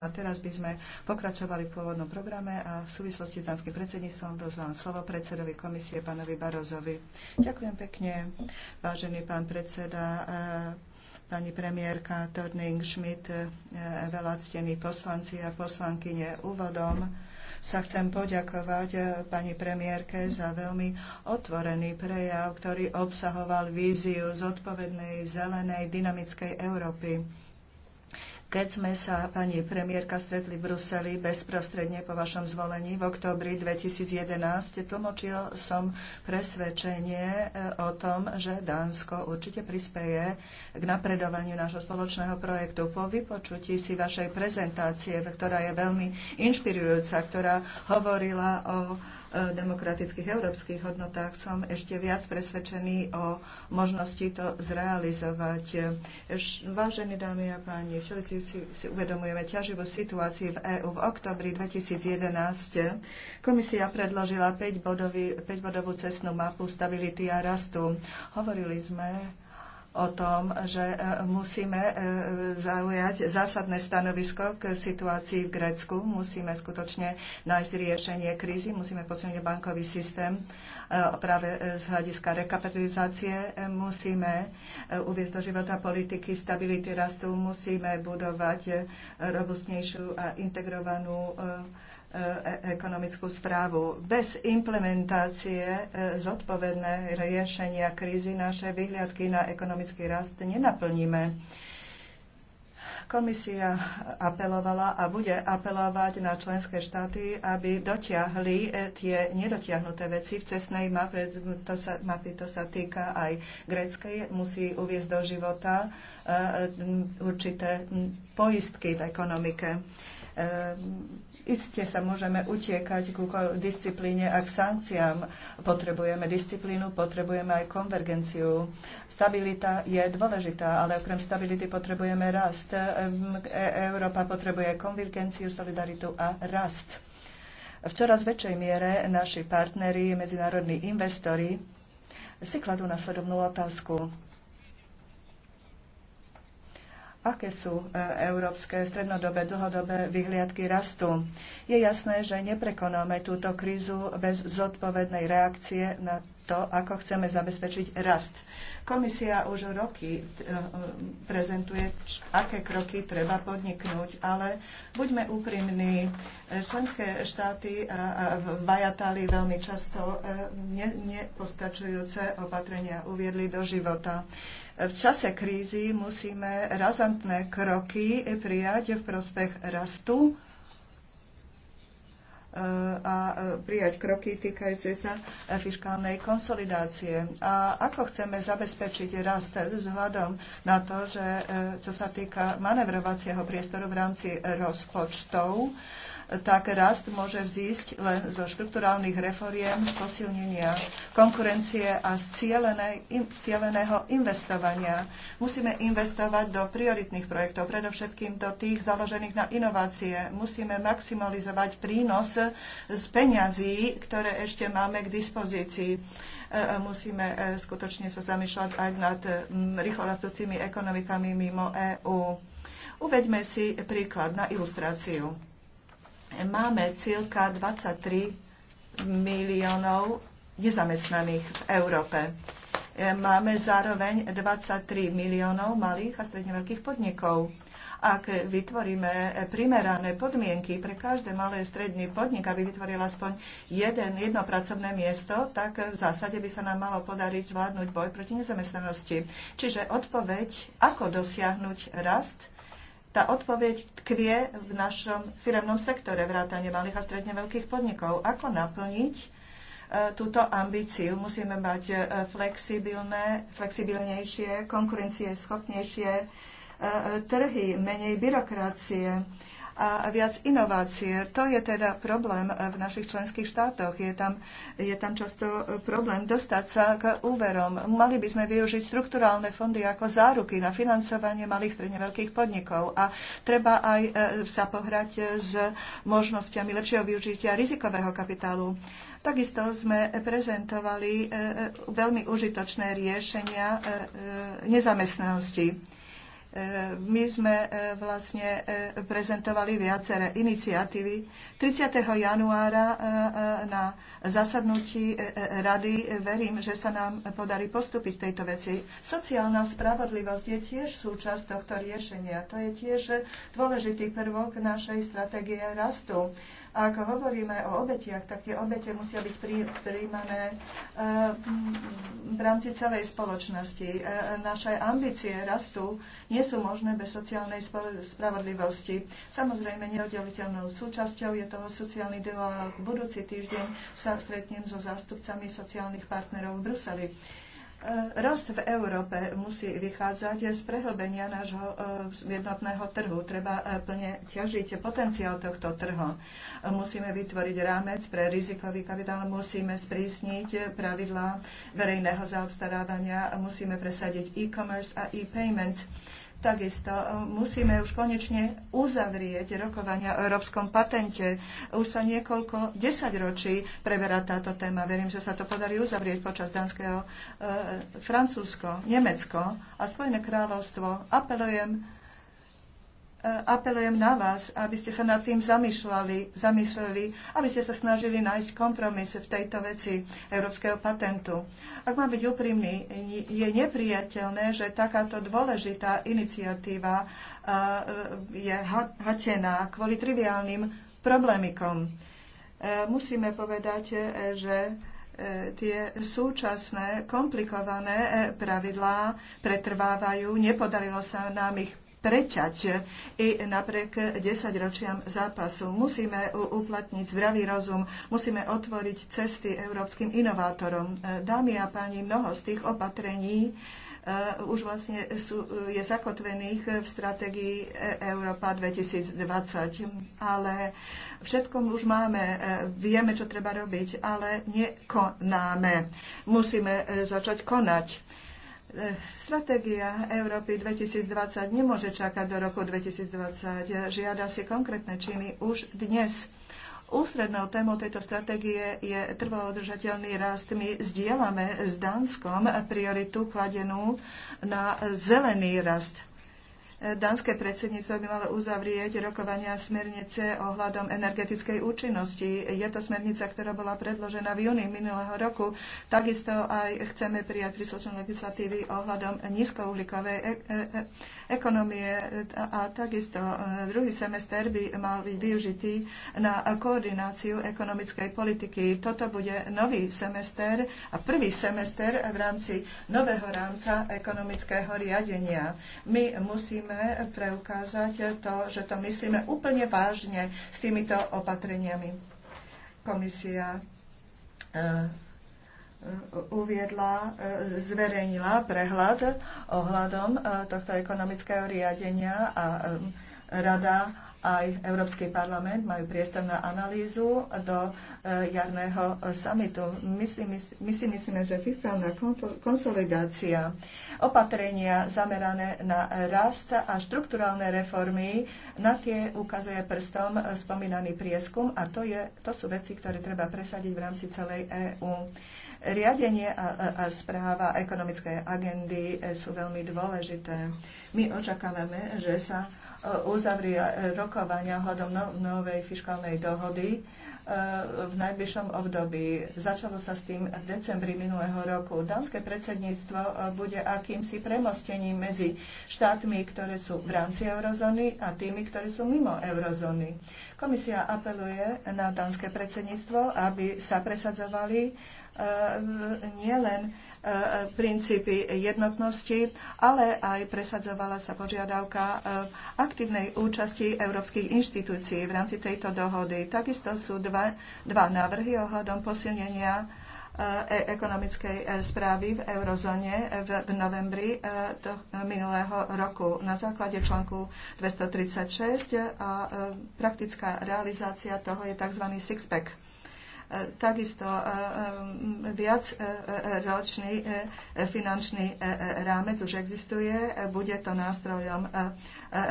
A teraz by sme pokračovali v pôvodnom programe a v súvislosti s dánskym predsedníctvom rozdávam slovo predsedovi komisie, pánovi Barozovi. Ďakujem pekne, vážený pán predseda, eh, pani premiérka Torning Schmidt, eh, veľa ctení poslanci a poslankyne úvodom. Sa chcem poďakovať eh, pani premiérke za veľmi otvorený prejav, ktorý obsahoval víziu zodpovednej, zelenej, dynamickej Európy keď sme sa, pani premiérka, stretli v Bruseli bezprostredne po vašom zvolení v októbri 2011, tlmočil som presvedčenie e, o tom, že Dánsko určite prispieje k napredovaniu nášho spoločného projektu. Po vypočutí si vašej prezentácie, ktorá je veľmi inšpirujúca, ktorá hovorila o Eh, demokratických európskych hodnotách som ešte viac presvedčený o možnosti to zrealizovať. Vážení dámy a páni, všetci si, si uvedomujeme ťaživú situáciu v EÚ. V oktobri 2011 komisia predložila 5-bodovú cestnú mapu stability a rastu. Hovorili sme o tom, že e, musíme e, zaujať zásadné stanovisko k situácii v Grécku. Musíme skutočne nájsť riešenie krízy, musíme posunúť bankový systém e, práve z hľadiska rekapitalizácie. Musíme uviezť do života politiky stability rastu, musíme budovať robustnejšiu a integrovanú E, e, ekonomickú správu. Bez implementácie e, zodpovedné riešenia krízy naše vyhliadky na ekonomický rast nenaplníme. Komisia apelovala a bude apelovať na členské štáty, aby dotiahli tie nedotiahnuté veci v cestnej mape. To sa, mapy to sa týka aj gréckej. Musí uviezť do života určité poistky v ekonomike Isté sa môžeme utiekať ku disciplíne a k sankciám. Potrebujeme disciplínu, potrebujeme aj konvergenciu. Stabilita je dôležitá, ale okrem stability potrebujeme rast. Ehm, e- Európa potrebuje konvergenciu, solidaritu a rast. V čoraz väčšej miere naši partneri, medzinárodní investori, si kladú následovnú otázku aké sú e, európske strednodobé, dlhodobé vyhliadky rastu. Je jasné, že neprekonáme túto krízu bez zodpovednej reakcie na to, ako chceme zabezpečiť rast. Komisia už roky e, prezentuje, aké kroky treba podniknúť, ale buďme úprimní, e, členské štáty vajatali veľmi často nepostačujúce opatrenia uviedli do života. V čase krízy musíme razantné kroky prijať v prospech rastu a prijať kroky týkajúce sa fiskálnej konsolidácie. A ako chceme zabezpečiť rast vzhľadom na to, že čo sa týka manevrovacieho priestoru v rámci rozpočtov, tak rast môže vzísť len zo štrukturálnych reforiem, z posilnenia konkurencie a z cieleného investovania. Musíme investovať do prioritných projektov, predovšetkým do tých založených na inovácie. Musíme maximalizovať prínos z peňazí, ktoré ešte máme k dispozícii e, e, musíme e, skutočne sa zamýšľať aj nad rýchlo rastúcimi ekonomikami mimo EÚ. Uveďme si príklad na ilustráciu máme cirka 23 miliónov nezamestnaných v Európe. E, máme zároveň 23 miliónov malých a stredne veľkých podnikov. Ak vytvoríme e, primerané podmienky pre každé malé stredný podnik, aby vytvoril aspoň jeden, jedno pracovné miesto, tak v zásade by sa nám malo podariť zvládnuť boj proti nezamestnanosti. Čiže odpoveď, ako dosiahnuť rast, tá odpoveď tkvie v našom firemnom sektore vrátane malých a stredne veľkých podnikov. Ako naplniť e, túto ambíciu. Musíme mať e, flexibilné, flexibilnejšie, konkurencie schopnejšie e, trhy, menej byrokracie, a viac inovácie. To je teda problém v našich členských štátoch. Je tam, je tam často problém dostať sa k úverom. Mali by sme využiť strukturálne fondy ako záruky na financovanie malých stredne veľkých podnikov a treba aj e, sa pohrať s možnosťami lepšieho využitia rizikového kapitálu. Takisto sme prezentovali e, e, veľmi užitočné riešenia nezamestnanosti E, my sme e, vlastne e, prezentovali viaceré iniciatívy. 30. januára na zasadnutí rady verím, že sa nám podarí postúpiť v tejto veci. Sociálna spravodlivosť je tiež súčasť tohto riešenia. To je tiež dôležitý prvok našej stratégie rastu. A ako hovoríme o obetiach, tak tie obete musia byť príjmané eh, v rámci celej spoločnosti. Eh, naše ambície rastu nie sú možné bez sociálnej spravodlivosti. Samozrejme, neoddeliteľnou súčasťou je toho sociálny dialog. Budúci týždeň sa stretnem so zástupcami sociálnych partnerov v Bruseli. E, rast v Európe musí vychádzať z prehlbenia nášho e, jednotného trhu. Treba e, plne ťažiť potenciál tohto trhu. Musíme vytvoriť rámec pre rizikový kapitál, musíme sprísniť pravidlá verejného zaobstarávania, musíme presadiť e-commerce a e-payment Takisto e, musíme už konečne uzavrieť rokovania o európskom patente. Už sa niekoľko desaťročí preberá táto téma. Verím, že sa to podarí uzavrieť počas danského. E, Francúzsko, Nemecko a Spojené kráľovstvo apelujem E, apelujem na vás, aby ste sa nad tým zamýšľali, zamysleli, aby ste sa snažili nájsť kompromis v tejto veci európskeho patentu. Ak má byť úprimný, je nepriateľné, že takáto dôležitá iniciatíva e, je hatená kvôli triviálnym problémikom. E, musíme povedať, že tie súčasné komplikované pravidlá pretrvávajú. Nepodarilo sa nám ich streťať i napriek desaťročiam zápasu. Musíme uplatniť zdravý rozum, musíme otvoriť cesty európskym inovátorom. E, dámy a páni, mnoho z tých opatrení e, už vlastne sú, je zakotvených v stratégii e- Európa 2020. Ale všetko už máme, vieme, čo treba robiť, ale nekonáme. Musíme začať konať Eh, stratégia Európy 2020 nemôže čakať do roku 2020. Žiada si konkrétne činy už dnes. Ústrednou témou tejto stratégie je trvalo udržateľný rast. My zdieľame s Dánskom prioritu kladenú na zelený rast. Dánske predsedníctvo by malo uzavrieť rokovania smernice ohľadom energetickej účinnosti. Je to smernica, ktorá bola predložená v júni minulého roku. Takisto aj chceme prijať príslušné legislatívy ohľadom nízkouhlíkovej e- e- e- ekonomie a takisto druhý semester by mal byť využitý na koordináciu ekonomickej politiky. Toto bude nový semester a prvý semester v rámci nového rámca ekonomického riadenia. My musíme musíme preukázať to, že to myslíme úplne vážne s týmito opatreniami. Komisia e, e, uviedla, e, zverejnila prehľad ohľadom tohto ekonomického riadenia a rada aj Európsky parlament majú priestor na analýzu do e, jarného e, samitu. My si, my si myslíme, že fiskálna konsolidácia, opatrenia zamerané na rast a štrukturálne reformy, na tie ukazuje prstom e, spomínaný prieskum a to, je, to sú veci, ktoré treba presadiť v rámci celej EÚ. Riadenie a, a správa ekonomickej agendy sú veľmi dôležité. My očakávame, že sa E, uzavrie rokovania hľadom no, novej fiskálnej dohody e, v najbližšom období. Začalo sa s tým v decembri minulého roku. Dánske predsedníctvo e, bude akýmsi premostením medzi štátmi, ktoré sú v rámci eurozóny a tými, ktoré sú mimo eurozóny. Komisia apeluje na dánske predsedníctvo, aby sa presadzovali nielen E, princípy jednotnosti, ale aj presadzovala sa požiadavka e, aktívnej účasti európskych inštitúcií v rámci tejto dohody. Takisto sú dva, dva návrhy ohľadom posilnenia e, ekonomickej správy v eurozóne v novembri minulého roku na základe článku 236 a praktická realizácia toho je tzv. six-pack takisto e, e, viacročný e, finančný rámec už existuje, bude to nástrojom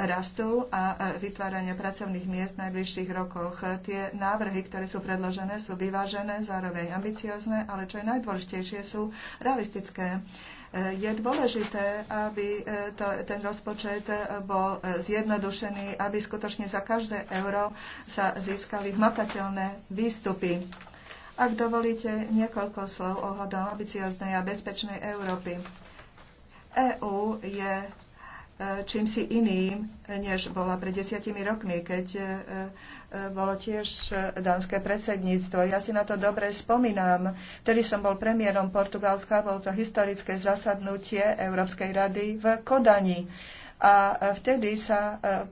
rastu a vytvárania pracovných miest v najbližších rokoch. Tie návrhy, ktoré sú predložené, sú vyvážené, zároveň ambiciozne, ale čo je najdôležitejšie, sú realistické je dôležité, aby to, ten rozpočet bol zjednodušený, aby skutočne za každé euro sa získali hmatateľné výstupy ak dovolíte niekoľko slov ohľadom ambicioznej a bezpečnej Európy. EÚ je e, čím si iným, než bola pred desiatimi rokmi, keď e, e, bolo tiež dánske predsedníctvo. Ja si na to dobre spomínam. Tedy som bol premiérom Portugalska, bolo to historické zasadnutie Európskej rady v Kodani a e, vtedy sa e,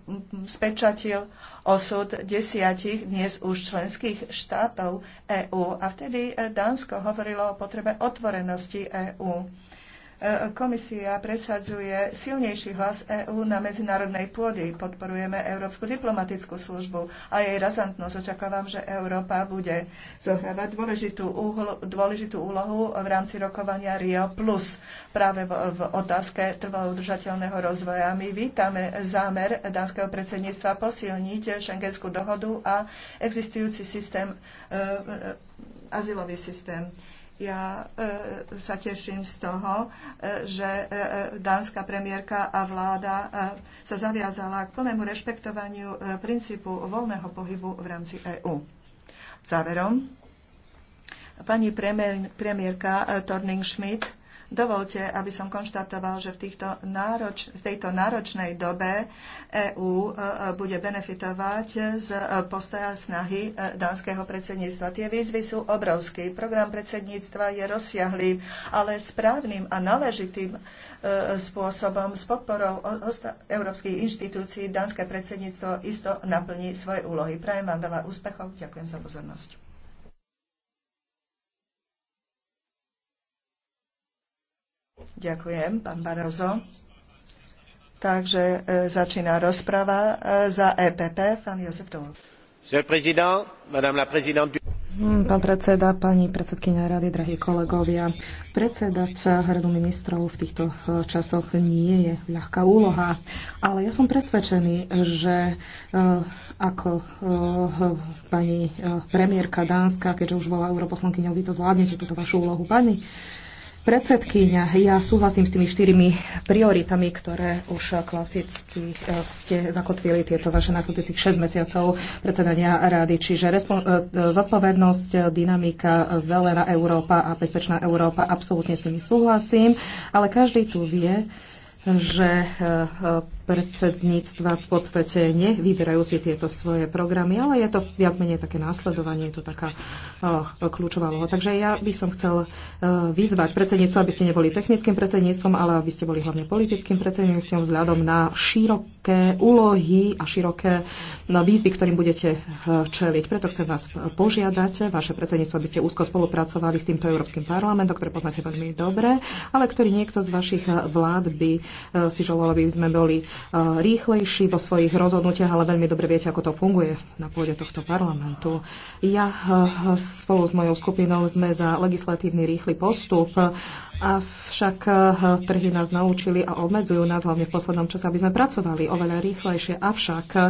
spečatil osud desiatich dnes už členských štátov EÚ a vtedy e, Dánsko hovorilo o potrebe otvorenosti EÚ. E, komisia presadzuje silnejší hlas EÚ na medzinárodnej pôde. Podporujeme Európsku diplomatickú službu a jej razantnosť. Očakávam, že Európa bude zohrávať dôležitú, dôležitú úlohu v rámci rokovania Rio Plus práve v, v otázke trvalo udržateľného rozvoja. My vítame zámer dánskeho predsedníctva posilniť šengenskú dohodu a existujúci systém, e, e azylový systém. E, ja e, sa teším z toho, e, že e, dánska premiérka a vláda sa zaviazala k plnému rešpektovaniu princípu voľného pohybu v rámci EÚ. Záverom, pani premiérka Torning-Schmidt Dovolte, aby som konštatoval, že v, týchto nároč, v tejto náročnej dobe EÚ e, e, bude benefitovať z e, postoja snahy dánskeho predsedníctva. Tie výzvy sú obrovské. Program predsedníctva je rozsiahlý, ale správnym a náležitým spôsobom s podporou európskych inštitúcií dánske predsedníctvo isto naplní svoje úlohy. Prajem vám veľa úspechov. Ďakujem za pozornosť. Ďakujem, pán Barozo. Takže e, začína rozprava e, za EPP, pán Jozef Dol. Hmm, pán predseda, pani predsedkynia rady, drahí kolegovia, predsedať e, radu ministrov v týchto e, časoch nie je ľahká úloha, ale ja som presvedčený, že e, ako pani premiérka Dánska, keďže už bola europoslankyňou, vy to zvládnete túto vašu úlohu. Pani Predsedkyňa, ja súhlasím s tými štyrimi prioritami, ktoré už klasicky eh, ste zakotvili tieto vaše následujúcich 6 mesiacov predsedania rády, čiže eh, zodpovednosť, dynamika, zelená Európa a bezpečná Európa, absolútne s nimi súhlasím, ale každý tu vie, že eh, predsedníctva v podstate nevyberajú si tieto svoje programy, ale je to viac menej také následovanie, je to taká oh, kľúčová loha. Takže ja by som chcel uh, vyzvať predsedníctvo, aby ste neboli technickým predsedníctvom, ale aby ste boli hlavne politickým predsedníctvom vzhľadom na široké úlohy a široké no, výzvy, ktorým budete uh, čeliť. Preto chcem vás požiadať, vaše predsedníctvo, aby ste úzko spolupracovali s týmto Európskym parlamentom, ktoré poznáte veľmi dobre, ale ktorý niekto z vašich vlád by uh, si želal, aby sme boli Eh, rýchlejší vo svojich rozhodnutiach, ale veľmi dobre viete, ako to funguje na pôde tohto parlamentu. Ja eh, spolu s mojou skupinou sme za legislatívny rýchly postup Avšak eh, trhy nás naučili a obmedzujú nás hlavne v poslednom čase, aby sme pracovali oveľa rýchlejšie. Avšak eh,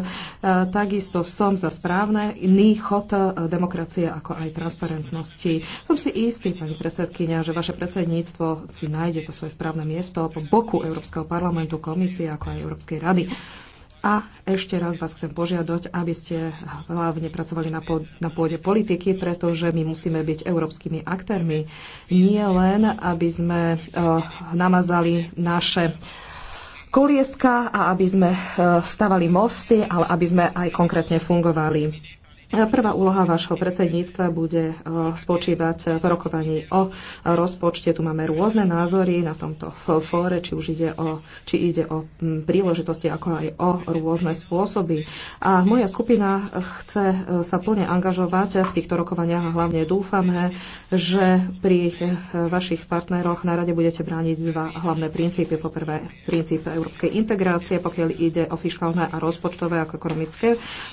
takisto som za správne iný chod eh, demokracie ako aj transparentnosti. Som si istý, pani predsedkynia, že vaše predsedníctvo si nájde to svoje správne miesto po boku Európskeho parlamentu, komisie ako aj Európskej rady. A ešte raz vás chcem požiadať, aby ste hlavne pracovali na, na pôde politiky, pretože my musíme byť európskymi aktérmi. Nie len, aby sme uh, namazali naše kolieska a aby sme uh, stavali mosty, ale aby sme aj konkrétne fungovali. Prvá úloha vášho predsedníctva bude eh, spočívať v rokovaní o rozpočte. Tu máme rôzne názory na tomto fóre, či už ide o, či ide o mm, príležitosti, ako aj o rôzne spôsoby. A moja skupina chce eh, sa plne angažovať v týchto rokovaniach a hlavne dúfame, že pri eh, vašich partneroch na rade budete brániť dva hlavné princípy. Po prvé, princíp európskej integrácie, pokiaľ ide o fiskálne a rozpočtové ako ekonomické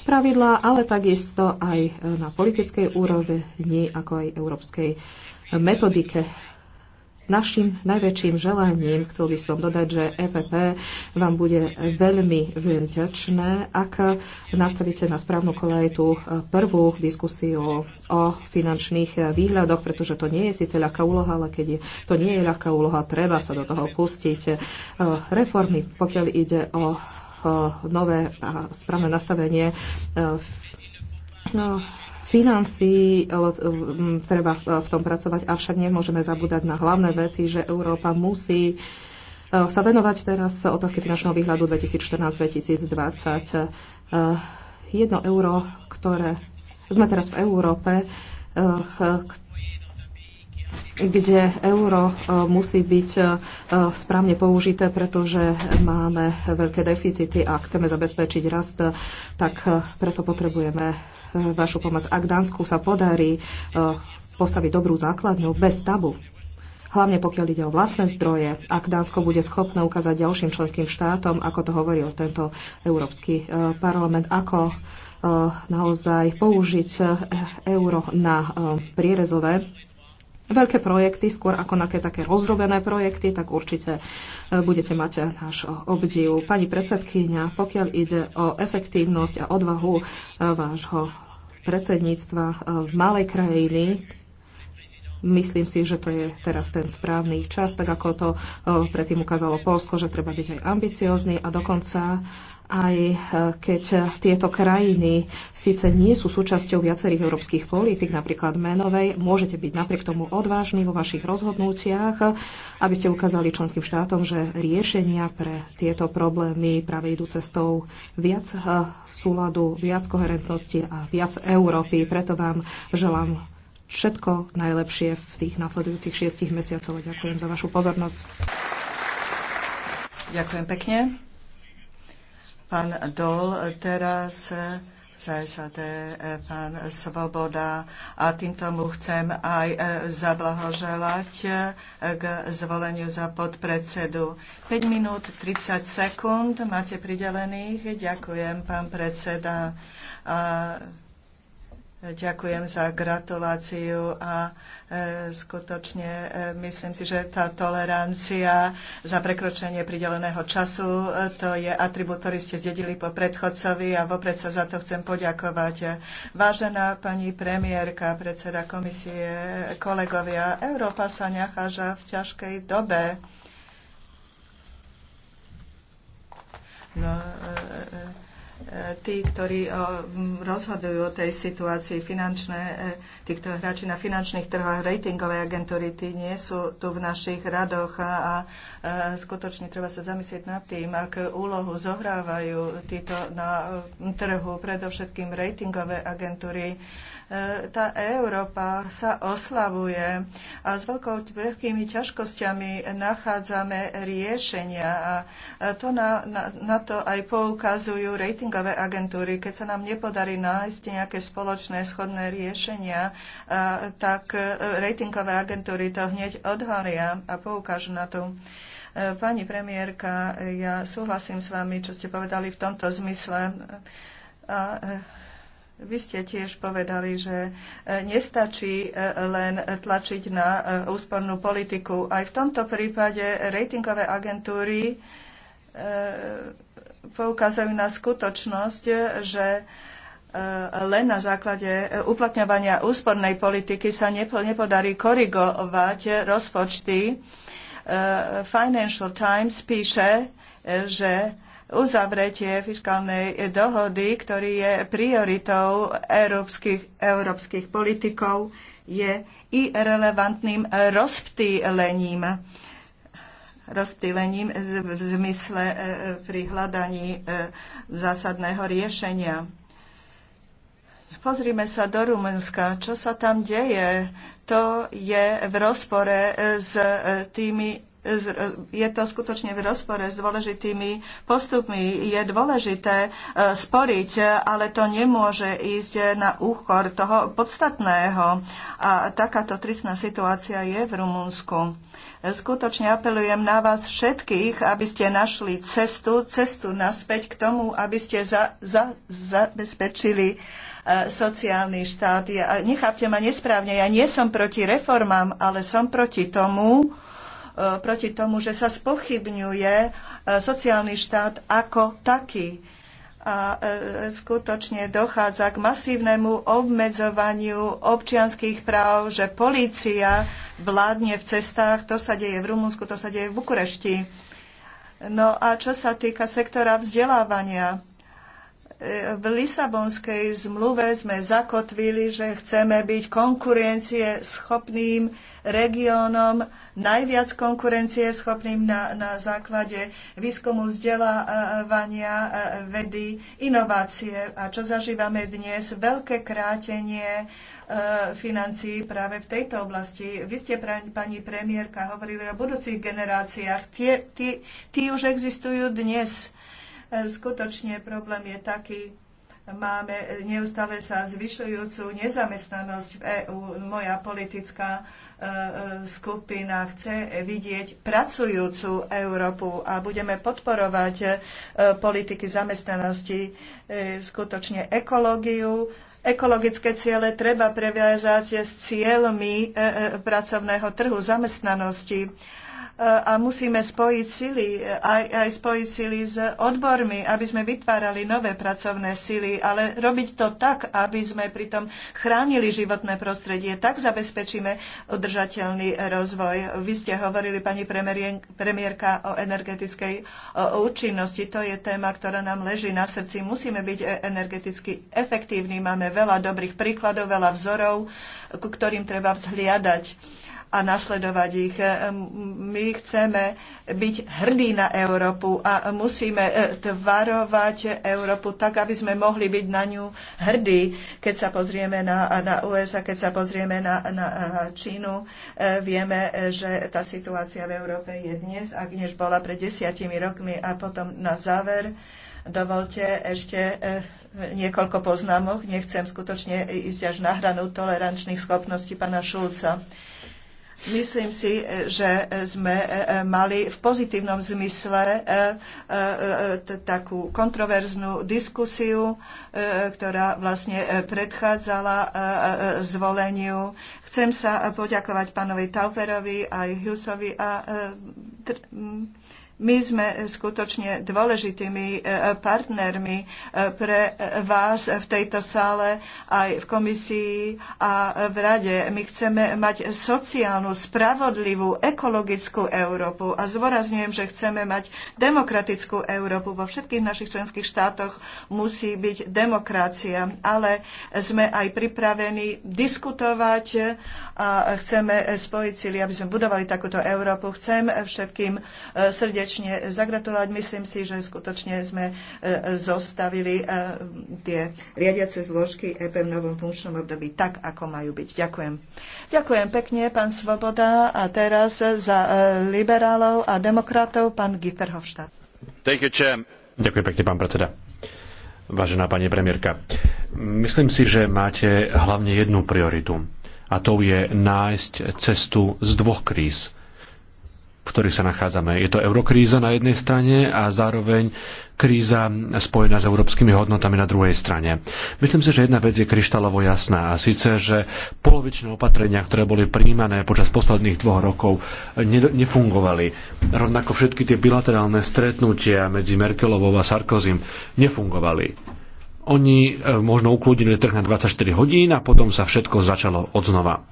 pravidlá, ale takisto to aj na politickej úrovni, ako aj európskej metodike. Našim najväčším želaním, chcel by som dodať, že EPP vám bude veľmi vďačné, ak nastavíte na správnu kolej tú prvú diskusiu o finančných výhľadoch, pretože to nie je síce ľahká úloha, ale keď je, to nie je ľahká úloha, treba sa do toho pustiť. Reformy, pokiaľ ide o nové a správne nastavenie e, No, financií treba v tom pracovať, avšak nemôžeme zabúdať na hlavné veci, že Európa musí e, sa venovať teraz otázke finančného výhľadu 2014-2020. E, jedno euro, ktoré sme teraz v Európe, e, kde euro musí byť správne použité, pretože máme veľké deficity a chceme zabezpečiť rast, tak preto potrebujeme vašu pomoc. Ak Dánsku sa podarí e, postaviť dobrú základňu bez tabu, hlavne pokiaľ ide o vlastné zdroje, ak Dánsko bude schopné ukázať ďalším členským štátom, ako to hovoril tento Európsky e, parlament, ako e, naozaj použiť euro na prierezové veľké projekty, skôr ako na také rozrobené projekty, tak určite budete mať náš obdiv. Pani predsedkynia, pokiaľ ide o efektívnosť a odvahu vášho predsedníctva eh, v malej krajiny, myslím si, že to je teraz ten správny čas, tak ako to eh, predtým ukázalo Polsko, že treba byť aj ambiciózny a dokonca aj e, keď tieto krajiny síce nie sú súčasťou viacerých európskych politik, napríklad menovej, môžete byť napriek tomu odvážni vo vašich rozhodnutiach, aby ste ukázali členským štátom, že riešenia pre tieto problémy práve idú cestou viac e, súladu, viac koherentnosti a viac Európy. Preto vám želám všetko najlepšie v tých nasledujúcich šiestich mesiacov. Ďakujem za vašu pozornosť. Ďakujem pekne pán Dol teraz za SAD, eh, pán Svoboda. A týmto mu chcem aj eh, zablahoželať eh, k zvoleniu za podpredsedu. 5 minút 30 sekúnd máte pridelených. Ďakujem, pán predseda. Ďakujem za gratuláciu a e, skutočne e, myslím si, že tá tolerancia za prekročenie prideleného času, e, to je atribút, ktorý ste zdedili po predchodcovi a vopred sa za to chcem poďakovať. Vážená pani premiérka, predseda komisie, kolegovia, Európa sa nachádza v ťažkej dobe. No, e, e tí, ktorí rozhodujú o tej situácii finančné, e, títo hráči na finančných trhoch, ratingové agentúry, tí nie sú tu v našich radoch a, a e, skutočne treba sa zamyslieť nad tým, ak úlohu zohrávajú títo na trhu, predovšetkým ratingové agentúry tá Európa sa oslavuje a s veľkou, veľkými ťažkosťami nachádzame riešenia a to na, na, na to aj poukazujú ratingové agentúry. Keď sa nám nepodarí nájsť nejaké spoločné schodné riešenia, tak e, ratingové agentúry to hneď odhalia a poukážu na to. E, pani premiérka, ja súhlasím s vami, čo ste povedali v tomto zmysle. A, e, vy ste tiež povedali, že e, nestačí e, len tlačiť na e, úspornú politiku. Aj v tomto prípade ratingové agentúry poukazujú na skutočnosť, že len na základe uplatňovania úspornej politiky sa nepodarí korigovať rozpočty. Financial Times píše, že uzavretie fiskálnej dohody, ktorý je prioritou európskych, európskych politikov, je i relevantným rozptýlením rozptýlením v zmysle e, pri hľadaní e, zásadného riešenia. Pozrime sa do Rumunska. Čo sa tam deje? To je v rozpore e, s tými je to skutočne v rozpore s dôležitými postupmi. Je dôležité e, sporiť, ale to nemôže ísť na úchor toho podstatného. A takáto tristná situácia je v Rumunsku. Skutočne apelujem na vás všetkých, aby ste našli cestu, cestu naspäť k tomu, aby ste za, za, zabezpečili e, sociálny štát. Ja, nechápte ma nesprávne, ja nie som proti reformám, ale som proti tomu, E, proti tomu, že sa spochybňuje e, sociálny štát ako taký a e, skutočne dochádza k masívnemu obmedzovaniu občianských práv, že polícia vládne v cestách, to sa deje v Rumunsku, to sa deje v Bukurešti. No a čo sa týka sektora vzdelávania, v Lisabonskej zmluve sme zakotvili, že chceme byť konkurencie schopným regiónom, najviac konkurencie schopným na, na základe výskumu vzdelávania, e, vedy, inovácie. A čo zažívame dnes? Veľké krátenie e, financií práve v tejto oblasti. Vy ste, pani premiérka, hovorili o budúcich generáciách. Tie, tie, tie už existujú dnes Skutočne problém je taký, máme neustále sa zvyšujúcu nezamestnanosť v EÚ. Moja politická e, e, skupina chce vidieť pracujúcu Európu a budeme podporovať e, politiky zamestnanosti, skutočne ekológiu. Ekologické ciele treba previazať s cieľmi pracovného trhu zamestnanosti E, a musíme spojiť sily, aj, aj spojiť sily s odbormi, aby sme vytvárali nové pracovné sily, ale robiť to tak, aby sme pritom chránili životné prostredie, tak zabezpečíme udržateľný rozvoj. Vy ste hovorili, pani premiérka, o energetickej účinnosti. To je téma, ktorá nám leží na srdci. Musíme byť e, energeticky efektívni. Máme veľa dobrých príkladov, veľa vzorov, ku ktorým treba vzhliadať a nasledovať ich. E, my chceme byť hrdí na Európu a musíme e, tvarovať Európu tak, aby sme mohli byť na ňu hrdí. Keď sa pozrieme na, na USA, keď sa pozrieme na, na e, Čínu, vieme, že tá situácia v Európe je dnes, ak než bola pred desiatimi rokmi. A potom na záver dovolte ešte niekoľko poznámok. Nechcem skutočne ísť až na hranu tolerančných schopností pana Šulca. Myslím si, že sme e, e, mali v pozitívnom zmysle e, takú kontroverznú diskusiu, ktorá vlastne predchádzala zvoleniu. Chcem sa poďakovať pánovi Tauperovi aj Hughesovi a my sme skutočne dôležitými e, partnermi e, pre vás v tejto sále, aj v komisii a v rade. My chceme mať sociálnu, spravodlivú, ekologickú Európu a zvorazňujem, že chceme mať demokratickú Európu. Vo všetkých našich členských štátoch musí byť demokracia, ale sme aj pripravení diskutovať a chceme spojiť sily, aby sme budovali takúto Európu. Chcem všetkým e, srdečne srdečne zagratulovať. Myslím si, že skutočne sme e, zostavili e, tie riadiace zložky EP v novom funkčnom období tak, ako majú byť. Ďakujem. Ďakujem pekne, pán Svoboda. A teraz za e, liberálov a demokratov pán Gitterhofstadt. Ďakujem pekne, pán predseda. Vážená pani premiérka, myslím si, že máte hlavne jednu prioritu a tou je nájsť cestu z dvoch kríz v ktorých sa nachádzame. Je to eurokríza na jednej strane a zároveň kríza spojená s európskymi hodnotami na druhej strane. Myslím si, že jedna vec je kryštálovo jasná a síce, že polovičné opatrenia, ktoré boli príjmané počas posledných dvoch rokov, nefungovali. Rovnako všetky tie bilaterálne stretnutia medzi Merkelovou a Sarkozym nefungovali. Oni e, možno ukludili trh na 24 hodín a potom sa všetko začalo odznova.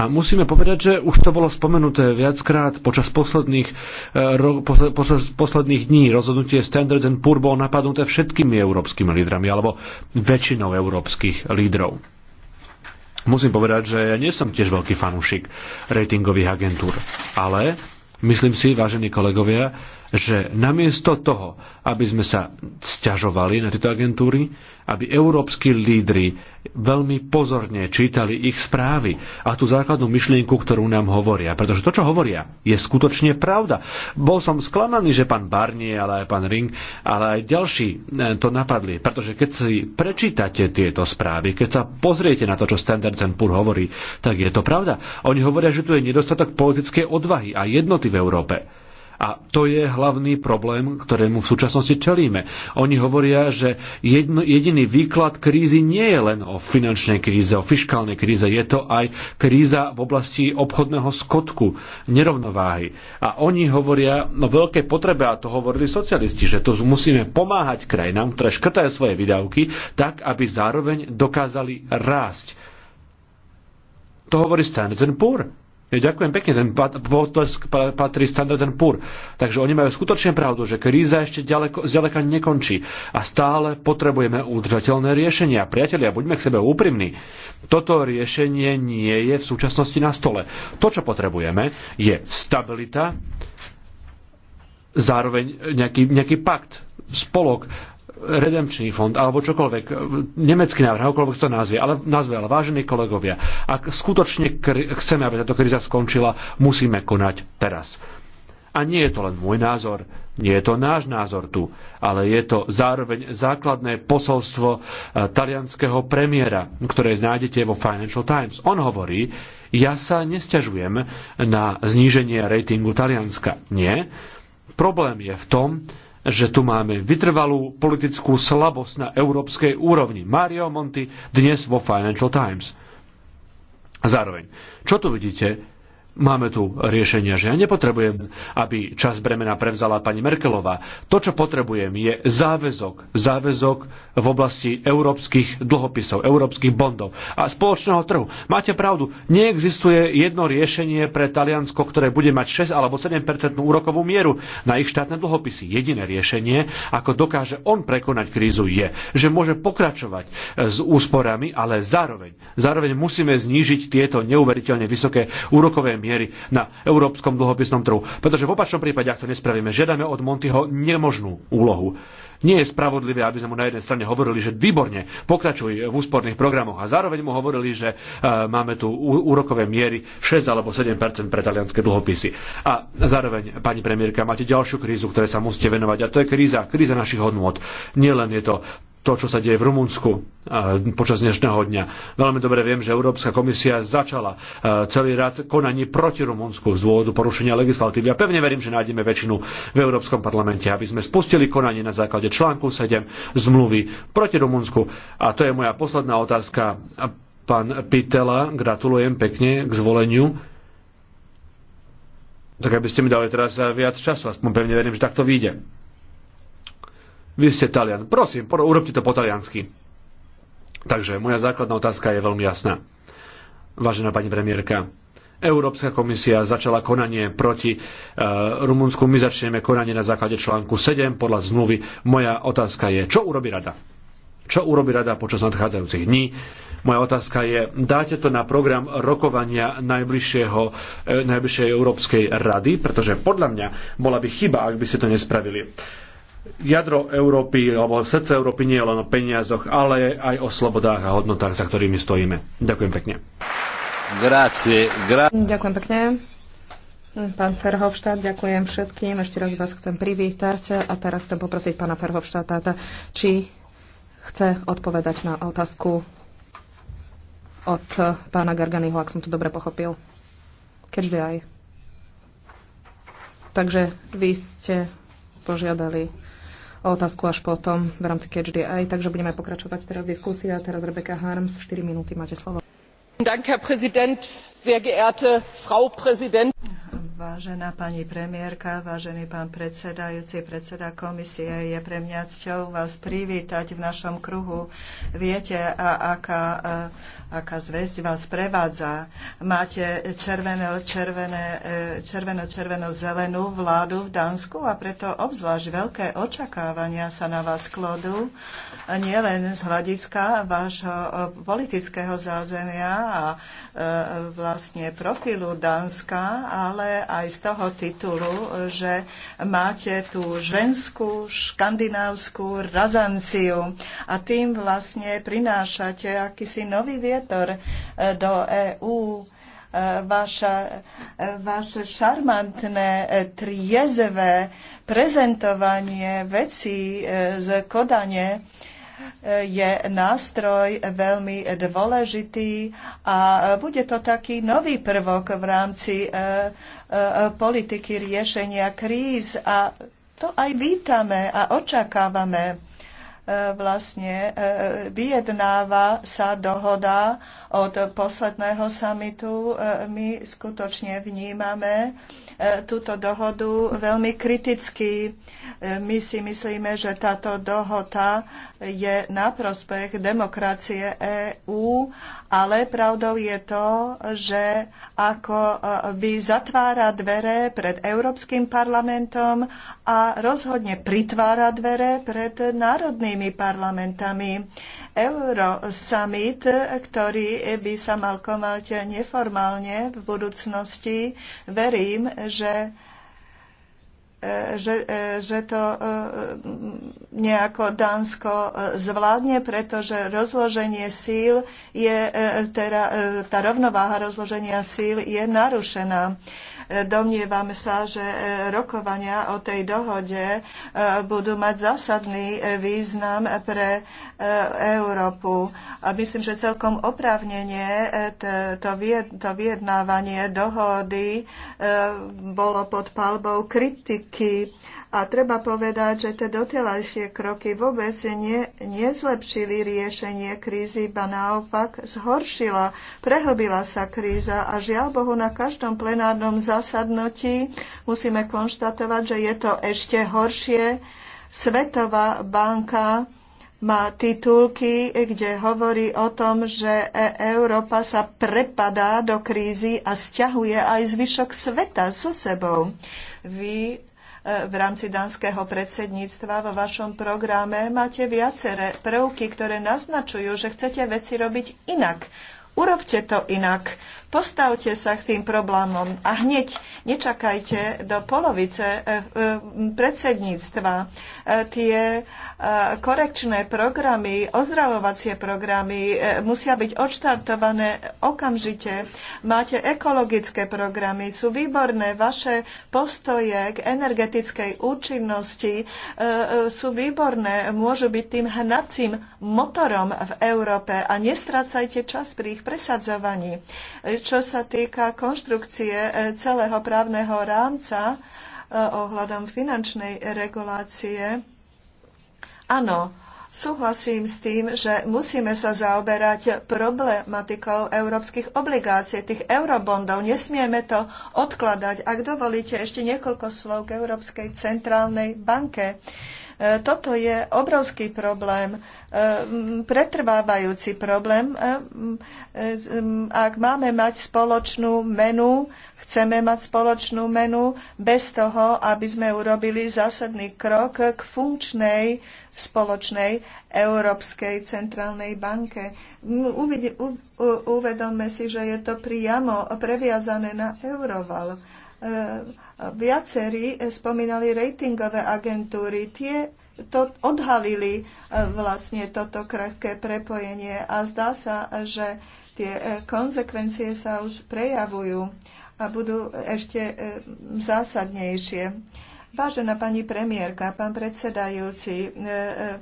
A musíme povedať, že už to bolo spomenuté viackrát počas posledných, e, ro, posled, posledných dní. Rozhodnutie Standards and Poor bolo napadnuté všetkými európskymi lídrami alebo väčšinou európskych lídrov. Musím povedať, že ja nie som tiež veľký fanúšik ratingových agentúr, ale myslím si, vážení kolegovia, že namiesto toho, aby sme sa sťažovali na tieto agentúry, aby európsky lídry veľmi pozorne čítali ich správy a tú základnú myšlienku, ktorú nám hovoria. Pretože to, čo hovoria, je skutočne pravda. Bol som sklamaný, že pán Barnier, ale aj pán Ring, ale aj ďalší e, to napadli. Pretože keď si prečítate tieto správy, keď sa pozriete na to, čo Standard Poor hovorí, tak je to pravda. Oni hovoria, že tu je nedostatok politickej odvahy a jednoty v Európe. A to je hlavný problém, ktorému v súčasnosti čelíme. Oni hovoria, že jedno, jediný výklad krízy nie je len o finančnej kríze, o fiskálnej kríze, je to aj kríza v oblasti obchodného skotku, nerovnováhy. A oni hovoria o veľkej potrebe, a to hovorili socialisti, že to musíme pomáhať krajinám, ktoré škrtajú svoje výdavky, tak, aby zároveň dokázali rásť. To hovorí Standard Poor. Ďakujem pekne, ten potlesk patrí Standard Poor. Takže oni majú skutočne pravdu, že kríza ešte ďaleko, zďaleka nekončí a stále potrebujeme udržateľné riešenia. Priatelia, buďme k sebe úprimní. Toto riešenie nie je v súčasnosti na stole. To, čo potrebujeme, je stabilita, zároveň nejaký, nejaký pakt, spolok, redemčný fond alebo čokoľvek, e, nemecký návrh, akokoľvek to nazve, ale, nazve, ale vážení kolegovia, ak skutočne chceme, aby táto kríza skončila, musíme konať teraz. A nie je to len môj názor, nie je to náš názor tu, ale je to zároveň základné posolstvo e, talianského premiéra, ktoré nájdete vo Financial Times. On hovorí, ja sa nestiažujem na zníženie ratingu Talianska. Nie. Problém je v tom, že tu máme vytrvalú politickú slabosť na európskej úrovni. Mario Monti dnes vo Financial Times. zároveň, čo tu vidíte? Máme tu riešenia, že ja nepotrebujem, aby čas bremena prevzala pani Merkelová. To, čo potrebujem, je záväzok. Záväzok v oblasti európskych dlhopisov, európskych bondov a spoločného trhu. Máte pravdu, neexistuje jedno riešenie pre Taliansko, ktoré bude mať 6 alebo 7 úrokovú mieru na ich štátne dlhopisy. Jediné riešenie, ako dokáže on prekonať krízu, je, že môže pokračovať s úsporami, ale zároveň, zároveň musíme znížiť tieto neuveriteľne vysoké úrokové miery miery na európskom dlhopisnom trhu. Pretože v opačnom prípade, ak to nespravíme, žiadame od Montyho nemožnú úlohu. Nie je spravodlivé, aby sme mu na jednej strane hovorili, že výborne pokračuj v úsporných programoch a zároveň mu hovorili, že e, máme tu úrokové miery 6 alebo 7 pre talianské dlhopisy. A zároveň, pani premiérka, máte ďalšiu krízu, ktoré sa musíte venovať a to je kríza, kríza našich hodnôt. Nielen je to to, čo sa deje v Rumunsku e, počas dnešného dňa. Veľmi dobre viem, že Európska komisia začala e, celý rad konaní proti Rumunsku z dôvodu porušenia legislatívy. A ja pevne verím, že nájdeme väčšinu v Európskom parlamente, aby sme spustili konanie na základe článku 7 zmluvy proti Rumunsku. A to je moja posledná otázka. Pán Pitela, gratulujem pekne k zvoleniu. Tak aby ste mi dali teraz viac času, aspoň pevne verím, že takto vyjde. Vy ste Talian. Prosím, urobte to po taliansky. Takže moja základná otázka je veľmi jasná. Vážená pani premiérka, Európska komisia začala konanie proti e, Rumunsku. My začneme konanie na základe článku 7 podľa zmluvy. Moja otázka je, čo urobí rada? Čo urobí rada počas nadchádzajúcich dní? Moja otázka je, dáte to na program rokovania najbližšieho, e, najbližšej Európskej rady? Pretože podľa mňa bola by chyba, ak by ste to nespravili jadro Európy, alebo srdce Európy nie je len o peniazoch, ale aj o slobodách a hodnotách, za ktorými stojíme. Ďakujem pekne. Grazie, gra- Ďakujem pekne. Pán Ferhovštát, ďakujem všetkým. Ešte raz vás chcem privítať a teraz chcem poprosiť pána Ferhovštáta, či chce odpovedať na otázku od pána Garganyho, ak som to dobre pochopil. Keďže aj. Takže vy ste požiadali otázku až potom v rámci Catch DI, takže budeme pokračovať teraz diskusia. Teraz Rebecca Harms, 4 minúty, máte slovo herr präsident sehr geehrte frau präsidentin! vážená pani premiérka vážený pán predsedajúci predseda komisie je pre mňa cťou vás privítať v našom kruhu. viete aká, aká zväzť vás prevádza. máte červeno, červené, červeno červeno zelenú vládu v dánsku a preto obzvlášť veľké očakávania sa na vás kladú nielen z hľadiska vášho eh, politického zázemia a eh, vlastne profilu Dánska, ale aj z toho titulu, že máte tú ženskú, škandinávskú razanciu a tým vlastne prinášate akýsi nový vietor eh, do EÚ vaša, vaše šarmantné, triezevé prezentovanie vecí z Kodane je nástroj veľmi dôležitý a bude to taký nový prvok v rámci e, e, politiky riešenia kríz a to aj vítame a očakávame e, vlastne vyjednáva sa dohoda od posledného samitu. My skutočne vnímame túto dohodu veľmi kriticky. My si myslíme, že táto dohoda je na prospech demokracie EÚ, ale pravdou je to, že ako by e, zatvára dvere pred Európskym parlamentom a rozhodne pritvára dvere pred národnými parlamentami. Eurosummit, ktorý by sa mal konať neformálne v budúcnosti, verím, že že, e, že to e, nejako Dánsko e, zvládne, pretože rozloženie síl je, teda, tá rovnováha rozloženia síl je narušená. Domnievam sa, že e, rokovania o tej dohode e, budú mať zásadný e, význam pre Európu. A myslím, že celkom oprávnenie to vyjednávanie dohody bolo pod palbou kritiky a treba povedať, že tie dotelajšie kroky vôbec nie, nezlepšili riešenie krízy, ba naopak zhoršila, prehlbila sa kríza a žiaľ Bohu na každom plenárnom zasadnutí musíme konštatovať, že je to ešte horšie. Svetová banka má titulky, kde hovorí o tom, že e- Európa sa prepadá do krízy a stiahuje aj zvyšok sveta so sebou. Vy E, v rámci dánskeho predsedníctva vo vašom programe máte viaceré prvky, ktoré naznačujú, že chcete veci robiť inak Urobte to inak. Postavte sa k tým problémom a hneď nečakajte do polovice eh, eh, predsedníctva. Eh, tie korekčné programy, ozdravovacie programy musia byť odštartované okamžite. Máte ekologické programy, sú výborné vaše postoje k energetickej účinnosti, sú výborné, môžu byť tým hnacím motorom v Európe a nestrácajte čas pri ich presadzovaní. Čo sa týka konštrukcie e, celého právneho rámca e, ohľadom finančnej regulácie, áno, Súhlasím s tým, že musíme sa zaoberať problematikou európskych obligácií, tých eurobondov. Nesmieme to odkladať. Ak dovolíte, ešte niekoľko slov k Európskej centrálnej banke. Toto je obrovský problém, eh, pretrvávajúci problém. Eh, mm, eh, ak máme mať spoločnú menu, chceme mať spoločnú menu bez toho, aby sme urobili zásadný krok k funkčnej spoločnej Európskej centrálnej banke. Mm, uvedomme si, že je to priamo previazané na euroval Viacerí spomínali ratingové agentúry. Tie to odhalili e, vlastne toto krehké prepojenie a zdá sa, že tie e, konsekvencie sa už prejavujú a budú ešte e, zásadnejšie. Vážená pani premiérka, pán predsedajúci,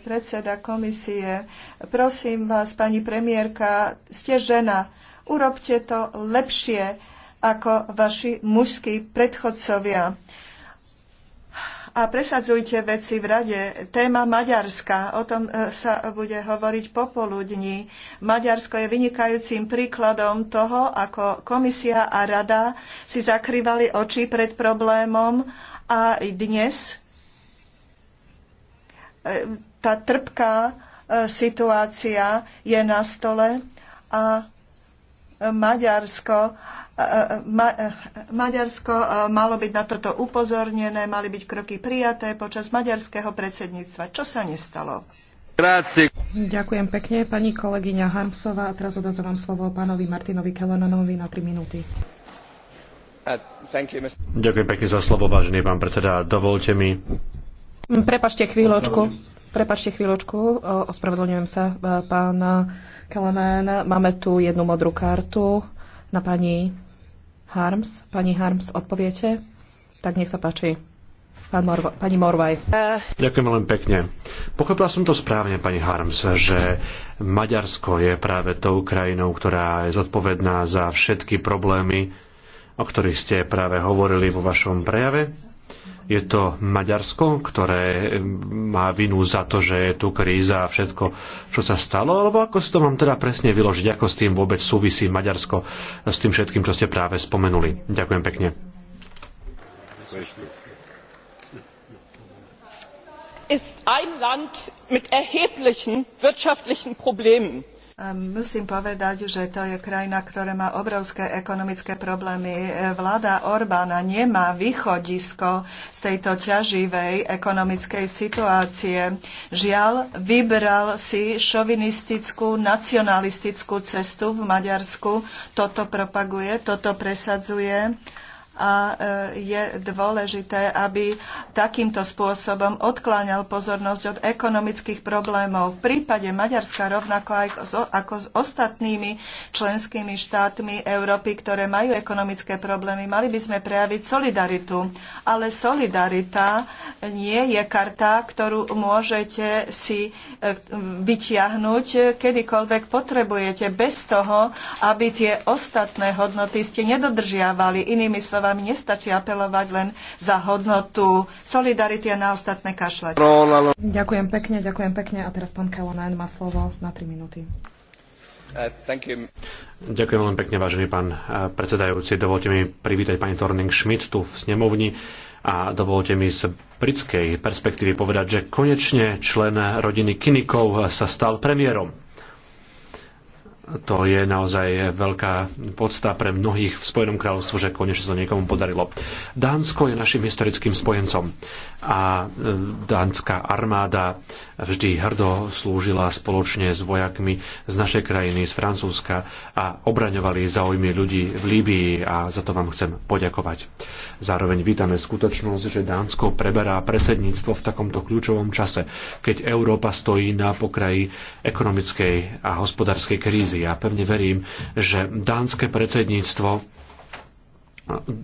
predseda komisie, prosím vás, pani premiérka, ste žena, urobte to lepšie ako vaši mužskí predchodcovia. A presadzujte veci v rade. Téma Maďarska, o tom e, sa bude hovoriť popoludní. Maďarsko je vynikajúcim príkladom toho, ako komisia a rada si zakrývali oči pred problémom a dnes e, tá trpká e, situácia je na stole a Maďarsko E, e, ma- e, Maďarsko malo byť na toto upozornené, mali byť kroky prijaté počas maďarského predsedníctva. Čo sa nestalo? Grazie. Ďakujem pekne, pani kolegyňa Harmsová. A teraz odozdávam slovo pánovi Martinovi Kelenanovi na 3 minúty. Uh, Ďakujem pekne za slovo, vážený pán predseda. Dovolte mi... Prepašte chvíľočku. Prepačte chvíľočku. Ospravedlňujem sa, pán Kelenán. Máme tu jednu modrú kartu na pani Harms. Pani Harms, odpoviete? Tak nech sa páči. Pán Morva, pani Morvaj. Ďakujem veľmi pekne. Pochopila som to správne, pani Harms, že Maďarsko je práve tou krajinou, ktorá je zodpovedná za všetky problémy, o ktorých ste práve hovorili vo vašom prejave je to Maďarsko, ktoré má vinu za to, že je tu kríza a všetko, čo sa stalo? Alebo ako si to mám teda presne vyložiť? Ako s tým vôbec súvisí Maďarsko eh, s tým všetkým, čo ste práve spomenuli? Ďakujem pekne. Ist ein Land mit erheblichen wirtschaftlichen Problemen Musím povedať, že to je krajina, ktorá má obrovské ekonomické problémy. Vláda Orbána nemá východisko z tejto ťaživej ekonomickej situácie. Žiaľ, vybral si šovinistickú, nacionalistickú cestu v Maďarsku. Toto propaguje, toto presadzuje a e, je dôležité, aby takýmto spôsobom odkláňal pozornosť od ekonomických problémov. V prípade Maďarska rovnako aj ako s ostatnými členskými štátmi Európy, ktoré majú ekonomické problémy, mali by sme prejaviť solidaritu. Ale solidarita nie je karta, ktorú môžete si e, vyťahnuť, kedykoľvek potrebujete, bez toho, aby tie ostatné hodnoty ste nedodržiavali. Inými slovami, právami. Nestačí apelovať len za hodnotu solidarity a na ostatné kašľať. Ďakujem pekne, ďakujem pekne. A teraz pán Kelonen má slovo na 3 minúty. Uh, ďakujem veľmi pekne, vážený pán uh, predsedajúci. Dovolte mi privítať pani Torning Schmidt tu v snemovni a dovolte mi z britskej perspektívy povedať, že konečne člen rodiny Kinikov sa stal premiérom to je naozaj veľká podsta pre mnohých v Spojenom kráľovstve, že konečne sa niekomu podarilo. Dánsko je našim historickým spojencom a e, dánska armáda vždy hrdo slúžila spoločne s vojakmi z našej krajiny, z Francúzska a obraňovali záujmy ľudí v Líbii a za to vám chcem poďakovať. Zároveň vítame skutočnosť, že Dánsko preberá predsedníctvo v takomto kľúčovom čase, keď Európa stojí na pokraji ekonomickej a hospodárskej krízy. Ja pevne verím, že dánske predsedníctvo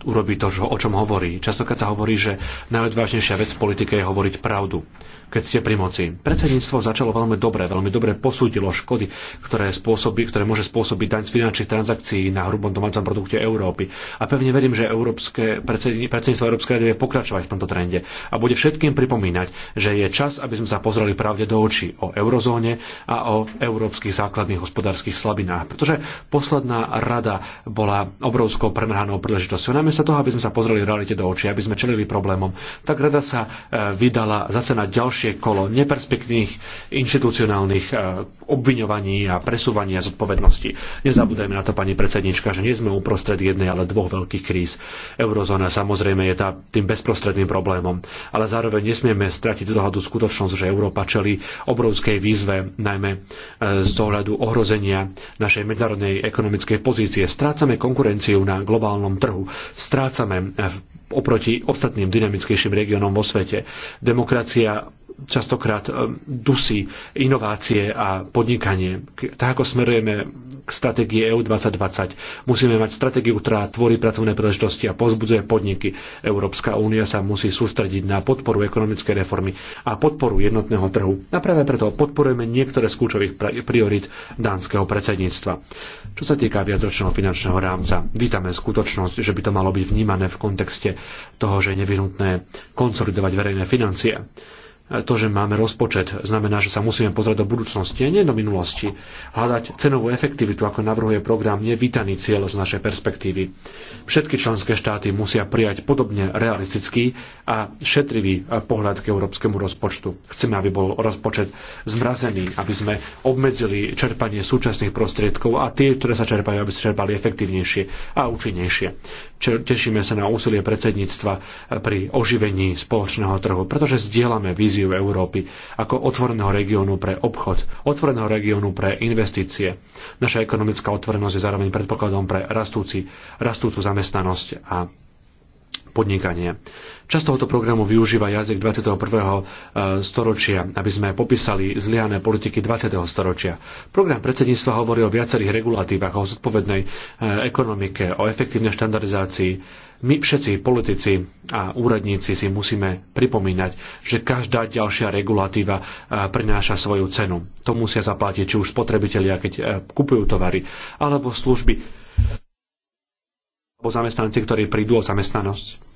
urobí to, o čom hovorí. Častokrát sa hovorí, že najodvážnejšia vec v politike je hovoriť pravdu keď ste pri moci. Predsedníctvo začalo veľmi dobre, veľmi dobre posúdilo škody, ktoré, spôsobí, ktoré môže spôsobiť daň z finančných transakcií na hrubom domácom produkte Európy. A pevne verím, že Európske, predsedníctvo Európskej rady bude pokračovať v tomto trende a bude všetkým pripomínať, že je čas, aby sme sa pozreli pravde do očí o eurozóne a o európskych základných hospodárskych slabinách. Pretože posledná rada bola obrovskou premrhanou príležitosťou. Namiesto toho, aby sme sa pozreli realite do očí, aby sme čelili problémom, tak rada sa e, vydala zase na ďalšie ďalšie kolo neperspektívnych inštitucionálnych e, obviňovaní a presúvania zodpovednosti. Nezabúdajme na to, pani predsednička, že nie sme uprostred jednej, ale dvoch veľkých kríz. Eurozóna samozrejme je tá, tým bezprostredným problémom, ale zároveň nesmieme stratiť z dohľadu skutočnosť, že Európa čeli obrovskej výzve, najmä e, z ohľadu ohrozenia našej medzinárodnej ekonomickej pozície. Strácame konkurenciu na globálnom trhu, strácame oproti ostatným dynamickejším regiónom vo svete. Demokracia častokrát eh, dusí inovácie a podnikanie. Tak ako smerujeme k stratégii EU 2020. Musíme mať stratégiu, ktorá tvorí pracovné príležitosti a pozbudzuje podniky. Európska únia sa musí sústrediť na podporu ekonomickej reformy a podporu jednotného trhu. A práve preto podporujeme niektoré z kľúčových priorit dánskeho predsedníctva. Čo sa týka viacročného finančného rámca, vítame skutočnosť, že by to malo byť vnímané v kontexte toho, že je nevyhnutné konsolidovať verejné financie to, že máme rozpočet, znamená, že sa musíme pozrieť do budúcnosti a nie do minulosti. Hľadať cenovú efektivitu, ako navrhuje program, je vítaný cieľ z našej perspektívy. Všetky členské štáty musia prijať podobne realistický a šetrivý pohľad k európskemu rozpočtu. Chceme, aby bol rozpočet zmrazený, aby sme obmedzili čerpanie súčasných prostriedkov a tie, ktoré sa čerpajú, aby sa čerpali efektívnejšie a účinnejšie. Tešíme sa na úsilie predsedníctva pri oživení spoločného trhu, pretože zdieľame víziu Európy ako otvoreného regiónu pre obchod, otvoreného regiónu pre investície. Naša ekonomická otvorenosť je zároveň predpokladom pre rastúci, rastúcu zamestnanosť a podnikanie. Často tohoto programu využíva jazyk 21. E, storočia, aby sme popísali zliané politiky 20. storočia. Program predsedníctva hovorí o viacerých regulatívach, o zodpovednej e, ekonomike, o efektívnej štandardizácii my všetci, politici a úradníci si musíme pripomínať, že každá ďalšia regulatíva e, prináša svoju cenu. To musia zaplatiť či už spotrebitelia, keď kupujú tovary, alebo služby o zamestnanci, ktorí prídu o zamestnanosť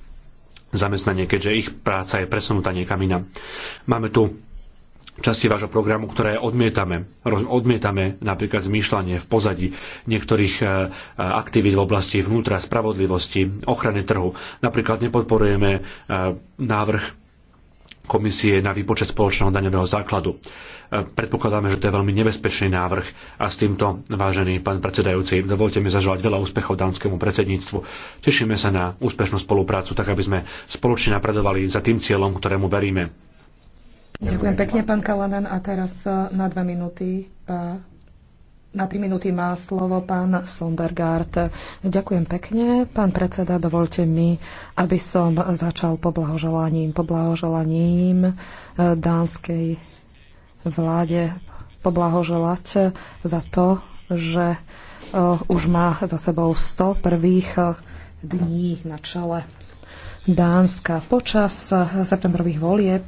zamestnanie, keďže ich práca je presunutá niekam inam. Máme tu časti vášho programu, ktoré odmietame. Odmietame napríklad zmýšľanie v pozadí niektorých e, e, aktivít v oblasti vnútra, spravodlivosti, ochrany trhu. Napríklad nepodporujeme e, návrh komisie na výpočet spoločného daňového základu. Predpokladáme, že to je veľmi nebezpečný návrh a s týmto, vážený pán predsedajúci, dovolte mi zaželať veľa úspechov dánskému predsedníctvu. Tešíme sa na úspešnú spoluprácu, tak aby sme spoločne napredovali za tým cieľom, ktorému veríme. Ďakujem pekne, pán Kalanen. A teraz e, na dva minúty e, na tri minúty má slovo pán Sondergaard. Ďakujem pekne. Pán predseda, dovolte mi, aby som začal poblahoželaním, poblahoželaním e, dánskej vláde poblahoželať za to, že e, už má za sebou 100 prvých e, dní na čele Dánska. Počas e, septembrových volieb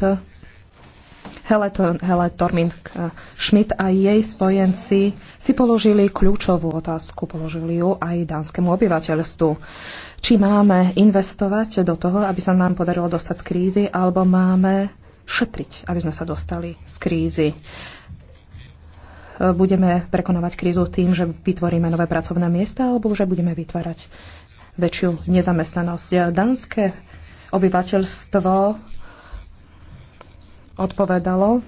Hele Tormin Schmidt a jej spojenci si položili kľúčovú otázku, položili ju aj dánskemu obyvateľstvu. Či máme investovať do toho, aby sa nám podarilo dostať z krízy, alebo máme šetriť, aby sme sa dostali z krízy. Budeme prekonovať krízu tým, že vytvoríme nové pracovné miesta, alebo že budeme vytvárať väčšiu nezamestnanosť. Danské obyvateľstvo odpovedalo,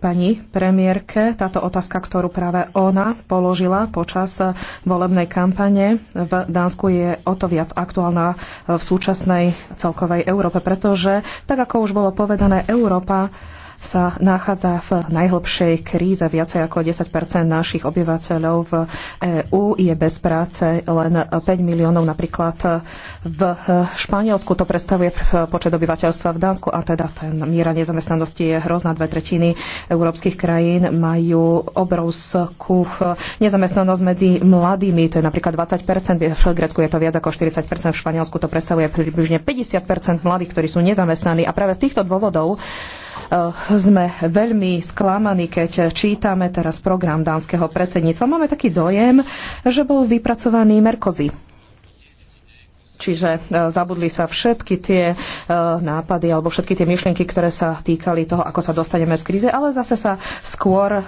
pani premiérke táto otázka, ktorú práve ona položila počas volebnej kampane v Dánsku je o to viac aktuálna v súčasnej celkovej Európe, pretože, tak ako už bolo povedané, Európa sa nachádza v najhlbšej kríze. Viacej ako 10 našich obyvateľov v EÚ je bez práce, len 5 miliónov napríklad v Španielsku. To predstavuje počet obyvateľstva v Dánsku a teda ten miera nezamestnanosti je hrozná. Dve tretiny európskych krajín majú obrovskú nezamestnanosť medzi mladými. To je napríklad 20 v Grécku je to viac ako 40 v Španielsku to predstavuje približne 50 mladých, ktorí sú nezamestnaní. A práve z týchto dôvodov Eh, sme veľmi sklamaní, keď čítame teraz program dánskeho predsedníctva. Máme taký dojem, že bol vypracovaný Merkozy Čiže e, zabudli sa všetky tie e, nápady alebo všetky tie myšlienky, ktoré sa týkali toho, ako sa dostaneme z kríze, ale zase sa skôr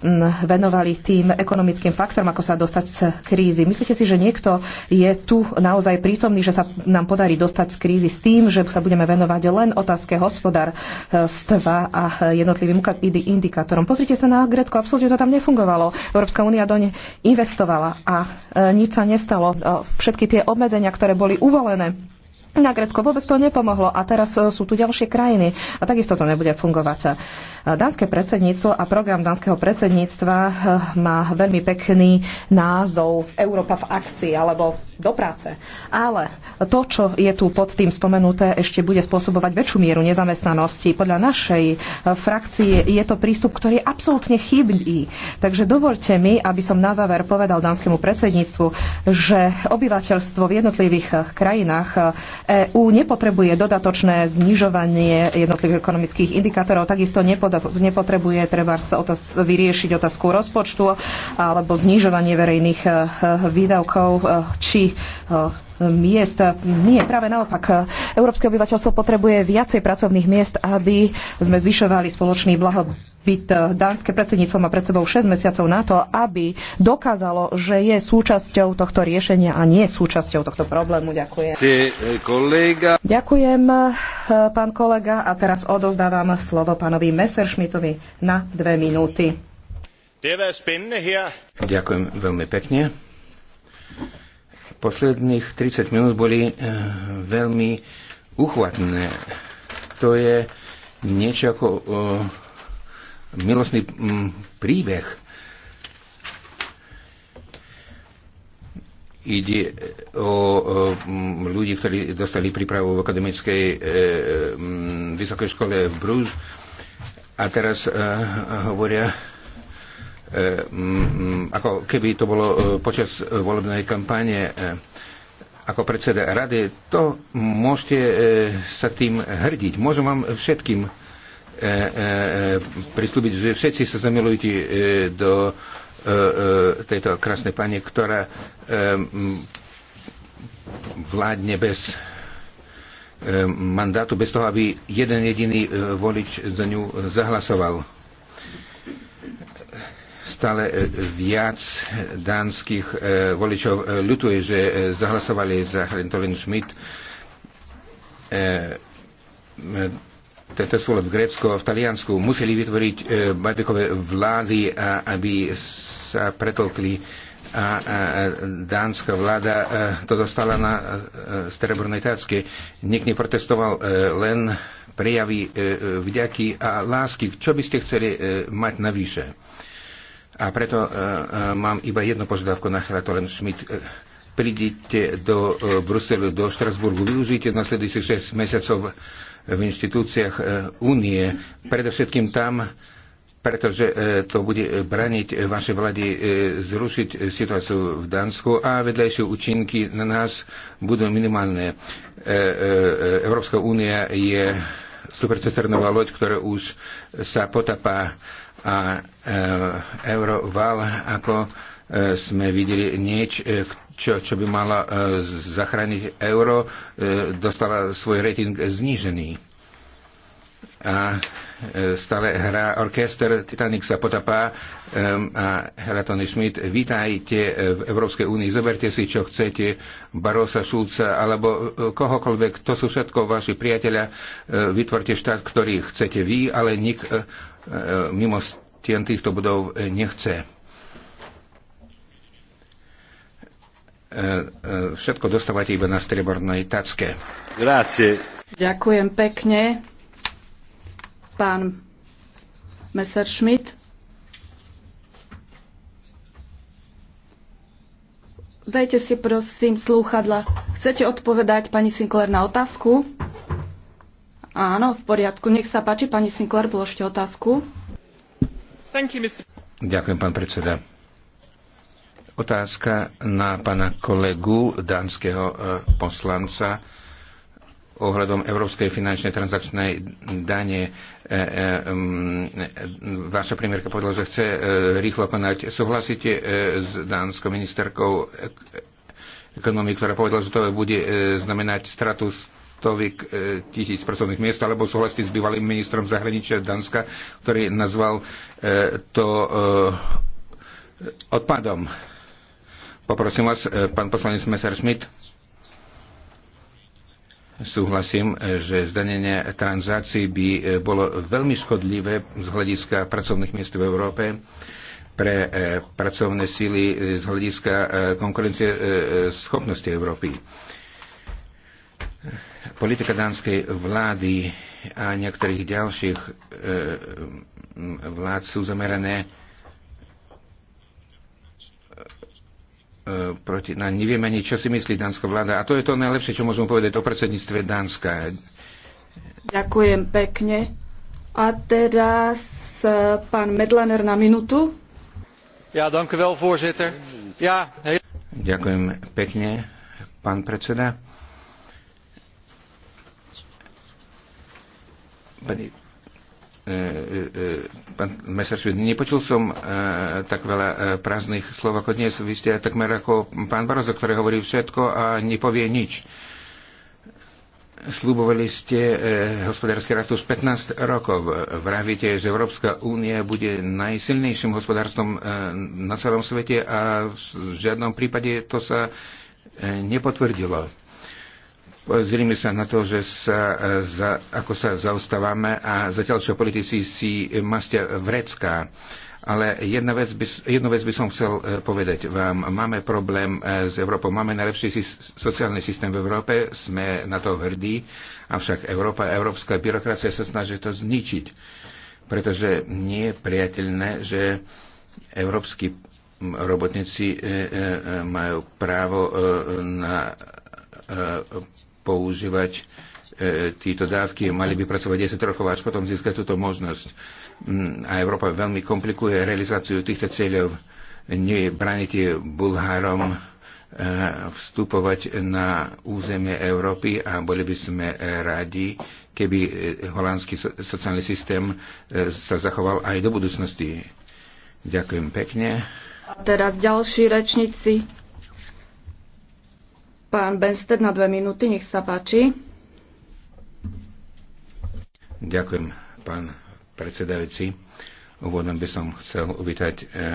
mm, venovali tým ekonomickým faktorom, ako sa dostať z krízy. Myslíte si, že niekto je tu naozaj prítomný, že sa nám podarí dostať z krízy s tým, že sa budeme venovať len otázke hospodárstva a jednotlivým indikátorom. Pozrite sa na Grécko, absolútne to tam nefungovalo. Európska únia nej investovala a e, nič sa nestalo. Všetky tie obmedzenia, ktoré boli uvalené na Grecko vôbec to nepomohlo a teraz e, sú tu ďalšie krajiny a takisto to nebude fungovať. E, Dánske predsedníctvo a program dánskeho predsedníctva e, má veľmi pekný názov Európa v akcii alebo do práce. Ale to, čo je tu pod tým spomenuté, ešte bude spôsobovať väčšiu mieru nezamestnanosti. Podľa našej frakcie je to prístup, ktorý je absolútne chybný. Takže dovolte mi, aby som na záver povedal dánskemu predsedníctvu, že obyvateľstvo v jednotlivých krajinách EÚ nepotrebuje dodatočné znižovanie jednotlivých ekonomických indikátorov, takisto nepotrebuje treba vyriešiť otázku rozpočtu alebo znižovanie verejných e, e, výdavkov e, či miest. Nie, práve naopak. Európske obyvateľstvo potrebuje viacej pracovných miest, aby sme zvyšovali spoločný blahobyt. Dánske predsedníctvo má pred sebou 6 mesiacov na to, aby dokázalo, že je súčasťou tohto riešenia a nie súčasťou tohto problému. Ďakujem. Eh, Ďakujem, eh, pán kolega. A teraz odovzdávam slovo pánovi Messerschmittovi na dve minúty. Ďakujem veľmi pekne. Posledných 30 minút boli eh, veľmi uchvatné. To je niečo ako eh, milostný mm, príbeh. Ide eh, o mm, ľudí, ktorí dostali prípravu v akademickej mm, vysokej škole v Brúz a teraz hovoria Ehm, mm, ako keby to bolo e, počas e, volebnej kampane e, ako predseda rady, to môžete sa tým hrdiť. Môžem vám všetkým prislúbiť, že všetci sa zamilujete do tejto krásnej pani, ktorá vládne bez mandátu, bez toho, aby jeden jediný volič za ňu zahlasoval. Stále e, viac dánskych e, voličov e, ľutuje, že zahlasovali za Helen Schmidt tento súlep v Grécko, v Taliansku museli vytvoriť e, vlády, a, aby sa pretolkli, a, dánska vláda to dostala na strebornej tácke. Nik neprotestoval len prejavy vďaky a lásky. Čo by ste chceli mať navýše? A preto uh, mám iba jednu požiadavku na Hratolen Schmidt e, prídite do uh, Bruselu, do Štrasburgu, využite nasledujúcich 6 mesiacov v inštitúciách únie, uh, predovšetkým tam, pretože uh, to bude braniť vašej uh, zrušiť situáciu v Dánsku a vedľajšie účinky na nás budú minimálne. Uh, uh, Európska únia je supercesternová loď, ktorá už sa potapá uh, a e, euroval, ako e, sme videli nieč, e, čo, čo by mala zachrániť euro, dostala svoj rating znížený. A stále hrá orchester, Titanic sa potapá a hra Tony Schmidt. Vítajte v Európskej únii, zoberte si, čo chcete, Barosa, Šulca alebo kohokoľvek, to sú všetko vaši priateľa. Vytvorte štát, ktorý chcete vy, ale nik E, mimo stien týchto budov e, nechce. E, všetko dostávate iba na striebornej tacke. Grazie. Ďakujem pekne. Pán Messerschmidt. Dajte si prosím slúchadla. Chcete odpovedať pani Sinclair na otázku? Áno, v poriadku. Nech sa páči, pani Sinclair, položte otázku. You, Ďakujem, pán predseda. Otázka na pána kolegu, dánskeho e, poslanca ohľadom Európskej finančnej transakčnej dane. E, e, vaša premiérka povedala, že chce rýchlo konať. Súhlasíte s dánskou ministerkou ekonomii, ktorá povedala, že to bude znamenať stratus stoviek e, tisíc pracovných miest, alebo súhlasíte s bývalým ministrom zahraničia Danska, ktorý nazval e, to e, odpadom. Poprosím vás, pán poslanec Schmidt Súhlasím, že zdanenie transakcií by bolo veľmi škodlivé z hľadiska pracovných miest v Európe pre pracovné síly z hľadiska konkurencie schopnosti Európy. Politika dánskej vlády a niektorých ďalších e, vlád sú zamerané e, proti Na, Nevieme ani, čo si myslí dánska vláda. A to je to najlepšie, čo môžeme povedať o predsedníctve Dánska. Ďakujem pekne. A teraz e, pán Medlaner na minútu. Ja, dank voorzitter. Ja, hej. Ďakujem pekne, pán predseda. Pani, e, e, e, pán Messerschmidt, nepočul som tak veľa prázdnych slov ako dnes. Vy ste takmer ako pán Barozo, ktorý hovorí všetko a nepovie nič. Slúbovali ste hospodársky rast už 15 rokov. Vravíte, že Európska únia bude najsilnejším hospodárstvom na celom svete a v žiadnom prípade to sa nepotvrdilo Pozrime sa na to, že sa, e, za, ako sa zaostávame a zatiaľ, čo politici si mastia vrecká. Ale jedna vec by, jednu vec by som chcel e, povedať vám. Máme problém e, s Európou. Máme najlepší sociálny systém v Európe. Sme na to hrdí. Avšak Európa, európska byrokracia sa snaží to zničiť. Pretože nie je priateľné, že európsky robotníci majú právo na používať e, títo dávky, mali by pracovať 10 rokov až potom získať túto možnosť. Mm, a Európa veľmi komplikuje realizáciu týchto cieľov. Nebranite Bulhárom e, vstupovať na územie Európy a boli by sme e, radi, keby holandský sociálny systém sa zachoval aj do budúcnosti. Ďakujem pekne. A teraz ďalší rečníci. Pán Bensted na dve minúty, nech sa páči. Ďakujem, pán predsedajúci. Úvodom by som chcel uvítať e, e,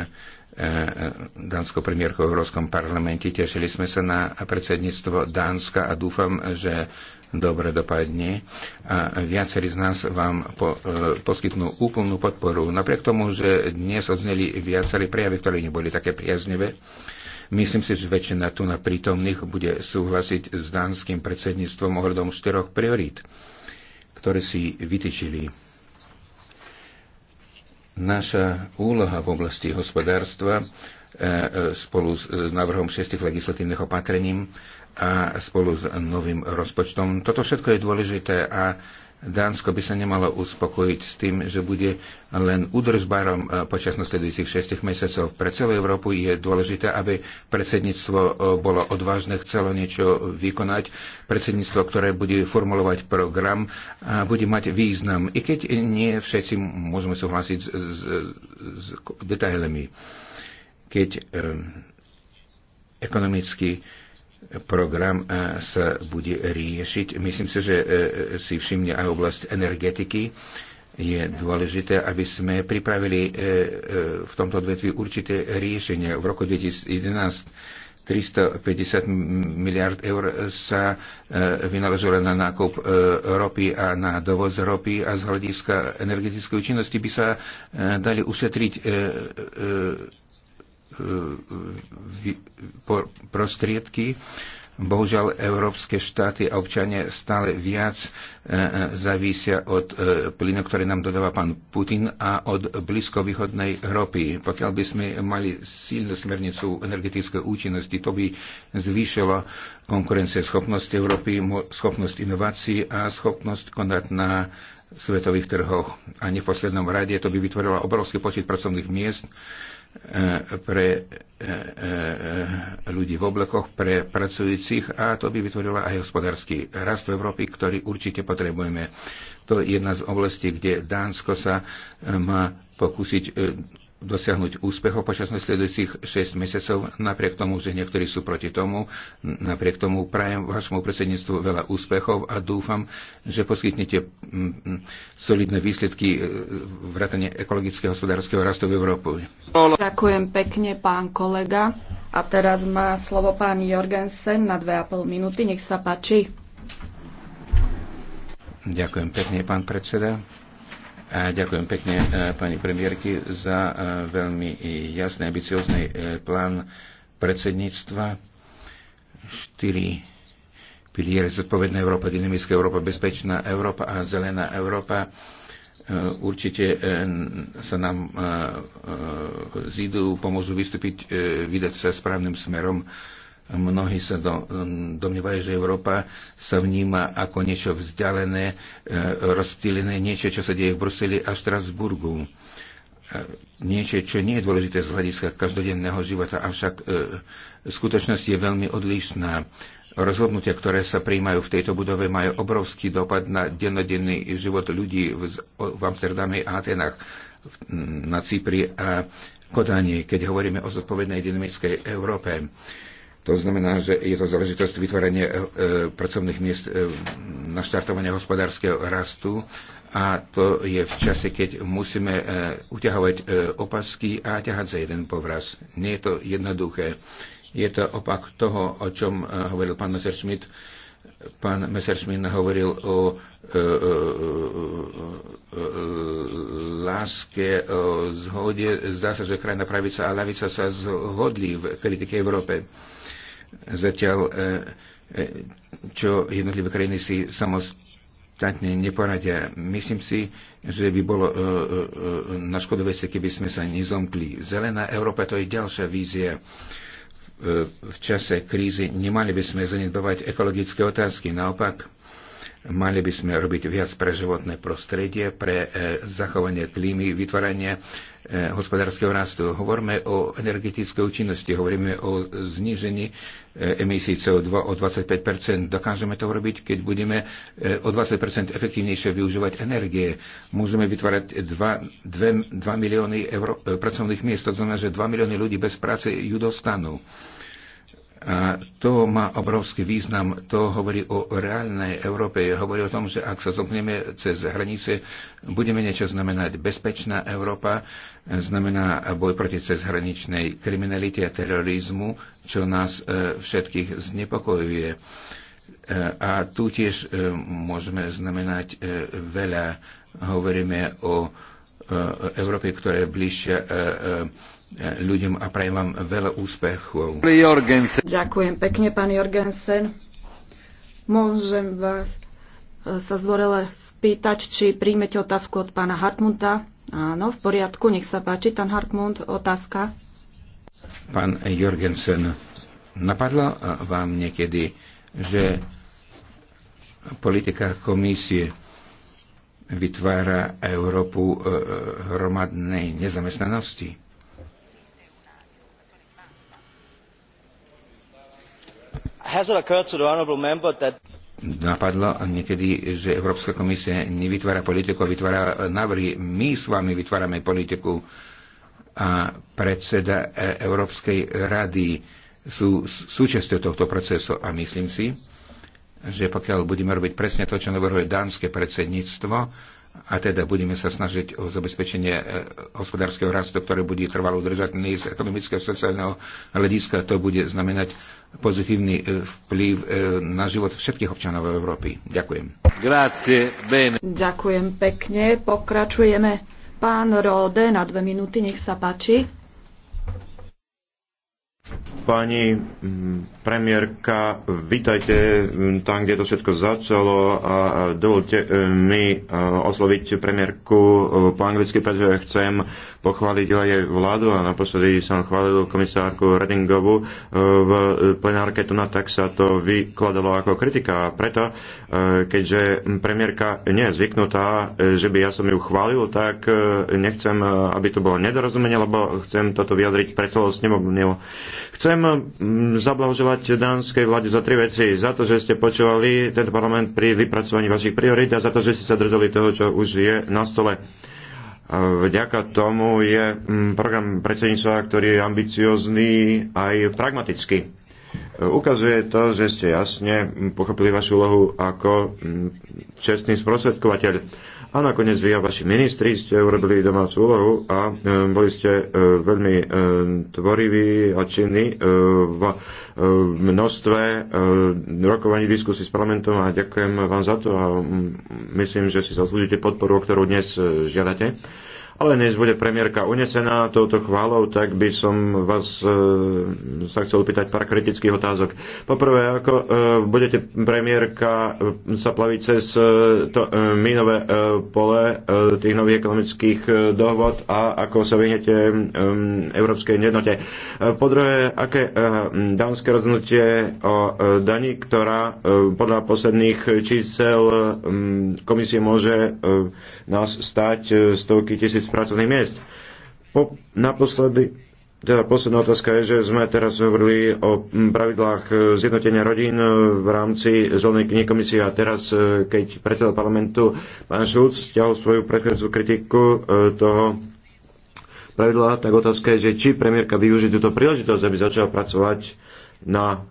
dánskou premiérku v Európskom parlamente. Tešili sme sa na predsedníctvo Dánska a dúfam, že dobre dopadne. A viacerí z nás vám po, e, poskytnú úplnú podporu. Napriek tomu, že dnes odzneli viacerí prejavy, ktoré neboli také priaznevé, e, Myslím si, že väčšina tu na prítomných bude súhlasiť s dánskym predsedníctvom ohľadom štyroch priorít, ktoré si vytýčili. Naša úloha v oblasti hospodárstva e, spolu s e, návrhom šestých legislatívnych opatrení a spolu s novým rozpočtom. Toto všetko je dôležité a Dánsko by sa nemalo uspokojiť s tým, že bude len údržbárom e, počas nasledujúcich 6 mesiacov. Pre celú Európu je dôležité, aby predsedníctvo e, bolo odvážne, chcelo niečo vykonať. Predsedníctvo, ktoré bude formulovať program, bude mať význam, i keď nie všetci môžeme súhlasiť s, s, s detailami. Keď e, ekonomicky program sa bude riešiť. Myslím si, že e, e, si všimne aj oblasť energetiky. Je dôležité, aby sme pripravili e, v tomto odvetvi určité riešenie. V roku 2011 350 miliard eur sa vynaložilo na nákup ropy a na dovoz ropy a z hľadiska energetickej účinnosti by sa dali ušetriť prostriedky. Bohužiaľ, európske štáty a občania stále viac e, e, závisia od e, plynu, ktorý nám dodáva pán Putin a od blízkovýchodnej ropy. Pokiaľ by sme mali silnú smernicu energetickej účinnosti, to by zvýšilo schopnosti Európy, schopnosť inovácií a schopnosť konať na svetových trhoch. A poslednom rade to by vytvorilo obrovský počet pracovných miest, E, pre e, e, ľudí v oblakoch, pre pracujúcich a to by vytvorilo aj hospodársky rast v Európy, ktorý určite potrebujeme. To je jedna z oblastí, kde Dánsko sa má pokúsiť dosiahnuť úspechov počas nasledujúcich 6 mesiacov, napriek tomu, že niektorí sú proti tomu. Napriek tomu prajem vašmu predsedníctvu veľa úspechov a dúfam, že poskytnete mm, mm, solidné výsledky e, vrátane ekologického hospodárskeho rastu v Európe. Ďakujem pekne, pán kolega. A teraz má slovo pán Jorgensen na 2,5 minúty. Nech sa páči. Ďakujem pekne, pán predseda. A ďakujem pekne e, pani premiérky za e, veľmi jasný, ambiciózny e, plán predsedníctva. Štyri piliere zodpovedná Európa, dynamická Európa, bezpečná Európa a zelená Európa. Určite sa nám zídu, pomôžu vystúpiť, vydať sa správnym smerom Mnohí sa do, um, domnievajú, že Európa sa vníma ako niečo vzdialené, e, rozptýlené, niečo, čo sa deje v Bruseli a Štrasburgu. E, niečo, čo nie je dôležité z hľadiska každodenného života, avšak e, skutočnosť je veľmi odlišná. Rozhodnutia, ktoré sa prijímajú v tejto budove, majú obrovský dopad na dennodenný život ľudí v, v Amsterdame a Atenách, na Cypri a Kodani, keď hovoríme o zodpovednej dynamickej Európe. To znamená, že je to záležitosť vytvorenia e, e, pracovných miest, e, na štartovanie hospodárskeho rastu a to je v čase, keď musíme uťahovať opasky a ťahať za jeden povraz. Nie je to jednoduché. Je to opak toho, o čom hovoril pán Messerschmidt. Pán Messerschmidt hovoril o láske, o zhode. Zdá sa, že krajná pravica a lavica sa zhodli v kritike Európe. Zatiaľ, e, e, čo jednotlivé krajiny si samostatne neporadia. Myslím si, že by bolo e, na veci, keby sme sa nezomkli. Zelená Európa to je ďalšia vízia v čase krízy nemali by sme zanedbávať ekologické otázky. Naopak, mali by sme robiť viac pre životné prostredie, pre zachovanie klímy, vytváranie E, hospodárskeho rastu. Hovoríme o energetickej účinnosti, hovoríme o znižení e, emisí CO2 o 25 Dokážeme to urobiť, keď budeme e, o 20 efektívnejšie využívať energie. Môžeme vytvárať 2, 2, 2 milióny euro, pracovných miest, to znamená, že 2 milióny ľudí bez práce ju dostanú. A to má obrovský význam. To hovorí o reálnej Európe. Hovorí o tom, že ak sa zopneme cez hranice, budeme niečo znamenať. Bezpečná Európa znamená boj proti cezhraničnej kriminalite a terorizmu, čo nás e, všetkých znepokojuje. E, a tu tiež e, môžeme znamenať veľa. Hovoríme o Európe, ktorá je bližšia E, ľuďom a prajem vám veľa úspechov. Ďakujem pekne, pán Jorgensen. Môžem vás e, sa zvorele spýtať, či príjmete otázku od pána Hartmunta. Áno, v poriadku, nech sa páči, pán Hartmund, otázka. Pán Jorgensen, napadlo e, vám niekedy, že politika komisie vytvára Európu hromadnej nezamestnanosti? Napadlo niekedy, že Európska komisia nevytvára politiku, vytvára návrhy. My s vami vytvárame politiku a predseda e, Európskej rady sú súčasťou tohto procesu a myslím si, že pokiaľ budeme robiť presne to, čo navrhuje dánske predsedníctvo, a teda budeme sa snažiť o zabezpečenie e, hospodárskeho rastu, ktoré bude trvalo udržateľné z ekonomického a sociálneho hľadiska. To bude znamenať pozitívny e, vplyv e, na život všetkých občanov Európy. Ďakujem. Grazie, bene. Ďakujem pekne. Pokračujeme. Pán Rode, na dve minúty, nech sa páči. Pani mm, premiérka, vítajte mm, tam, kde to všetko začalo a dovolte e, mi e, osloviť premiérku e, po anglicky, pretože chcem pochváliť aj vládu a naposledy som chválil komisárku Redingovu e, v plenárke tu na tak sa to vykladalo ako kritika. A Preto, e, keďže premiérka nie je zvyknutá, e, že by ja som ju chválil, tak nechcem, aby to bolo nedorozumenie, lebo chcem toto vyjadriť pre celú snemovňou. Chcem zablahoželať dánskej vláde za tri veci. Za to, že ste počúvali tento parlament pri vypracovaní vašich priorít a za to, že ste sa držali toho, čo už je na stole. Vďaka tomu je mm, program predsedníctva, ktorý je ambiciozný aj pragmatický. Ukazuje to, že ste jasne pochopili vašu úlohu ako mm, čestný sprostredkovateľ a nakoniec vy a vaši ministri ste urobili domácu úlohu a e, boli ste e, veľmi e, tvoriví a činní v množstve rokovaní diskusí s parlamentom a ďakujem vám za to a myslím, že si zaslúžite podporu, o ktorú dnes žiadate. Ale dnes bude premiérka unesená touto chválou, tak by som vás e, sa chcel opýtať pár kritických otázok. Poprvé, ako e, budete premiérka e, sa plaviť cez e, to e, minové e, pole e, tých nových ekonomických e, dohod a ako sa vyhnete e, európskej jednote. E, po druhé, aké e, dánske rozhodnutie o e, daní, ktorá e, podľa posledných čísel e, komisie môže e, nás stať e, stovky tisíc tisíc pracovných miest. Po, naposledy, teda posledná otázka je, že sme teraz hovorili o pravidlách e, zjednotenia rodín e, v rámci zelenej knihy komisie a teraz, e, keď predseda parlamentu pán Šulc stiahol svoju predchádzajúcu kritiku toho pravidla, tak otázka je, že či premiérka využije túto príležitosť, aby začala pracovať na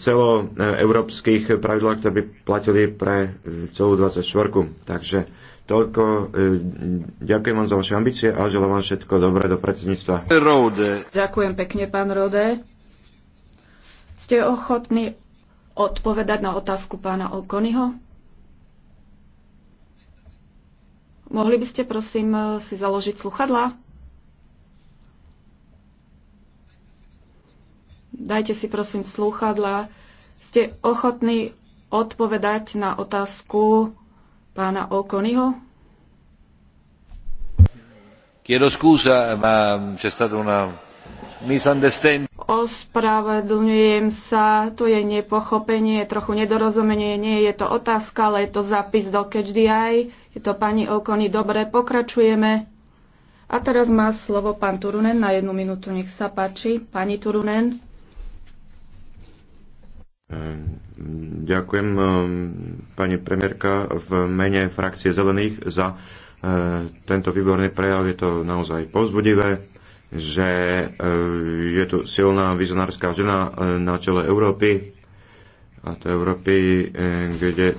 celoeurópskych pravidlách, ktoré by platili pre celú 24. Takže Toľko, e, ďakujem vám za vaše ambície a želám vám všetko dobré do predsedníctva. Rode. Ďakujem pekne, pán Rode. Ste ochotní odpovedať na otázku pána Okonyho? Mohli by ste, prosím, e, si založiť sluchadla? Dajte si, prosím, slúchadla. Ste ochotní odpovedať na otázku pána Okonyho. Ospravedlňujem sa, tu je nepochopenie, trochu nedorozumenie, nie je to otázka, ale je to zápis do CatchDI. Je to pani Okony, dobre, pokračujeme. A teraz má slovo pán Turunen na jednu minútu, nech sa páči. Pani Turunen. Ehm, Ďakujem um, pani premiérka v mene frakcie Zelených za uh, tento výborný prejav. Je to naozaj pozbudivé, že uh, je tu silná vizionárska žena uh, na čele Európy a to Európy, kde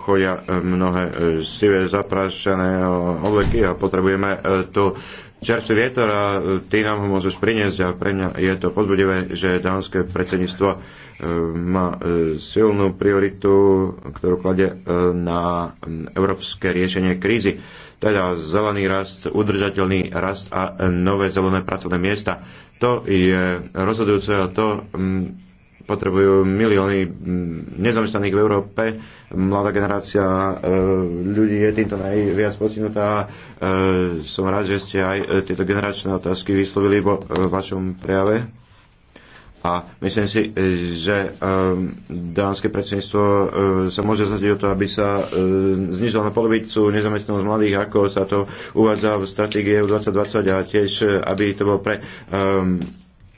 chodia mnohé sivé zaprašené obleky a potrebujeme tu čerstvý vietor a ty nám ho môžeš priniesť a pre mňa je to pozbudivé, že dánske predsedníctvo má e, silnú prioritu, ktorú klade e, na európske riešenie krízy, teda zelený rast, udržateľný rast a e, nové zelené pracovné miesta. To je rozhodujúce a to potrebujú milióny nezamestnaných v Európe. Mladá generácia ľudí je týmto najviac postihnutá. Som rád, že ste aj tieto generačné otázky vyslovili vo vašom prejave. A myslím si, že ehm, dánske predsedníctvo ehm, sa môže zadiť o to, aby sa ehm, znižila na polovicu nezamestnanosť mladých, ako sa to uvádza v stratégii EU 2020 a tiež, aby to bolo pre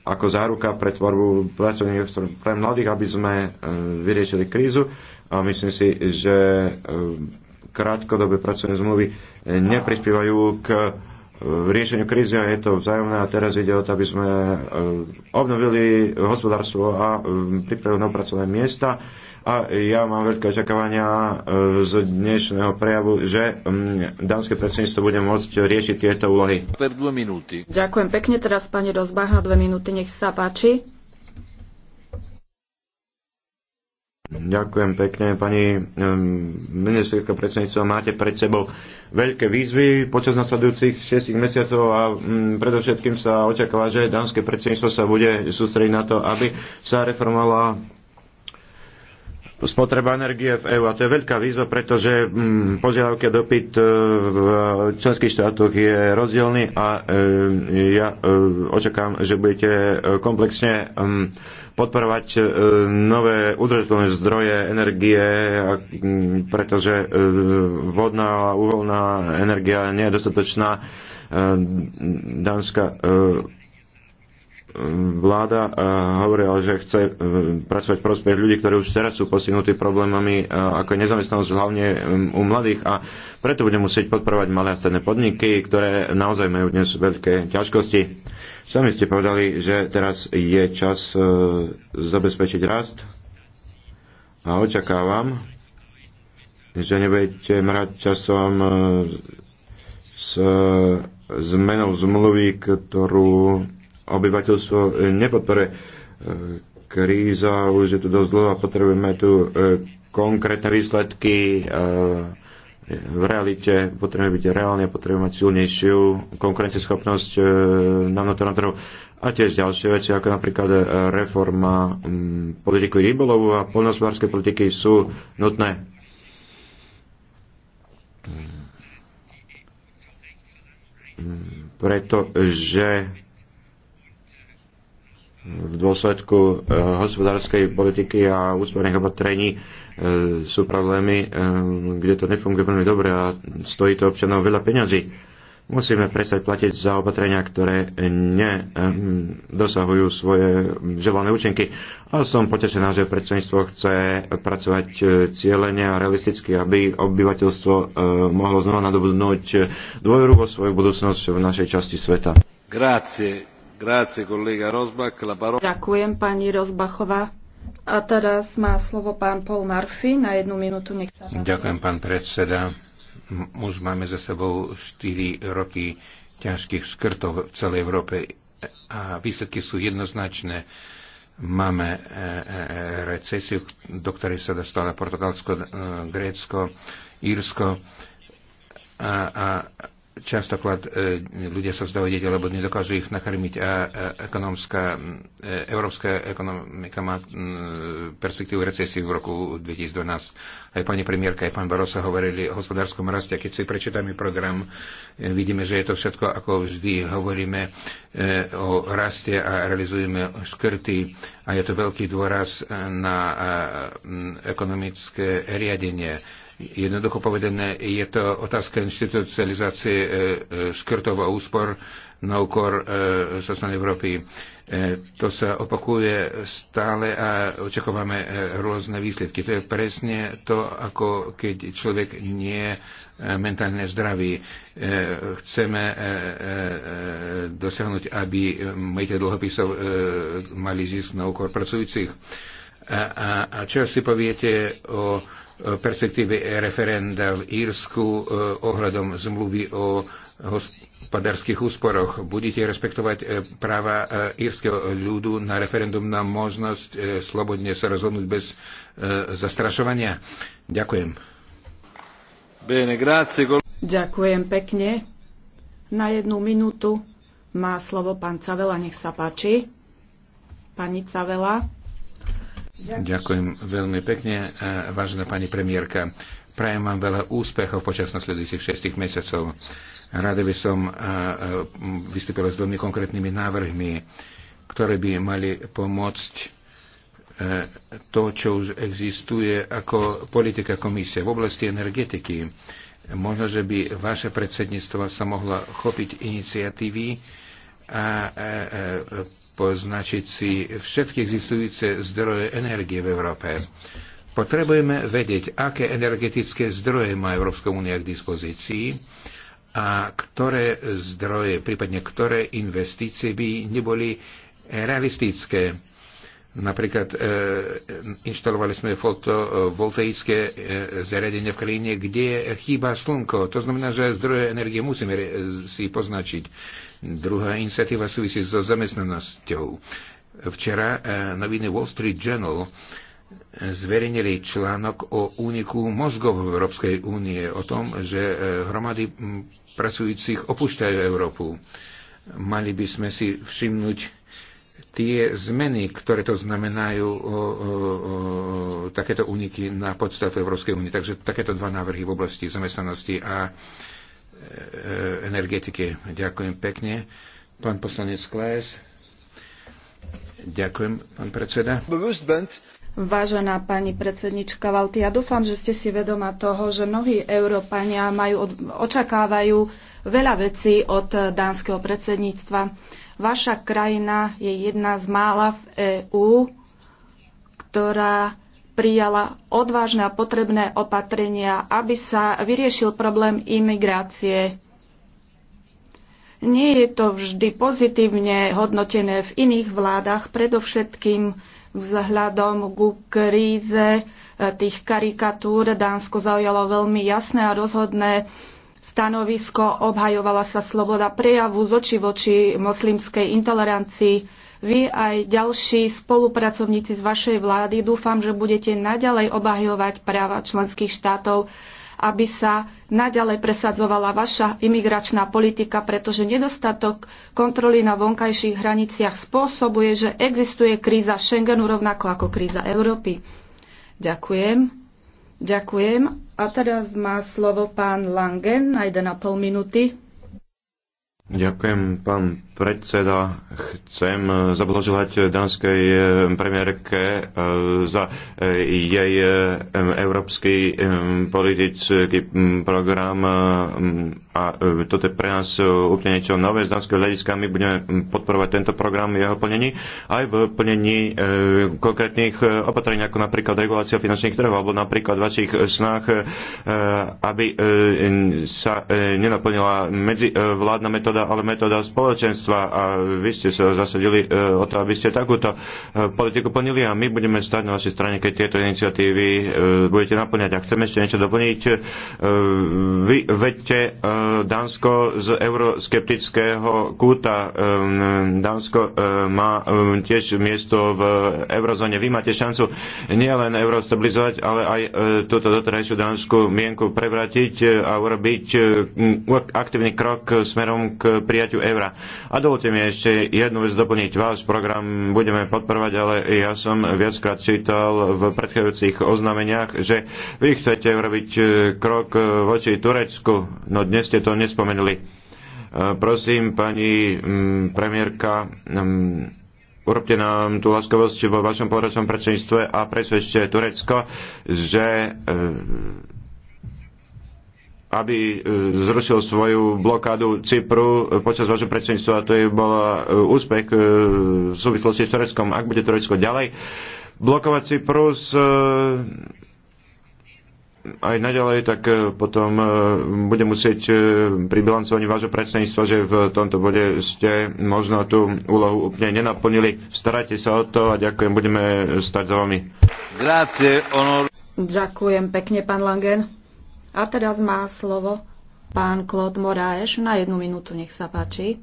ako záruka pre tvorbu pracovných pre mladých, aby sme vyriešili krízu. A myslím si, že krátkodobé pracovné zmluvy eh, neprispievajú k v riešeniu krízy a je to vzájomné a teraz ide o to, aby sme eh, obnovili hospodárstvo a eh, pripravili na pracovné miesta. A ja mám veľké očakávania eh, z dnešného prejavu, že mm, dánske predsedníctvo bude môcť riešiť tieto úlohy. Ďakujem pekne, teraz pani rozbáha, dve minúty, nech sa páči. Ďakujem pekne. Pani ministerka predsedníctva, máte pred sebou veľké výzvy počas nasledujúcich 6 mesiacov a mm, predovšetkým sa očakáva, že dánske predsedníctvo sa bude sústrediť na to, aby sa reformovala spotreba energie v EÚ. A to je veľká výzva, pretože mm, požiadavky a dopyt e, v členských štátoch je rozdielny a e, ja e, očakám, že budete komplexne podporovať e, nové udržateľné zdroje energie, pretože e, vodná a uholná energia nie je dostatočná. E, Dánska vláda eh, hovorila, že chce eh, pracovať prospech ľudí, ktorí už teraz sú postihnutí problémami eh, ako nezamestnanosť hlavne mm, u mladých a preto budeme musieť podporovať malé a stredné podniky, ktoré naozaj majú dnes veľké ťažkosti. Sami ste povedali, že teraz je čas zabezpečiť rast a očakávam, že nebudete mrať časom s zmenou zmluvy, ktorú obyvateľstvo nepodporuje. E, kríza už je tu dosť dlho a potrebujeme tu e, konkrétne výsledky e, v realite, potrebujeme byť reálne, potrebujeme mať silnejšiu konkurenceschopnosť na vnútornom trhu a tiež ďalšie veci, ako napríklad reforma politiky rybolovu a polnospodárskej politiky sú nutné. Pretože v dôsledku e, hospodárskej politiky a úsporných opatrení e, sú problémy, e, kde to nefunguje veľmi dobre a stojí to občanov veľa peňazí. Musíme prestať platiť za opatrenia, ktoré nedosahujú svoje želané účinky. A som potešená, že predsedníctvo chce pracovať cieľene a realisticky, aby obyvateľstvo mohlo znova nadobudnúť dôveru vo svoju budúcnosť v našej časti sveta. Grazie. Ďakujem, pani Rozbachová. A teraz má slovo pán Paul Murphy na jednu minútu. Nech sa Ďakujem, pán predseda. Už máme za sebou 4 roky ťažkých skrtov v celej Európe a výsledky sú jednoznačné. Máme e, e, e, recesiu, do ktorej sa dostala Portugalsko, Grécko, Írsko a, a častokrát e, ľudia sa vzdávajú deti, lebo nedokážu ich nakrmiť a e, ekonomická, e, európska ekonomika má e, perspektívu recesie v roku 2012. Aj pani premiérka, aj pán Barosa hovorili o hospodárskom raste. Keď si prečítame program, e, vidíme, že je to všetko, ako vždy hovoríme e, o raste a realizujeme škrty a je to veľký dôraz na e, ekonomické riadenie E, Jednoducho povedané, je to otázka institucionalizácie e, e, škrtov a úspor na úkor e, sociálnej Európy. To sa opakuje stále a očakávame rôzne výsledky. To je presne to, ako keď človek nie je mentálne zdravý. Chceme dosiahnuť, aby majiteľ dlhopisov mali zisk na úkor pracujúcich. A, a, a čo si poviete o perspektíve referenda v Írsku e, ohľadom zmluvy o hospodárskych úsporoch. Budete rešpektovať e, práva e, írskeho ľudu na referendum na možnosť slobodne sa rozhodnúť bez zastrašovania? Ďakujem. Bene, grazie. Ďakujem pekne. Na jednu minútu má slovo pán Cavela, nech sa páči. Pani Cavela. Ďakujem. veľmi pekne, e, vážená pani premiérka. Prajem vám veľa úspechov počas nasledujúcich šestich mesiacov. Rada by som e, e, vystúpila s veľmi konkrétnymi návrhmi, ktoré by mali pomôcť to, čo už existuje ako politika komisie v oblasti energetiky. Možno, že by vaše predsedníctvo sa mohlo chopiť iniciatívy a poznačiť si všetky existujúce zdroje energie v Európe. Potrebujeme vedieť, aké energetické zdroje má Európska únia k dispozícii a ktoré zdroje, prípadne ktoré investície by neboli realistické. Napríklad e, inštalovali sme fotovoltaické e, e, zariadenie v krajine, kde chýba slnko. To znamená, že zdroje energie musíme si poznačiť. Druhá iniciatíva súvisí so zamestnanosťou. Včera e, noviny Wall Street Journal e, zverejnili článok o úniku mozgov v Európskej únie, o tom, že e, hromady pracujúcich opúšťajú Európu. Mali by sme si všimnúť tie zmeny, ktoré to znamenajú o, o, o, takéto úniky na podstatu Európskej únie. Takže takéto dva návrhy v oblasti zamestnanosti a E, energetike. Ďakujem pekne. Pán poslanec Klaes. Ďakujem, pán predseda. Vážená pani predsednička Valty, ja dúfam, že ste si vedoma toho, že mnohí Európania majú, očakávajú veľa vecí od dánskeho predsedníctva. Vaša krajina je jedna z mála v EÚ, ktorá prijala odvážne a potrebné opatrenia, aby sa vyriešil problém imigrácie. Nie je to vždy pozitívne hodnotené v iných vládach, predovšetkým vzhľadom ku kríze e, tých karikatúr. Dánsko zaujalo veľmi jasné a rozhodné stanovisko, obhajovala sa sloboda prejavu z oči voči moslimskej intolerancii vy aj ďalší spolupracovníci z vašej vlády dúfam, že budete naďalej obahovať práva členských štátov, aby sa naďalej presadzovala vaša imigračná politika, pretože nedostatok kontroly na vonkajších hraniciach spôsobuje, že existuje kríza Schengenu rovnako ako kríza Európy. Ďakujem. Ďakujem. A teraz má slovo pán Langen na 1,5 minúty. Ďakujem, pán predseda, chcem zablažovať danskej eh, premiérke eh, za eh, jej európsky politický mm, program a toto je pre nás úplne niečo nové. Z danského hľadiska my budeme mm, podporovať tento program v jeho plnení aj v plnení konkrétnych opatrení, ako napríklad regulácia finančných trhov alebo napríklad vašich snách, aby sa nenaplnila medzivládna metóda, ale metóda spoločenstva predsedníctva a vy ste sa zasadili e, o to, aby ste takúto e, politiku plnili a my budeme stať na vašej strane, keď tieto iniciatívy e, budete naplňať. a chceme ešte niečo doplniť, vy vedte Dánsko z euroskeptického kúta. Dánsko má tiež miesto v eurozóne. Vy máte šancu nielen euro stabilizovať, ale aj túto doterajšiu dánsku mienku prevratiť a urobiť aktívny krok smerom k prijatiu eura. A dovolte mi ešte jednu vec doplniť. Váš program budeme podporovať, ale ja som viackrát čítal v predchádzajúcich oznameniach, že vy chcete urobiť e, krok e, voči Turecku, no dnes ste to nespomenuli. E, prosím, pani mm, premiérka, mm, urobte nám tú láskavosť vo vašom poročnom predsedníctve a presvedčte Turecko, že aby e, zrušil svoju blokádu Cypru e, počas vášho predsedníctva. To je bol e, úspech v súvislosti s Tureckom. Ak bude Turecko ďalej blokovať Cyprus aj naďalej, tak potom bude musieť pri bilancovaní vášho predsedníctva, že v tomto bode ste možno tú úlohu úplne nenaplnili. Starajte sa o to a ďakujem, budeme stať za vami. Grazie, honor. Ďakujem pekne, pán Langen. A teraz má slovo pán Klod Moráeš na jednu minútu, nech sa páči.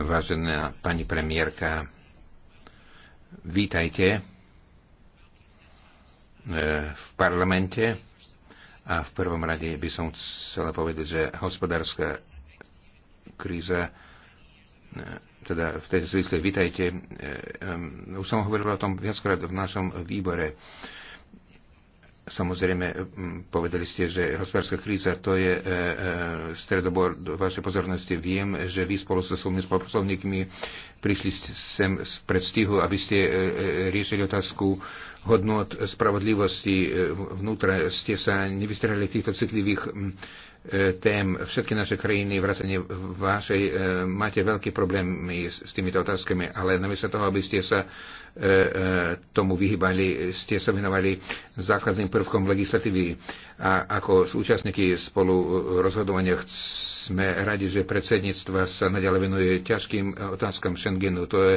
Vážená pani premiérka, vítajte e, v parlamente a v prvom rade by som chcela povedať, že hospodárska kríza e, teda v tej zvisle vítajte. E, už som hovoril o tom viackrát v našom výbore. Samozrejme, povedali ste, že hospodárska kríza to je e, e do vašej pozornosti. Viem, že vy spolu so svojimi spolupracovníkmi prišli sem z predstihu, aby ste e, e riešili otázku hodnot spravodlivosti. E, vnútra ste sa nevystrali týchto citlivých tém. Všetky naše krajiny, vrátanie vašej, máte veľké problémy s týmito otázkami, ale namiesto toho, aby ste sa E, e, tomu vyhýbali, ste sa venovali základným prvkom legislatívy. A ako súčasníky spolu rozhodovania sme radi, že predsedníctva sa naďalej venuje ťažkým otázkam Schengenu. To je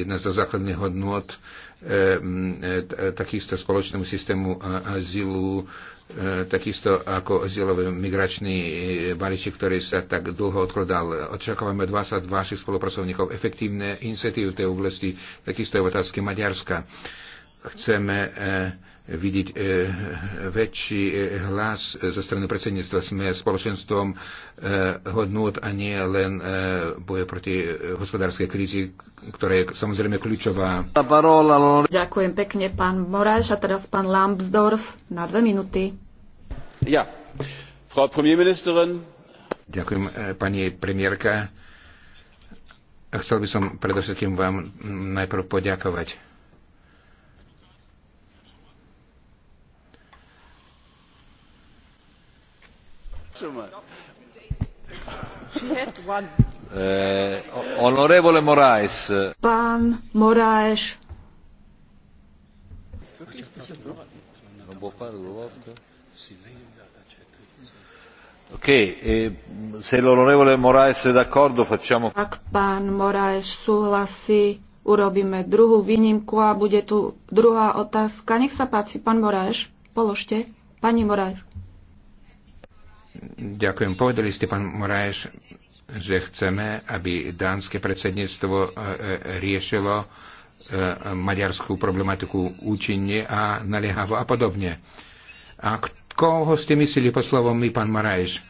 jedna zo základných hodnot e, takisto spoločnému systému azylu, E, takisto ako azylový migračný e, balíček, ktorý sa tak dlho odkladal. Očakávame 20 vašich spolupracovníkov efektívne iniciatívy v tej oblasti, takisto aj v otázke Maďarska. Chceme e, vidieť e, väčší e, hlas zo strany predsedníctva. Sme spoločenstvom e, hodnot a nie len boje proti hospodárskej krízi, ktorá je samozrejme kľúčová. Ďakujem pekne, pán Moráš. A teraz pán Lambsdorff na dve minúty. Ja. Frau Premierministerin. Ďakujem, pani premiérka. Chcel by som predovšetkým vám najprv poďakovať Eh, onorevole Moraes. Pán Moraes. Ok, eh, se l'onorevole Moraes è d'accordo facciamo... Ak pán Moraes súhlasí, urobíme druhú výnimku a bude tu druhá otázka. Nech sa páči, pán Moraes, položte. Pani Moraes. Ďakujem. Povedali ste, pán Moraeš, že chceme, aby dánske predsedníctvo e, e, riešilo e, maďarskú problematiku účinne a naliehavo a podobne. A koho ste mysleli po slovom my, pán Marajš?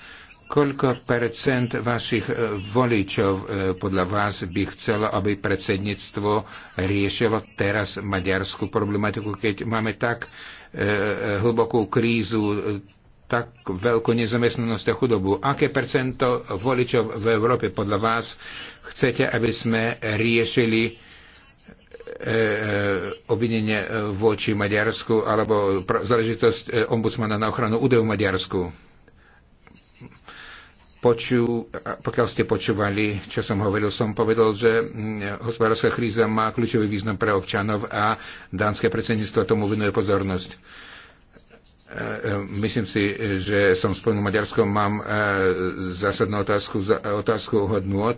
Koľko percent vašich voličov podľa vás by chcelo, aby predsedníctvo riešilo teraz maďarskú problematiku, keď máme tak hlbokú krízu tak veľkú nezamestnanosť a chudobu. Aké percento voličov v Európe podľa vás chcete, aby sme riešili e, e, obvinenie voči Maďarsku alebo záležitosť e, ombudsmana na ochranu údajov Maďarsku? poču, pokiaľ ste počúvali, čo som hovoril, som povedal, že mm, hospodárska kríza má kľúčový význam pre občanov a dánske predsedníctvo tomu venuje pozornosť. E, e, myslím si, že som spomenul Maďarskom, mám e, zásadnú otázku, otázku hodnôt.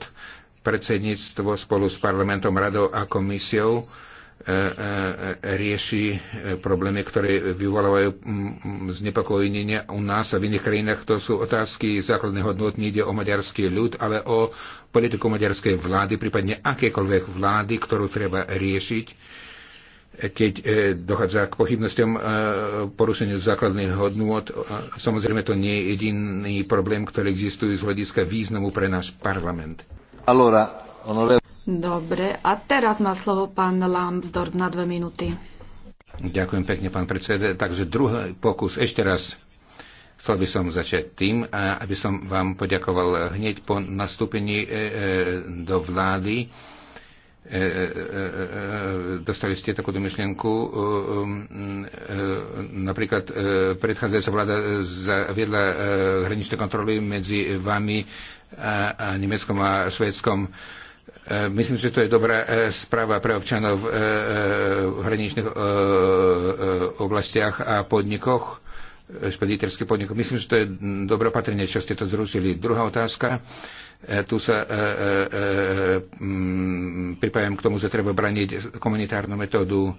Predsedníctvo spolu s parlamentom, radou a komisiou rieši problémy, ktoré vyvolávajú znepokojenie u nás a v iných krajinách. To sú otázky základných hodnot, nie ide o maďarský ľud, ale o politiku maďarskej vlády, prípadne akékoľvek vlády, ktorú treba riešiť keď e, dochádza k pochybnostiam e, porušeniu základných hodnôt. E, samozrejme, to nie je jediný problém, ktorý existuje z hľadiska významu pre náš parlament. Dobre, a teraz má slovo pán Lambsdorff na dve minúty. Ďakujem pekne, pán predseda. Takže druhý pokus, ešte raz. Chcel by som začať tým, aby som vám poďakoval hneď po nastúpení do vlády E, e, e, dostali ste takúto myšlienku. Napríklad predchádzajúca vláda zaviedla hraničné kontroly medzi vami a Nemeckom a Švedskom, Myslím, že to je dobrá správa pre občanov v hraničných oblastiach a podnikoch, špediterských podnikoch. Myslím, že to je dobré opatrenie, čo ste to zrušili. Druhá otázka E, tu sa e, e, e, mm, pripájam k tomu, že treba braniť komunitárnu metódu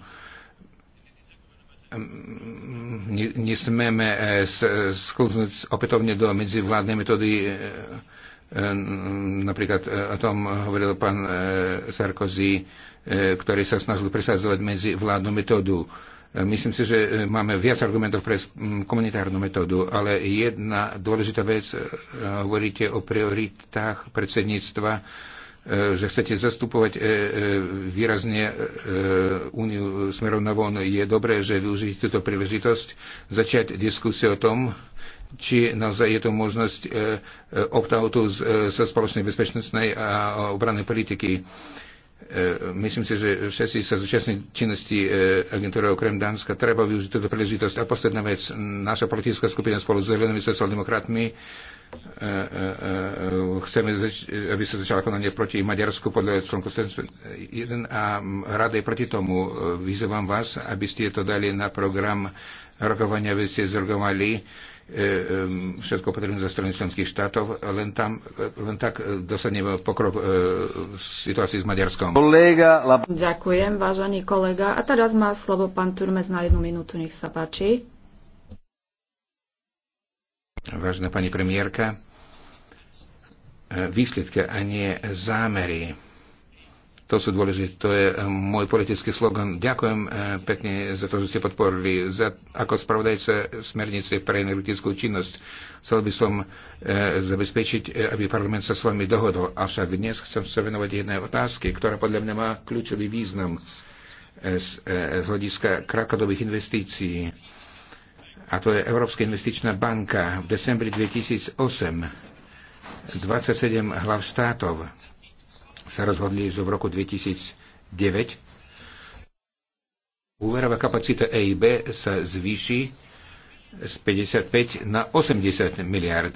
mm, nesmieme e, sklznúť opätovne do medzivládnej metódy. E, napríklad o tom hovoril pán Sarkozy, ktorý sa snažil presadzovať medzivládnu metódu. Myslím si, že e, máme viac argumentov pre mm, komunitárnu metódu, ale jedna dôležitá vec, e, hovoríte o prioritách predsedníctva, e, že chcete zastupovať výrazne úniu smerom na von. Je dobré, že využiť túto príležitosť, začať diskusiu o tom, či naozaj je to možnosť opt-outu zo spoločnej bezpečnostnej a obrannej politiky E, myslím si, že všetci sa zúčastní činnosti e, agentúry okrem Dánska. Treba využiť túto príležitosť. A posledná vec, naša politická skupina spolu s zelenými sociálnymi e, chceme, aby sa začala konanie proti Maďarsku podľa článku 1 a rada je proti tomu. Vyzývam vás, aby ste to dali na program rokovania, aby ste zorganizovali E, e, všetko potrebné zo strany členských štátov, len, tam, e, len tak dosadneme pokrok v situácii s Maďarskom. Kolega, la... Ďakujem, vážený kolega. A teraz má slovo pán Turmes na jednu minútu, nech sa páči. Vážená pani premiérka, výsledky a nie zámery to sú dôležité, to je eh, môj politický slogan. Ďakujem eh, pekne za to, že ste podporili. Za, ako spravodajca smernice pre energetickú činnosť chcel by som e, zabezpečiť, aby parlament sa s vami dohodol. Avšak dnes chcem sa venovať jednej otázke, ktorá podľa mňa má kľúčový význam z, z hľadiska krakodobých investícií. A to je Európska investičná banka v decembri 2008. 27 hlav štátov sa rozhodli, že v roku 2009 úverová kapacita EIB sa zvýši z 55 na 80 miliard.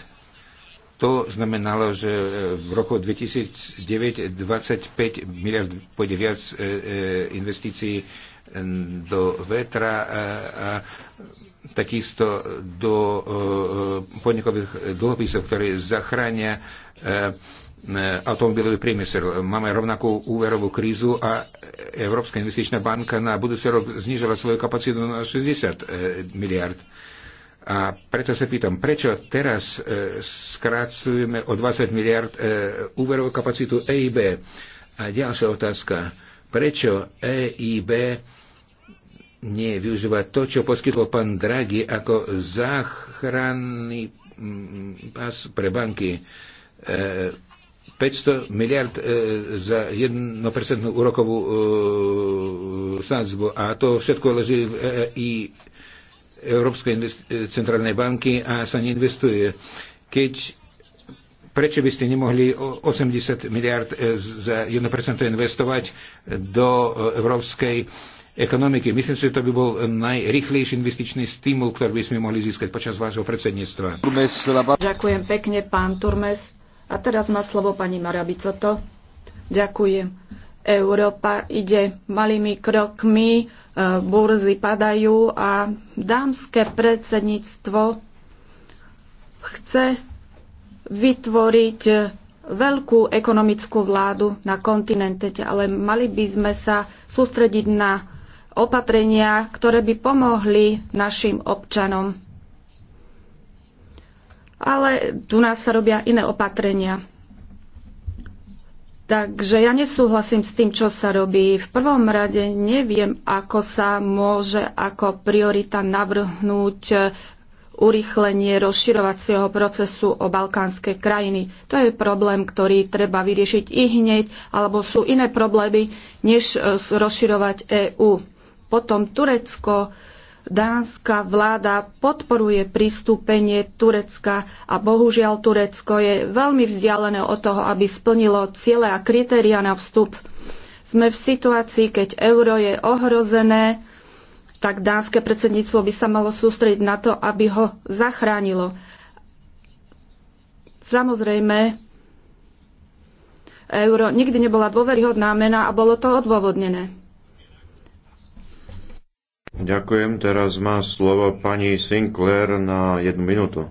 To znamenalo, že v roku 2009 25 miliard pôjde viac e, e, investícií do vetra a takisto do e, podnikových dlhopisov, ktoré zachránia E, automobilový priemysel. Máme rovnakú úverovú krízu a Európska investičná banka na budúci rok znižila svoju kapacitu na 60 e, miliard. A preto sa pýtam, prečo teraz e, skracujeme o 20 miliard úverovú kapacitu EIB? A ďalšia otázka, prečo EIB nie využíva to, čo poskytol pán Draghi ako záchranný pas pre banky? 500 miliard e, za 1% úrokovú e, sadzbu. A to všetko leží v e i Európskej centrálnej banky a sa neinvestuje. Keď prečo by ste nemohli 80 miliard za 1% investovať do európskej ekonomiky. Myslím si, že to by bol najrychlejší investičný stimul, ktorý by sme mohli získať počas vášho predsedníctva. Ďakujem pekne, pán Turmes. A teraz má slovo pani Marabicoto. Ďakujem. Európa ide malými krokmi, e, burzy padajú a dámske predsedníctvo chce vytvoriť veľkú ekonomickú vládu na kontinente, ale mali by sme sa sústrediť na opatrenia, ktoré by pomohli našim občanom ale tu nás sa robia iné opatrenia. Takže ja nesúhlasím s tým, čo sa robí. V prvom rade neviem, ako sa môže ako priorita navrhnúť e, urychlenie rozširovacieho procesu o balkánske krajiny. To je problém, ktorý treba vyriešiť i hneď, alebo sú iné problémy, než e, rozširovať EÚ. Potom Turecko, Dánska vláda podporuje pristúpenie Turecka a bohužiaľ Turecko je veľmi vzdialené od toho, aby splnilo ciele a kritéria na vstup. Sme v situácii, keď euro je ohrozené, tak dánske predsedníctvo by sa malo sústrediť na to, aby ho zachránilo. Samozrejme, euro nikdy nebola dôveryhodná mena a bolo to odôvodnené. Ďakujem. Teraz má slovo pani Sinclair na jednu minútu.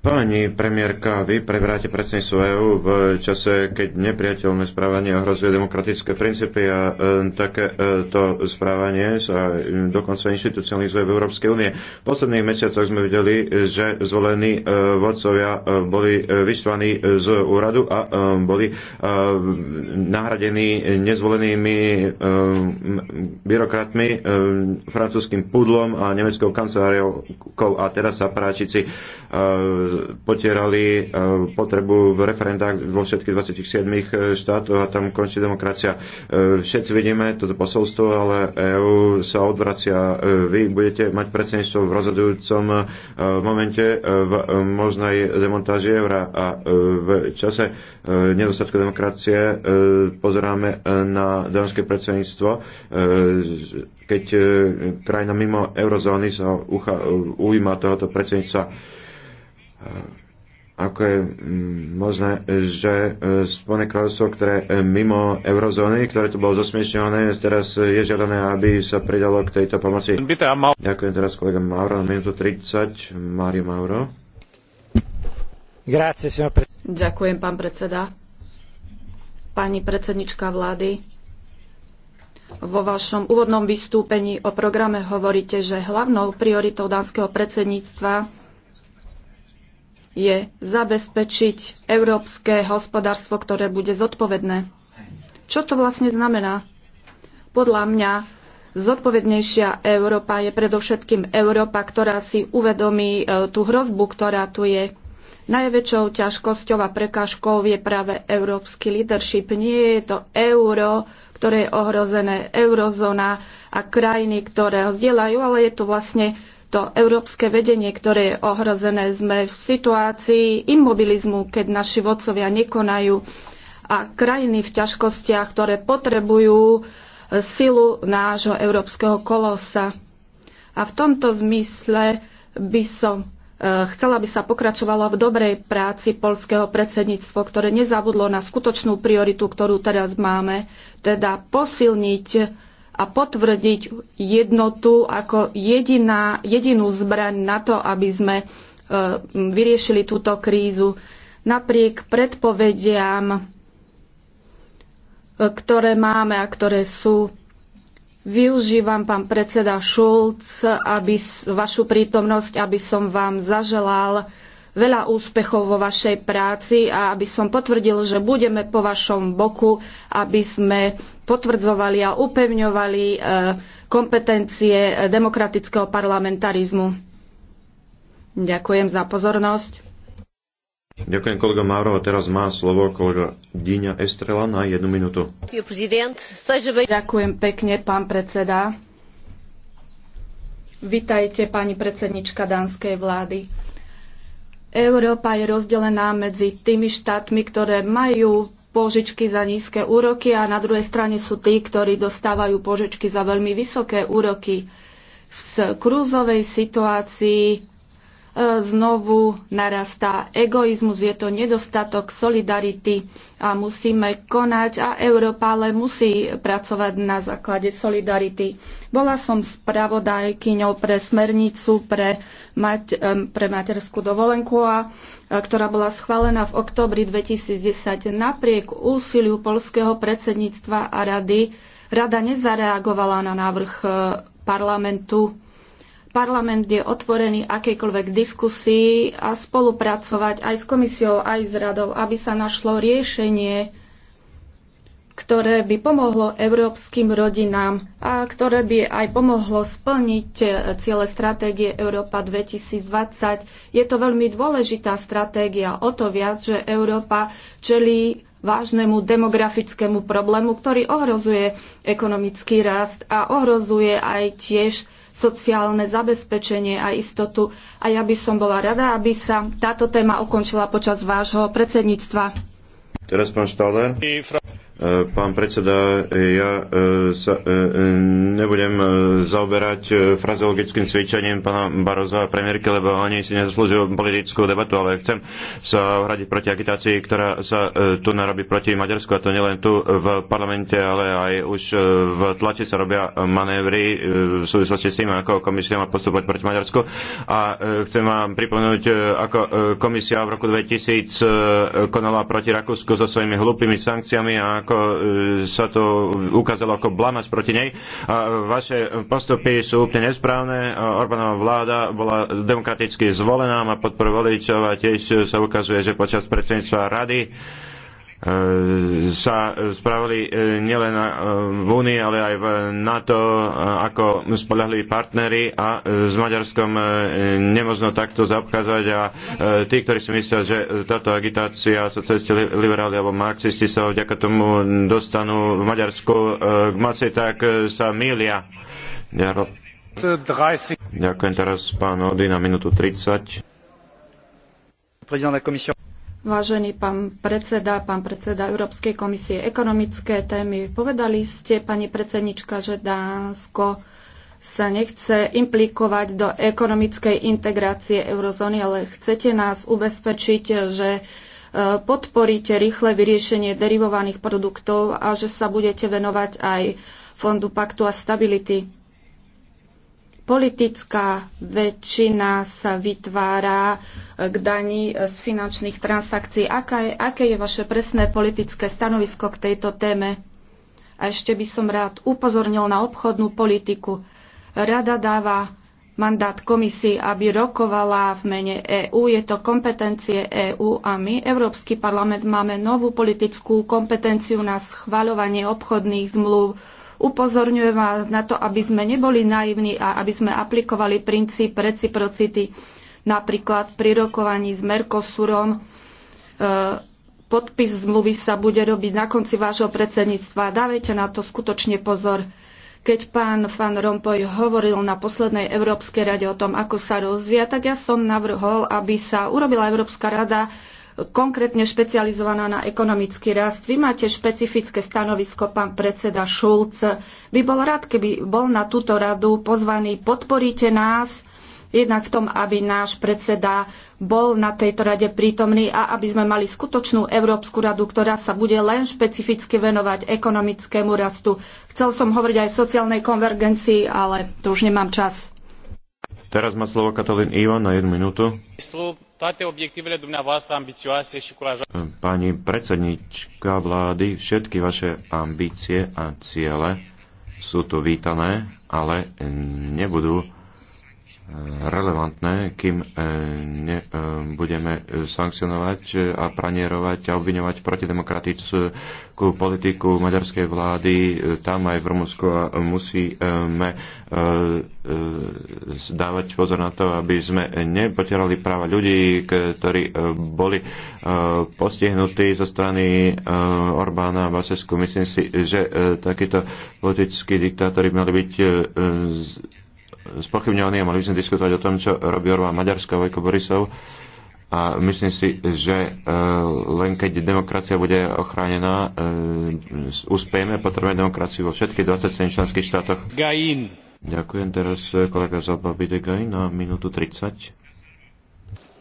Pani premiérka, vy preberáte predsedníctvo EÚ v čase, keď nepriateľné správanie ohrozuje demokratické princípy a e, takéto e, správanie sa e, dokonca inštitucionalizuje v Európskej únie. V posledných mesiacoch sme videli, že zvolení e, vodcovia e, boli e, vyštvaní e, z úradu a e, boli e, nahradení nezvolenými e, byrokratmi, e, francúzským pudlom a nemeckou kanceláriou a teraz sa práčici e, potierali e, potrebu v referendách vo všetkých 27 e, štátoch a tam končí demokracia. E, všetci vidíme toto posolstvo, ale EÚ sa odvracia. Vy budete mať predsedníctvo v rozhodujúcom momente v možnej demontáži eura a v čase nedostatku demokracie pozeráme na dánske predsedníctvo keď krajina mimo eurozóny sa ujíma tohoto predsedníctva ako je mm, možné, že e, Spojené kráľovstvo, ktoré e, mimo eurozóny, ktoré tu bolo zosmiešňované, teraz je žiadané, aby sa pridalo k tejto pomoci. Ďakujem teraz kolega Mauro na minútu 30. Mário Mauro. Ďakujem, pán predseda. Pani predsednička vlády, vo vašom úvodnom vystúpení o programe hovoríte, že hlavnou prioritou dánskeho predsedníctva je zabezpečiť európske hospodárstvo, ktoré bude zodpovedné. Čo to vlastne znamená? Podľa mňa zodpovednejšia Európa je predovšetkým Európa, ktorá si uvedomí e, tú hrozbu, ktorá tu je. Najväčšou ťažkosťou a prekážkou je práve európsky leadership. Nie je to euro, ktoré je ohrozené, eurozóna a krajiny, ktoré ho zdieľajú, ale je to vlastne to európske vedenie, ktoré je ohrozené. Sme v situácii imobilizmu, keď naši vodcovia nekonajú a krajiny v ťažkostiach, ktoré potrebujú silu nášho európskeho kolosa. A v tomto zmysle by som e, chcela by sa pokračovalo v dobrej práci polského predsedníctva, ktoré nezabudlo na skutočnú prioritu, ktorú teraz máme, teda posilniť a potvrdiť jednotu ako jediná, jedinú zbraň na to, aby sme e, vyriešili túto krízu. Napriek predpovediam, e, ktoré máme a ktoré sú Využívam, pán predseda Šulc, aby, vašu prítomnosť, aby som vám zaželal veľa úspechov vo vašej práci a aby som potvrdil, že budeme po vašom boku, aby sme potvrdzovali a upevňovali e, kompetencie demokratického parlamentarizmu. Ďakujem za pozornosť. Ďakujem kolega Márova. Teraz má slovo kolega Díňa Estrela na jednu minútu. Ďakujem pekne, pán predseda. Vitajte, pani predsednička danskej vlády. Európa je rozdelená medzi tými štátmi, ktoré majú požičky za nízke úroky a na druhej strane sú tí, ktorí dostávajú požičky za veľmi vysoké úroky. V krúzovej situácii E, znovu narastá egoizmus, je to nedostatok solidarity a musíme konať a Európa ale musí pracovať na základe solidarity. Bola som spravodajkyňou pre smernicu pre, mať, e, pre materskú dovolenku, a, e, ktorá bola schválená v oktobri 2010. Napriek úsiliu polského predsedníctva a rady, rada nezareagovala na návrh parlamentu Parlament je otvorený akejkoľvek diskusii a spolupracovať aj s komisiou, aj s radou, aby sa našlo riešenie, ktoré by pomohlo európskym rodinám a ktoré by aj pomohlo splniť ciele stratégie Európa 2020. Je to veľmi dôležitá stratégia, o to viac, že Európa čelí vážnemu demografickému problému, ktorý ohrozuje ekonomický rast a ohrozuje aj tiež sociálne zabezpečenie a istotu. A ja by som bola rada, aby sa táto téma ukončila počas vášho predsedníctva. Teraz pán Štaler. E, pán predseda, ja e, sa e, nebudem zaoberať frazeologickým cvičením pána Baroza a premiérky, lebo oni si nezaslúžujú politickú debatu, ale chcem sa hradiť proti agitácii, ktorá sa tu narobí proti Maďarsku, a to nielen tu v parlamente, ale aj už v tlači sa robia manévry v súvislosti s tým, ako komisia má postupovať proti Maďarsku. A chcem vám pripomenúť, ako komisia v roku 2000 konala proti Rakúsku so svojimi hlúpými sankciami a ako ako e, sa to ukázalo ako blamasť proti nej. A vaše postupy sú úplne nesprávne. Orbánová vláda bola demokraticky zvolená, má podporu voličov a tiež sa ukazuje, že počas predsedníctva rady sa spravili e, nielen e, v Únii, ale aj v NATO e, ako spolahliví partnery a s Maďarskom nemožno takto zaobchádzať a tí, ktorí si myslia, že táto agitácia socialisti, liberáli alebo marxisti sa vďaka tomu dostanú v Maďarsku k moci, tak sa mília. Ďakujem teraz pán Ody na minútu 30. Prezident komisie. Vážený pán predseda, pán predseda Európskej komisie ekonomické témy, povedali ste, pani predsednička, že Dánsko sa nechce implikovať do ekonomickej integrácie eurozóny, ale chcete nás ubezpečiť, že e, podporíte rýchle vyriešenie derivovaných produktov a že sa budete venovať aj Fondu paktu a stability politická väčšina sa vytvára eh, k daní eh, z finančných transakcií. Aká je, aké je vaše presné politické stanovisko k tejto téme? A ešte by som rád upozornil na obchodnú politiku. Rada dáva mandát komisii, aby rokovala v mene EÚ. Je to kompetencie EÚ a my, Európsky parlament, máme novú politickú kompetenciu na schvaľovanie obchodných zmluv Upozorňujem vás na to, aby sme neboli naivní a aby sme aplikovali princíp reciprocity. Napríklad pri rokovaní s Mercosurom e, podpis zmluvy sa bude robiť na konci vášho predsedníctva. Dávajte na to skutočne pozor. Keď pán Van Rompuy hovoril na poslednej Európskej rade o tom, ako sa rozvíja, tak ja som navrhol, aby sa urobila Európska rada konkrétne špecializovaná na ekonomický rast. Vy máte špecifické stanovisko, pán predseda Šulc. By bol rád, keby bol na túto radu pozvaný. Podporíte nás jednak v tom, aby náš predseda bol na tejto rade prítomný a aby sme mali skutočnú Európsku radu, ktorá sa bude len špecificky venovať ekonomickému rastu. Chcel som hovoriť aj o sociálnej konvergencii, ale to už nemám čas. Teraz má slovo Katalín Ivan na jednu minútu toate obiectivele dumneavoastră ambițioase și curajoase. Ehm, pani predsednička vlády, všetky vaše ambície a ciele sú tu vítané, ale nebudú relevantné, kým e, nebudeme e, sankcionovať e, a pranierovať a obviňovať protidemokratickú politiku maďarskej vlády tam aj v Rumunsku a musíme dávať pozor na to, aby sme nepotierali práva ľudí, ktorí boli postihnutí zo strany Orbána a Basesku. Myslím si, že takíto politickí diktátori mali byť spochybňovaný a mali sme diskutovať o tom, čo robí Orbán Maďarska Vojko Borisov. A myslím si, že e, len keď demokracia bude ochránená, e, uspejeme, potrebujeme demokraciu vo všetkých 27 členských štátoch. Gain. Ďakujem teraz e, kolega Zalba de Gain na minútu 30.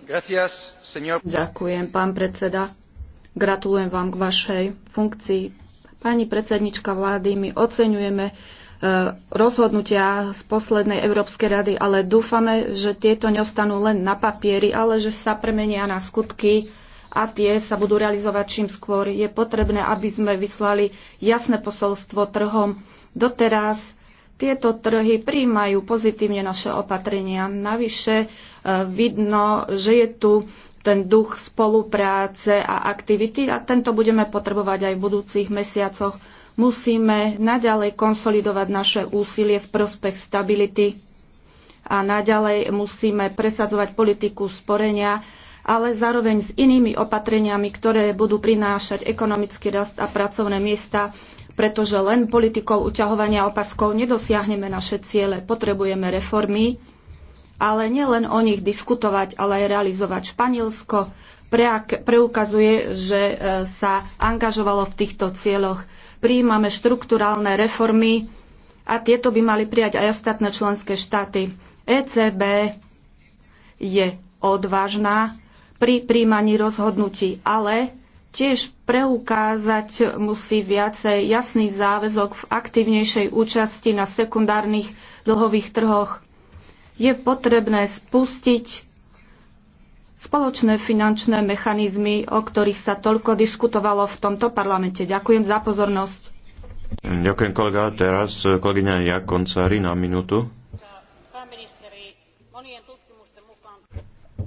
Gracias, señor. Ďakujem, pán predseda. Gratulujem vám k vašej funkcii. Pani predsednička vlády, my oceňujeme E, rozhodnutia z poslednej Európskej rady, ale dúfame, že tieto neostanú len na papieri, ale že sa premenia na skutky a tie sa budú realizovať čím skôr. Je potrebné, aby sme vyslali jasné posolstvo trhom. Doteraz tieto trhy príjmajú pozitívne naše opatrenia. Navyše e, vidno, že je tu ten duch spolupráce a aktivity a tento budeme potrebovať aj v budúcich mesiacoch. Musíme naďalej konsolidovať naše úsilie v prospech stability a naďalej musíme presadzovať politiku sporenia, ale zároveň s inými opatreniami, ktoré budú prinášať ekonomický rast a pracovné miesta, pretože len politikou uťahovania opaskov nedosiahneme naše ciele. Potrebujeme reformy, ale nielen o nich diskutovať, ale aj realizovať. Španielsko preukazuje, že e, sa angažovalo v týchto cieľoch prijímame štrukturálne reformy a tieto by mali prijať aj ostatné členské štáty. ECB je odvážna pri príjmaní rozhodnutí, ale tiež preukázať musí viacej jasný záväzok v aktívnejšej účasti na sekundárnych dlhových trhoch. Je potrebné spustiť spoločné finančné mechanizmy, o ktorých sa toľko diskutovalo v tomto parlamente. Ďakujem za pozornosť. Ďakujem kolega. Teraz eh, kolegyňa Jakoncari na minútu.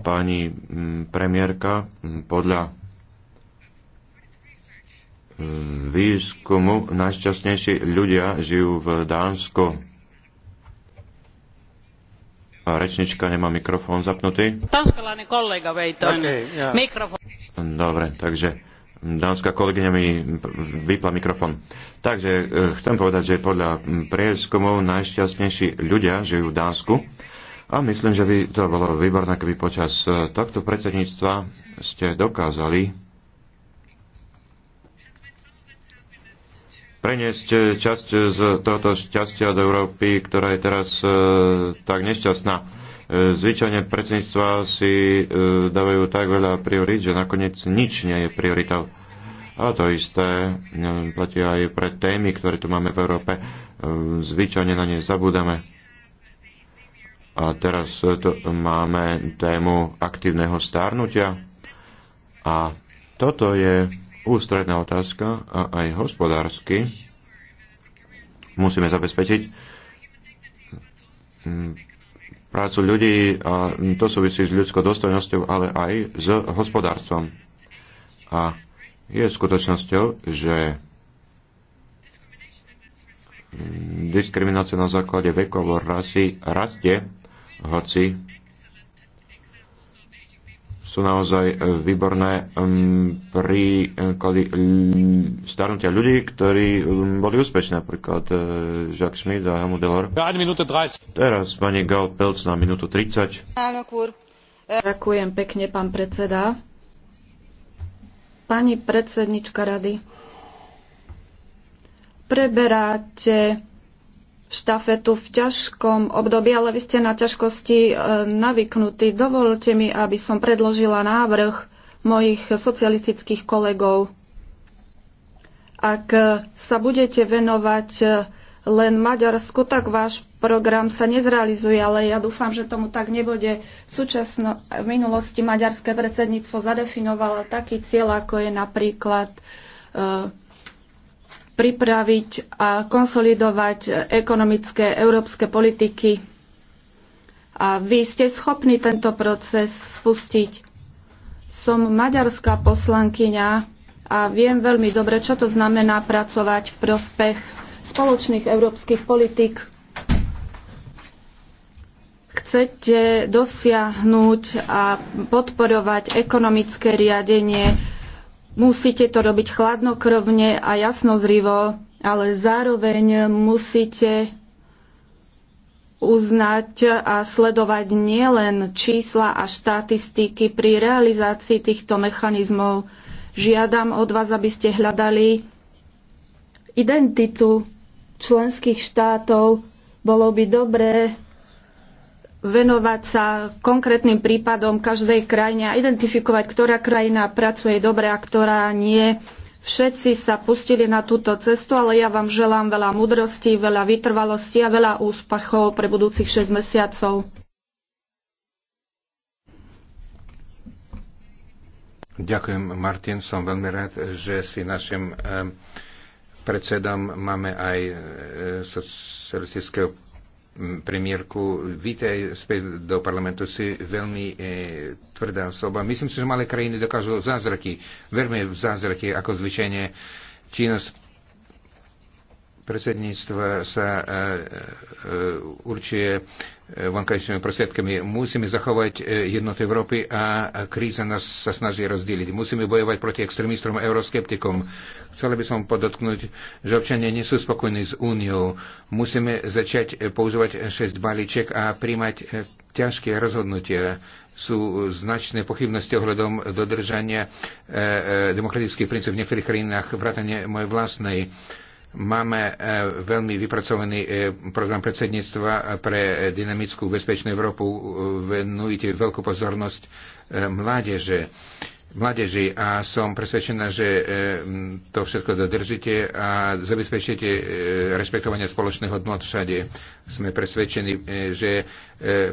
Pani mm, premiérka, mm, podľa mm, výskumu najšťastnejší ľudia žijú v Dánsku Rečnička nemá mikrofón zapnutý. Tanskalainen kollega vei mikrofón. Dobre, takže dánska kolegyňa mi vypla mikrofon. Takže e, chcem povedať, že podľa prieskumov najšťastnejší ľudia žijú v Dánsku. A myslím, že by to bolo výborné, keby počas e, tohto predsedníctva ste dokázali preniesť eh, časť eh, z tohoto šťastia do Európy, ktorá je teraz eh, tak nešťastná zvyčajne predsedníctva si dávajú tak veľa priorít, že nakoniec nič nie je prioritou. A to isté platí aj pre témy, ktoré tu máme v Európe. Zvyčajne na ne zabúdame. A teraz tu máme tému aktívneho stárnutia. A toto je ústredná otázka a aj hospodársky musíme zabezpečiť mm, prácu ľudí a to súvisí s ľudskou dôstojnosťou, ale aj s hospodárstvom. A je skutočnosťou, že diskriminácia na základe vekovo rasy rastie, hoci sú naozaj e, výborné príklady starnutia ľudí, ktorí boli úspešní, napríklad e, Jacques Schmidt a Helmut Delor. Teraz pani Gal Pelc na minútu 30. Ďakujem pekne, pán predseda. Pani predsednička rady, preberáte štafetu v ťažkom období, ale vy ste na ťažkosti e, navyknutí. Dovolte mi, aby som predložila návrh mojich socialistických kolegov. Ak e, sa budete venovať e, len Maďarsku, tak váš program sa nezrealizuje, ale ja dúfam, že tomu tak nebude. Súčasno, v minulosti maďarské predsedníctvo zadefinovalo taký cieľ, ako je napríklad pripraviť a konsolidovať ekonomické európske politiky. A vy ste schopní tento proces spustiť. Som maďarská poslankyňa a viem veľmi dobre, čo to znamená pracovať v prospech spoločných európskych politik. chcete dosiahnuť a podporovať ekonomické riadenie Musíte to robiť chladnokrvne a jasnozrivo, ale zároveň musíte uznať a sledovať nielen čísla a štatistiky pri realizácii týchto mechanizmov. Žiadam od vás, aby ste hľadali identitu členských štátov. Bolo by dobré venovať sa konkrétnym prípadom každej krajine a identifikovať, ktorá krajina pracuje dobre a ktorá nie. Všetci sa pustili na túto cestu, ale ja vám želám veľa múdrosti, veľa vytrvalosti a veľa úspachov pre budúcich 6 mesiacov. Ďakujem, Martin. Som veľmi rád, že si našim eh, predsedom máme aj eh, socialistického Mm, premiérku, Víte späť do parlamentu, si veľmi e, tvrdá osoba. Myslím si, že malé krajiny dokážu zázraky, veľmi v zázraky, ako zvyčajne činnosť predsedníctva sa e, e, určuje E, vonkajšími prostriedkami. Musíme zachovať e, jednotu Európy a kríza nás sa snaží rozdeliť. Musíme bojovať proti extrémistom a euroskeptikom. Chcel by som podotknúť, že občania nie sú spokojní s úniou. Musíme začať e, používať 6 balíček a príjmať ťažké rozhodnutia. Sú značné pochybnosti ohľadom dodržania demokratických princíp v niektorých krajinách, vrátane mojej vlastnej. Máme e, veľmi vypracovaný e, program predsedníctva pre dynamickú bezpečnú Európu. E, venujte veľkú pozornosť mládeže mládeži a som presvedčená, že e, to všetko dodržíte a zabezpečíte e, rešpektovanie spoločných hodnot všade. Sme presvedčení, e, že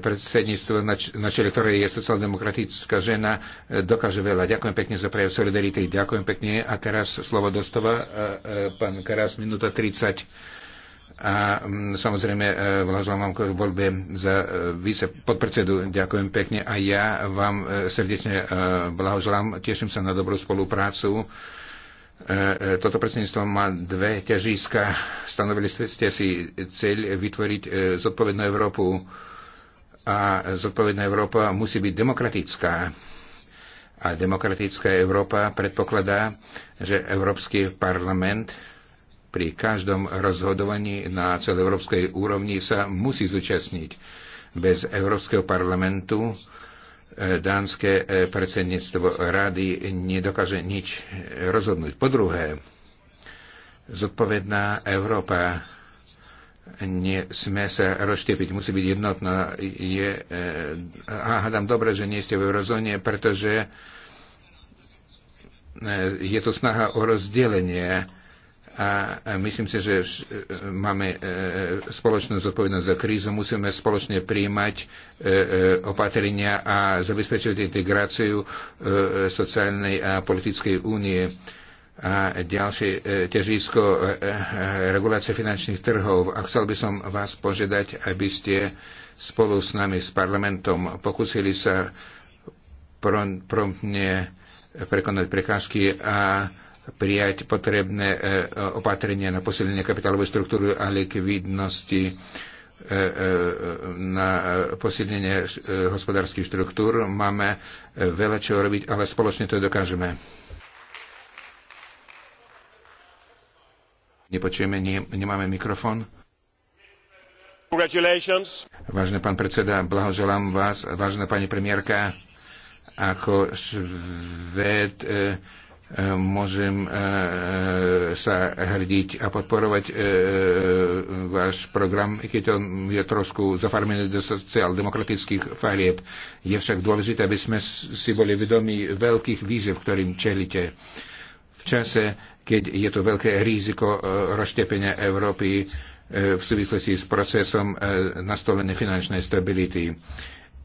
predsedníctvo, na čele ktorej je sociálno-demokratická žena, dokáže veľa. Ďakujem pekne za prejav solidarity. Ďakujem pekne. A teraz slovo dostáva pán Karas, minúta 30 a mm, samozrejme e, blahoželám vám k voľbe za e, vice podpredsedu. Ďakujem pekne a ja vám e, srdečne blahoželám. Teším sa na dobrú spoluprácu. Toto predsedníctvo má dve ťažiska. Stanovili ste si cieľ vytvoriť zodpovednú Európu a zodpovedná Európa musí byť demokratická. A demokratická Európa predpokladá, že Európsky parlament pri každom rozhodovaní na celoeurópskej úrovni sa musí zúčastniť. Bez Európskeho parlamentu e, dánske e, predsedníctvo rady nedokáže nič rozhodnúť. Po druhé, zodpovedná Európa nesme sa rozštiepiť, musí byť jednotná. Je, e, a hádam dobre, že nie ste v eurozóne, pretože je to snaha o rozdelenie a myslím si, že e, máme e, e, spoločnú zodpovednosť za krízu, musíme spoločne príjmať opatrenia a zabezpečovať integráciu sociálnej a politickej únie a ďalšie ťažisko regulácie finančných trhov. A chcel by som vás požiadať, aby ste spolu s nami, s parlamentom, pokúsili sa promptne prekonať prekážky a prijať potrebné e, e, opatrenia na posilnenie kapitálovej štruktúry a likvidnosti e, na posilnenie hospodárskych štruktúr. Máme veľa čo robiť, ale spoločne to dokážeme. Nepočujeme, nie, nemáme mikrofón. Vážne pán predseda, blahoželám vás, Vážna pani premiérka, ako švéd. E, E, môžem e, e, sa hrdiť a podporovať váš program, keď on je trošku zafarmený do sociál-demokratických farieb. Je však dôležité, aby sme si boli vedomi veľkých výziev, ktorým čelíte. V čase, keď je to veľké riziko rozštepenia Európy v súvislosti s procesom nastolenia finančnej stability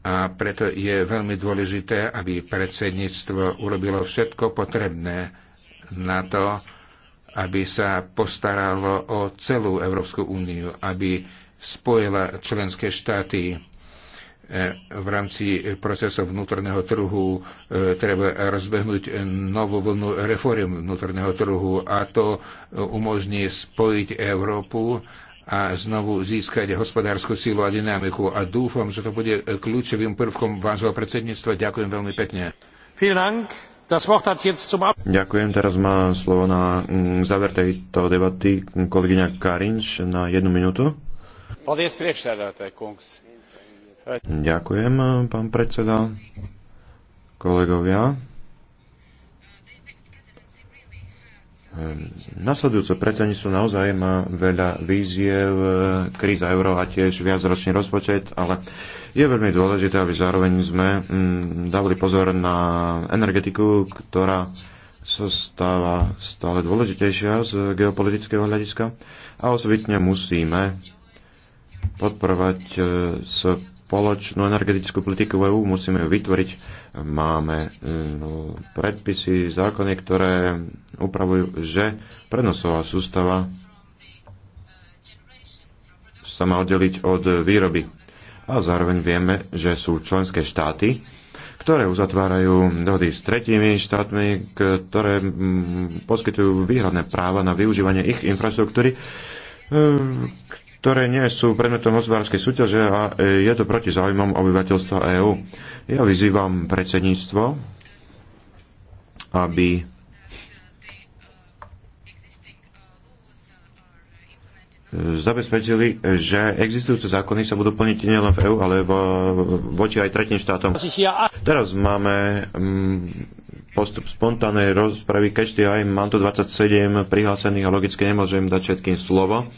a preto je veľmi dôležité, aby predsedníctvo urobilo všetko potrebné na to, aby sa postaralo o celú Európsku úniu, aby spojila členské štáty e, v rámci procesu vnútorného trhu e, treba rozbehnúť novú vlnu reform vnútorného trhu a to umožní spojiť Európu a znovu získať hospodárskú sílu a dynamiku. A dúfam, že to bude kľúčovým prvkom vášho predsedníctva. Ďakujem veľmi pekne. Ďakujem. Teraz má slovo na mm, záver tejto debaty kolegyňa Karinč na jednu minútu. Ďakujem, pán predseda, kolegovia. Ehm, nasledujúce predsedníctvo naozaj má veľa víziev, e, kríza euro a tiež viacročný rozpočet, ale je veľmi dôležité, aby zároveň sme mm, dávali pozor na energetiku, ktorá sa stáva stále dôležitejšia z geopolitického hľadiska a osobitne musíme podporovať e, s spoločnú energetickú politiku EÚ, EU, musíme ju vytvoriť. Máme e, no, predpisy, zákony, ktoré upravujú, že prenosová sústava sa má oddeliť od výroby. A zároveň vieme, že sú členské štáty, ktoré uzatvárajú dohody s tretími štátmi, ktoré poskytujú výhradné práva na využívanie ich infraštruktúry, e, ktoré nie sú predmetom hospodárskej súťaže a e, je to proti záujmom obyvateľstva EÚ. Ja vyzývam predsedníctvo, aby zabezpečili, že existujúce zákony sa budú plniť nielen v EÚ, ale vo, voči aj tretím štátom. Teraz máme mm, postup spontánnej rozpravy. Každý aj mám tu 27 prihlásených a logicky nemôžem dať všetkým slovo.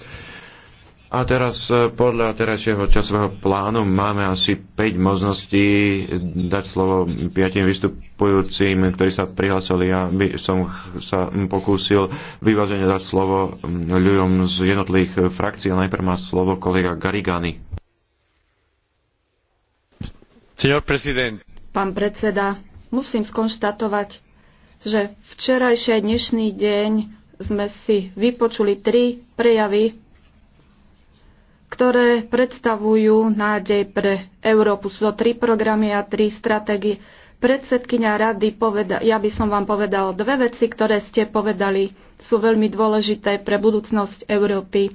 A teraz e, podľa terajšieho časového plánu máme asi 5 možností dať slovo piatim vystupujúcim, ktorí sa prihlásili. Ja by som sa pokúsil vyvážene dať slovo ľuďom z jednotlivých frakcií. najprv má slovo kolega Garigani. Pán predseda, musím skonštatovať, že včerajšie dnešný deň sme si vypočuli tri prejavy ktoré predstavujú nádej pre Európu. Sú to tri programy a tri stratégie. Predsedkynia rady, poveda- ja by som vám povedal dve veci, ktoré ste povedali, sú veľmi dôležité pre budúcnosť Európy.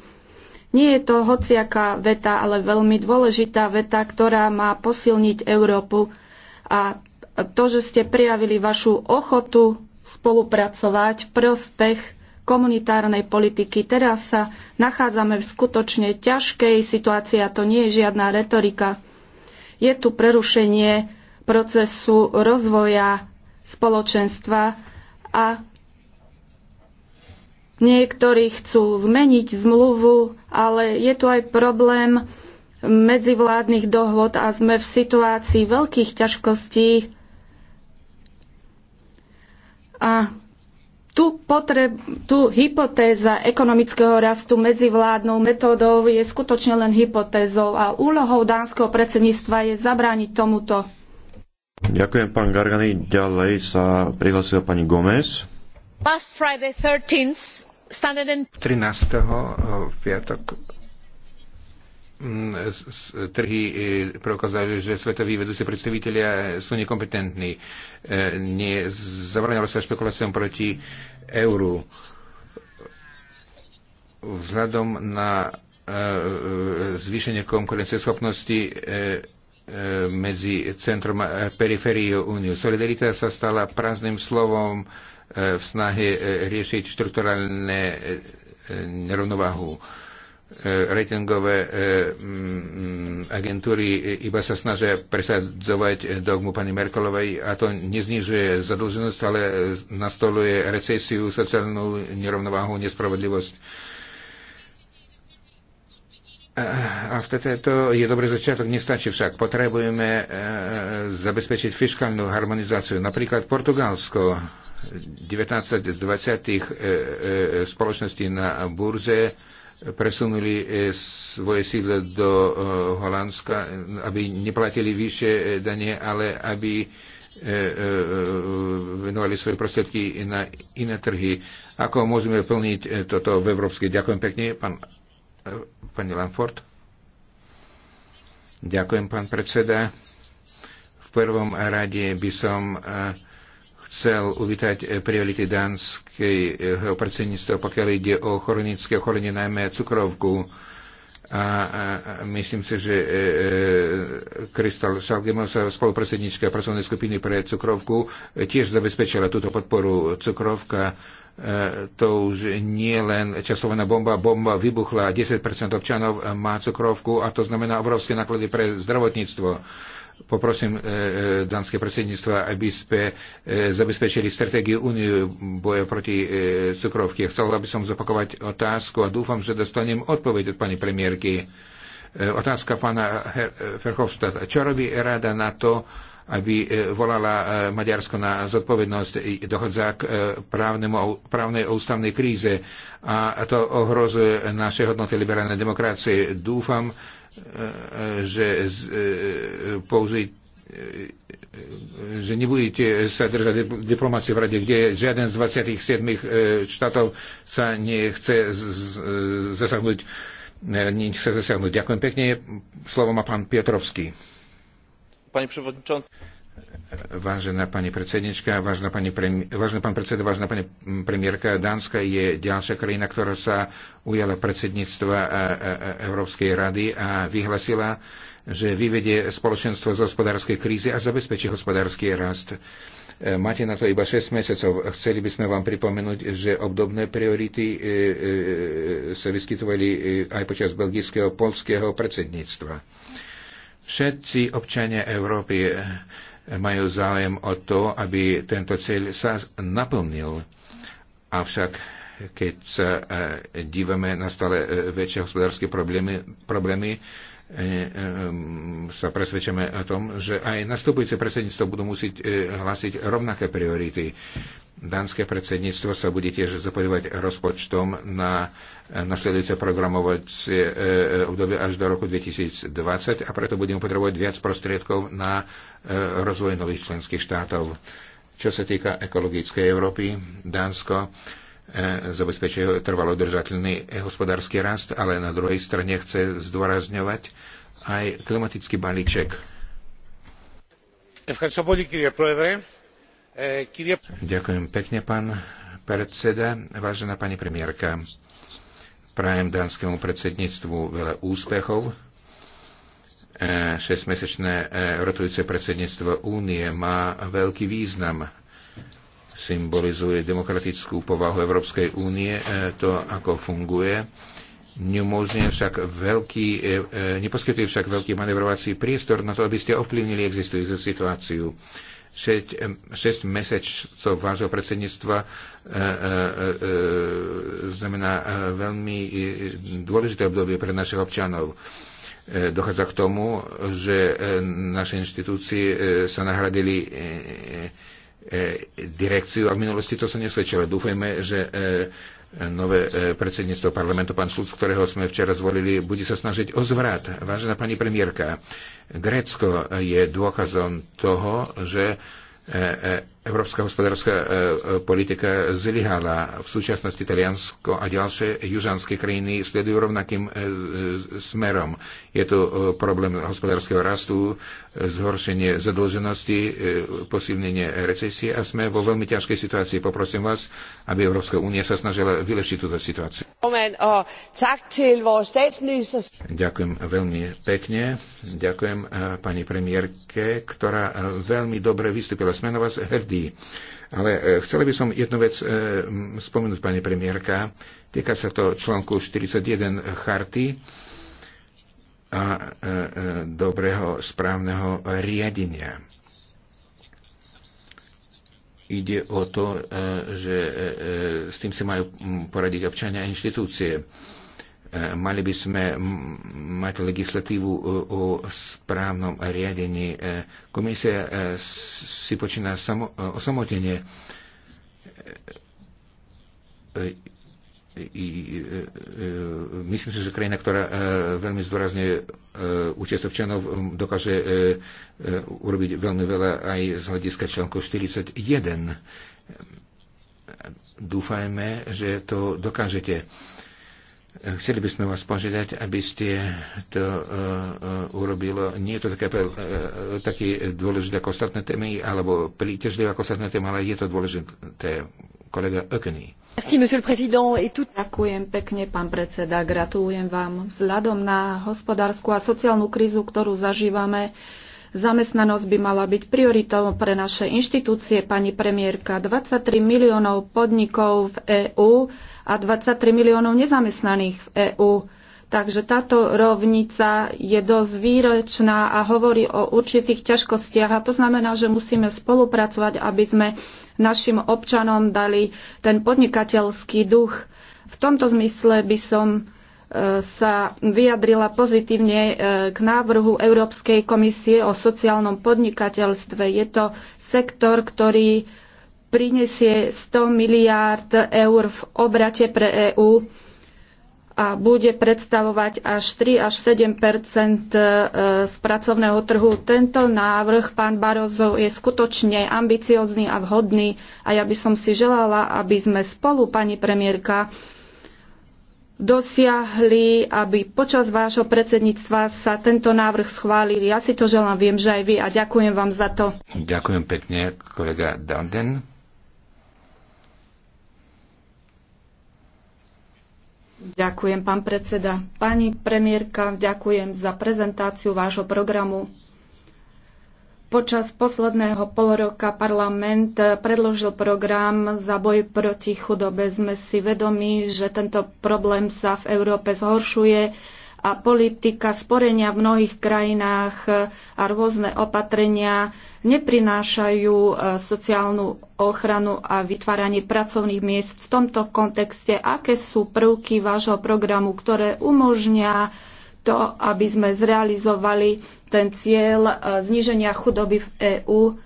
Nie je to hociaká veta, ale veľmi dôležitá veta, ktorá má posilniť Európu a to, že ste prijavili vašu ochotu spolupracovať v prospech komunitárnej politiky. Teraz sa nachádzame v skutočne ťažkej situácii a to nie je žiadna retorika. Je tu prerušenie procesu rozvoja spoločenstva a niektorí chcú zmeniť zmluvu, ale je tu aj problém medzivládnych dohod a sme v situácii veľkých ťažkostí. A tu, potreb, tu hypotéza ekonomického rastu medzivládnou metódou je skutočne len hypotézou a úlohou dánskeho predsedníctva je zabrániť tomuto. Ďakujem, pán Gargany. Ďalej sa prihlasila pani Gomez. 13 eh, v piatok Mm, trhy e, preukázali, že svetoví vedúci predstavitelia e, sú nekompetentní. E, nie zavrňalo sa špekuláciom proti euru. Vzhľadom na zvýšenie konkurencieschopnosti medzi centrom a perifériou Uniu. Solidarita sa stala prázdnym slovom v snahe riešiť štrukturálne nerovnováhu E, ratingové e, mm, agentúry iba sa snažia presadzovať dogmu pani Merkelovej a to neznižuje zadlženosť, ale nastoluje recesiu, sociálnu nerovnováhu, nespravodlivosť. E, a vtedy to je dobrý začiatok, nestačí však. Potrebujeme zabezpečiť fiskálnu harmonizáciu. Napríklad Portugalsko 19 z 20 spoločností na burze presunuli e, svoje sídle do e, Holandska, aby neplatili vyššie e, danie, ale aby venovali svoje prostriedky na iné trhy. Ako môžeme plniť toto v Európskej? Ďakujem pekne, pán, pani Lanford. Ďakujem, pán predseda. V prvom rade by som uh, chcel uvítať eh, priority dánskeho eh, predsedníctva, pokiaľ ide o chronické ochorenie, najmä cukrovku. A, a, a myslím si, že e, e, Kristal Šalgemosa, spolupredsednička pracovnej skupiny pre cukrovku, tiež zabezpečila túto podporu cukrovka to už nie len časovaná bomba, bomba vybuchla, 10% občanov má cukrovku a to znamená obrovské náklady pre zdravotníctvo. Poprosím e, e, dánske predsedníctvo, aby sme e, zabezpečili stratégiu únie boja proti e, cukrovke. Chcel by som zopakovať otázku a dúfam, že dostanem odpoveď od pani premiérky. E, Otázka pána Ferhofstadta. Čo robí rada na to, aby e, volala e, Maďarsko na zodpovednosť, dochodza k právnemu, právnej a ústavnej kríze a to ohrozuje naše hodnoty liberálnej demokracie. Dúfam, E, e, že e, použiť že nebudete sa držať diplomácie v rade, kde žiaden z 27 štátov sa nechce zasahnuť, nechce zasahnuť. Ďakujem pekne. Slovo má pán Pietrovský. Pani przewodniczący. Vážená pani predsednička, vážená, pani premi- vážená pán predseda, vážená pani premiérka, Dánska je ďalšia krajina, ktorá sa ujala predsedníctva e, e, e, Európskej rady a vyhlasila, že vyvedie spoločenstvo z hospodárskej krízy a zabezpečí hospodársky rast. Máte na to iba 6 mesiacov. Chceli by sme vám pripomenúť, že obdobné priority sa vyskytovali aj počas belgického, polského predsedníctva. Všetci občania Európy majú záujem o to, aby tento cieľ sa naplnil. Avšak keď sa e, dívame na stále e, väčšie hospodárske problémy, problémy e, sa presvedčame o tom, že aj nastupujúce predsedníctvo budú musieť hlásiť rovnaké priority. Dánske predsedníctvo sa bude tiež zapojovať rozpočtom na nasledujúce programovacie obdobie až do roku 2020 a preto budeme potrebovať viac prostriedkov na E, rozvoj nových členských štátov. Čo sa týka ekologickej Európy, Dánsko e, zabezpečuje trvalo držateľný hospodársky rast, ale na druhej strane chce zdôrazňovať aj klimatický balíček. Ďakujem pekne, pán predseda, vážená pani premiérka. Prajem dánskemu predsedníctvu veľa úspechov E, šestmesečné e, rotujúce predsedníctvo únie má veľký význam. Symbolizuje demokratickú povahu Európskej únie, e, to ako funguje. však veľký, neposkytuje však veľký manevrovací priestor na to, aby ste ovplyvnili existujúcu situáciu. Šeť, šest mesecov vášho predsedníctva e, e, e, znamená veľmi dôležité obdobie pre našich občanov. E, E, dochádza k tomu, že e, naše inštitúcie e, sa nahradili direkciu a v minulosti to sa nesvedčilo. Dúfajme, že nové predsedníctvo parlamentu, pán Šulc, ktorého sme včera zvolili, bude sa snažiť o zvrat. Vážená pani premiérka, Grécko je dôkazom toho, že Európska hospodárska e, e, politika zlyhala. V súčasnosti Taliansko a ďalšie južanské krajiny sledujú rovnakým e, smerom. Je to problém hospodárskeho rastu, zhoršenie zadlženosti, posilnenie recesie a sme vo veľmi ťažkej situácii. Poprosím vás, aby Európska únia sa snažila vylepšiť túto situáciu. Ďakujem veľmi pekne. Ďakujem pani premiérke, ktorá veľmi dobre vystúpila. Sme na vás hrdí vždy. Ale e, chcela by som jednu vec e, spomenúť, pani premiérka. Týka sa to článku 41 charty a e, dobrého správneho riadenia. Ide o to, že s tým si majú poradiť občania a inštitúcie. Mali by sme mať legislatívu e, o správnom riadení. E, komisia e, si počína samo, osamotenie myslím si, že krajina, ktorá veľmi zdôrazňuje účast občanov, dokáže urobiť veľmi veľa aj z hľadiska článku 41. Dúfajme, že to dokážete. Chceli by sme vás požiadať, aby ste to uh, uh, urobilo. Nie je to také, uh, také dôležité ako ostatné témy, alebo príťažlivé ako ostatné témy, ale je to dôležité. Kolega Ökeny. Ďakujem pekne, pán predseda. Gratulujem vám. Vzhľadom na hospodárskú a sociálnu krízu, ktorú zažívame, Zamestnanosť by mala byť prioritou pre naše inštitúcie, pani premiérka. 23 miliónov podnikov v EÚ a 23 miliónov nezamestnaných v EÚ. Takže táto rovnica je dosť výročná a hovorí o určitých ťažkostiach a to znamená, že musíme spolupracovať, aby sme našim občanom dali ten podnikateľský duch. V tomto zmysle by som e, sa vyjadrila pozitívne e, k návrhu Európskej komisie o sociálnom podnikateľstve. Je to sektor, ktorý prinesie 100 miliárd eur v obrate pre EÚ a bude predstavovať až 3 až 7 e, z pracovného trhu. Tento návrh, pán Barozo, je skutočne ambiciózny a vhodný a ja by som si želala, aby sme spolu, pani premiérka, dosiahli, aby počas vášho predsedníctva sa tento návrh schválil. Ja si to želám, viem, že aj vy a ďakujem vám za to. Ďakujem pekne, kolega Danden. Ďakujem, pán predseda. Pani premiérka, ďakujem za prezentáciu vášho programu. Počas posledného polroka parlament predložil program za boj proti chudobe. Sme si vedomi, že tento problém sa v Európe zhoršuje a politika sporenia v mnohých krajinách a rôzne opatrenia neprinášajú e, sociálnu ochranu a vytváranie pracovných miest. V tomto kontexte, aké sú prvky vášho programu, ktoré umožnia to, aby sme zrealizovali ten cieľ e, zníženia chudoby v EÚ.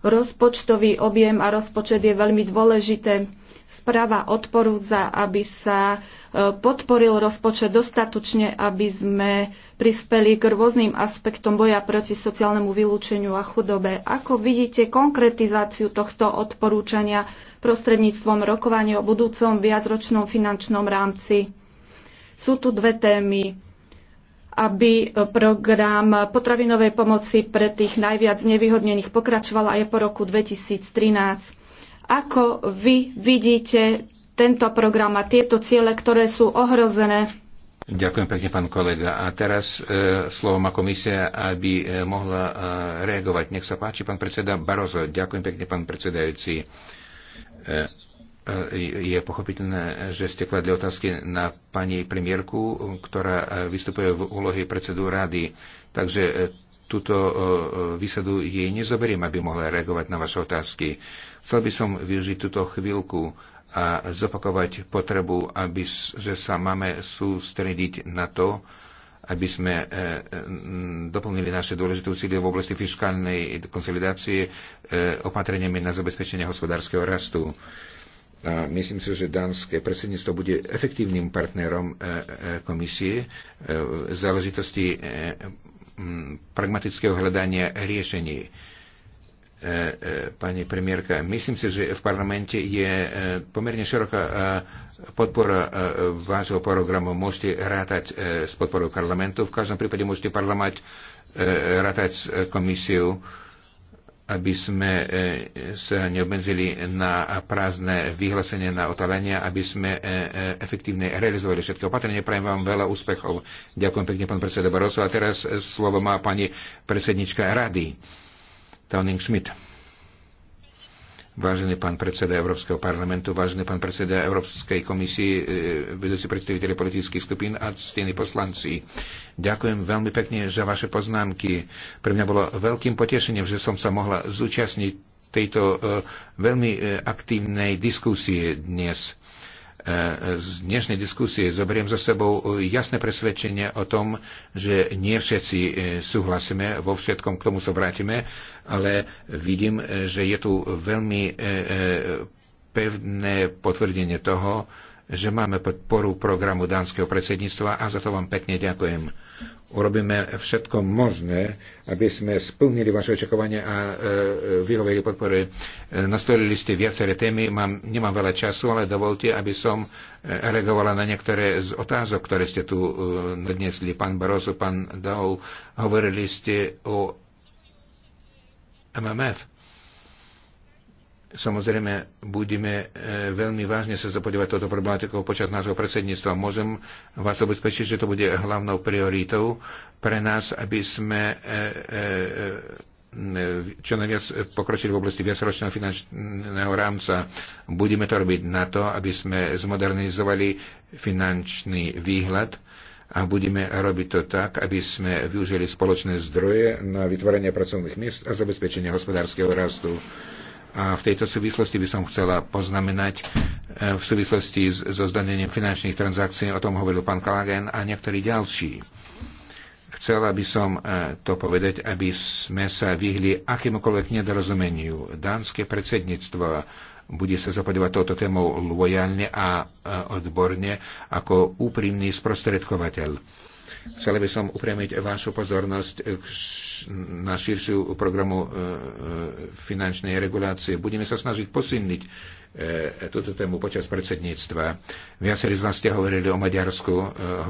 Rozpočtový objem a rozpočet je veľmi dôležité. Správa odporúca, aby sa podporil rozpočet dostatočne, aby sme prispeli k rôznym aspektom boja proti sociálnemu vylúčeniu a chudobe. Ako vidíte konkretizáciu tohto odporúčania prostredníctvom rokovania o budúcom viacročnom finančnom rámci? Sú tu dve témy aby program potravinovej pomoci pre tých najviac nevyhodnených pokračoval aj po roku 2013. Ako vy vidíte tento program a tieto ciele, ktoré sú ohrozené. Ďakujem pekne, pán kolega. A teraz e, slovo má komisia, aby e, mohla e, reagovať. Nech sa páči, pán predseda Barozo. Ďakujem pekne, pán predsedajúci. E, e, je pochopiteľné, že ste kladli otázky na pani premiérku, ktorá e, vystupuje v úlohe predsedu rady. Takže e, túto výsadu jej nezoberiem, aby mohla reagovať na vaše otázky. Chcel by som využiť túto chvíľku a zopakovať potrebu, aby, že sa máme sústrediť na to, aby sme e, doplnili naše dôležité úsilie v oblasti fiskálnej konsolidácie e, opatreniami na zabezpečenie hospodárskeho rastu. A myslím si, že dánske predsedníctvo bude efektívnym partnerom e, komisie v záležitosti pragmatického hľadania riešení E, e, pani premiérka. Myslím si, že v parlamente je e, pomerne široká podpora vášho programu. Môžete rátať s podporou parlamentu. V každom prípade môžete parlament rátať s komisiou aby sme sa neobmedzili na prázdne vyhlásenie na otalenia, aby sme efektívne realizovali všetky opatrenia. Prajem vám veľa úspechov. Ďakujem pekne, pán predseda Barroso. A teraz slovo má pani predsednička rady. Towning Schmidt. Vážený pán predseda Európskeho parlamentu, vážený pán predseda Európskej komisie, vedúci predstaviteľi politických skupín a ctení poslanci. Ďakujem veľmi pekne za vaše poznámky. Pre mňa bolo veľkým potešením, že som sa mohla zúčastniť tejto e, veľmi e, aktívnej diskusie dnes. E, z dnešnej diskusie zoberiem za sebou jasné presvedčenie o tom, že nie všetci súhlasíme, vo všetkom k tomu sa vrátime, ale vidím, e, že je tu veľmi e, e, pevné potvrdenie toho, že máme podporu programu dánskeho predsedníctva a za to vám pekne ďakujem. Urobíme všetko možné, aby sme splnili vaše očakovania a e, vyhoveli podpore. E, nastolili ste viaceré témy, mám, nemám veľa času, ale dovolte, aby som e, reagovala na niektoré z otázok, ktoré ste tu e, nadnesli. Pán Barozo, pán Daul, hovorili ste o MMF. Samozrejme, budeme e, veľmi vážne sa zapodívať toto problematikou počas nášho predsedníctva. Môžem vás obezpečiť, že to bude hlavnou prioritou pre nás, aby sme e, e, čo najviac pokročili v oblasti viacročného finančného rámca. Budeme to robiť na to, aby sme zmodernizovali finančný výhľad a budeme robiť to tak, aby sme využili spoločné zdroje na vytvorenie pracovných miest a zabezpečenie hospodárskeho rastu. A v tejto súvislosti by som chcela poznamenať e, v súvislosti so zdanením finančných transakcií, o tom hovoril pán Kalagen a niektorí ďalší Chcela by som e, to povedať, aby sme sa vyhli akémukoľvek nedorozumeniu. Dánske predsedníctvo bude sa zapodívať touto témou lojalne a e, odborne ako úprimný sprostredkovateľ Chcel by som upriamiť vašu pozornosť na širšiu programu e, e, finančnej regulácie. Budeme sa snažiť posilniť e, túto tému počas predsedníctva. Viacerí z vás ste hovorili o Maďarsku,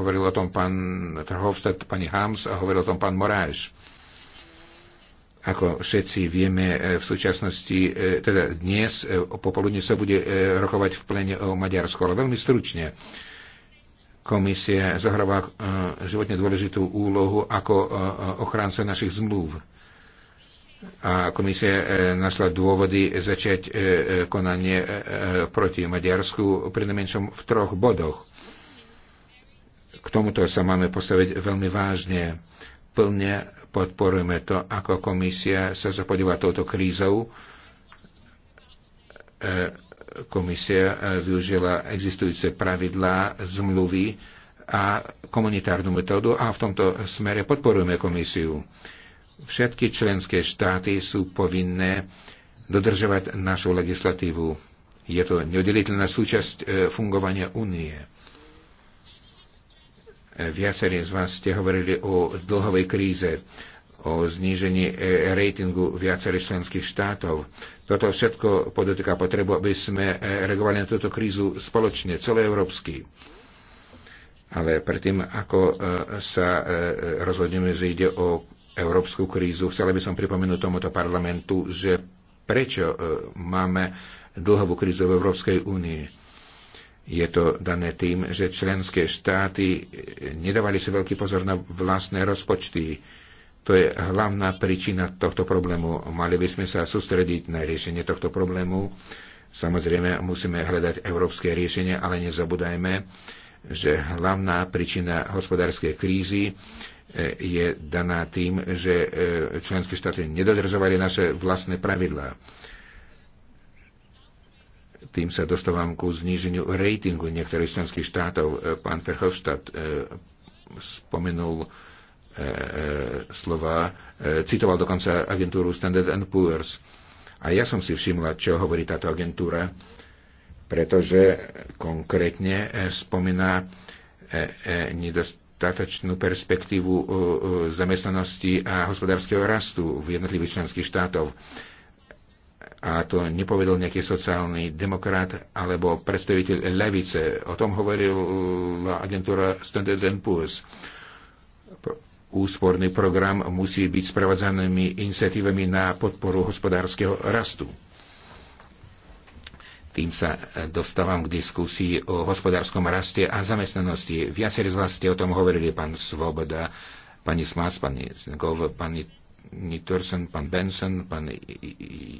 hovoril o tom pán Verhofstadt, pani Hams a hovoril o tom pán Moráš. Ako všetci vieme, v súčasnosti, teda dnes popoludne sa bude rokovať v plene o Maďarsku, ale veľmi stručne. Komisie zohráva e, životne dôležitú úlohu ako e, ochránca našich zmluv. A komisie e, našla dôvody začať konanie proti Maďarsku pri najmenšom v troch bodoch. K tomuto sa máme postaviť veľmi vážne. Plne podporujeme to, ako komisia sa zapodíva touto krízou Komisia e, využila existujúce pravidlá zmluvy a komunitárnu metódu a v tomto smere podporujeme komisiu. Všetky členské štáty sú povinné dodržovať našu legislatívu. Je to neoddeliteľná súčasť e, fungovania únie. E, viacerí z vás ste hovorili o dlhovej kríze, o znížení ratingu viacerých členských štátov. Toto všetko podotýka potrebu, aby sme eh, reagovali na túto krízu spoločne, celoeurópsky. Ale predtým, ako eh, sa eh, rozhodneme, že ide o európsku krízu, chcela by som pripomenúť tomuto parlamentu, že prečo máme dlhovú krízu v Európskej únii. Je to dané tým, že členské štáty nedávali si veľký pozor na vlastné rozpočty to je hlavná príčina tohto problému. Mali by sme sa sústrediť na riešenie tohto problému. Samozrejme, musíme hľadať európske riešenie, ale nezabúdajme, že hlavná príčina hospodárskej krízy eh, je daná tým, že eh, členské štáty nedodržovali naše vlastné pravidlá. Tým sa dostávam ku zníženiu rejtingu niektorých členských štátov. Eh, pán Verhofstadt spomenul E, e, slova, e, citoval dokonca agentúru Standard Poor's. A ja som si všimla, čo hovorí táto agentúra, pretože konkrétne spomína nedostatočnú perspektívu zamestnanosti a hospodárskeho rastu v jednotlivých členských štátov. A to nepovedal nejaký sociálny demokrat alebo predstaviteľ levice. O tom hovorila agentúra Standard Poor's úsporný program musí byť sprevádzanými iniciatívami na podporu hospodárskeho rastu. Tým sa dostávam k diskusii o hospodárskom raste a zamestnanosti. Viacerí z vás ste o tom hovorili, pán Svoboda, pani Smas, pani Zengov, pani Nitorsen, pán Benson, pán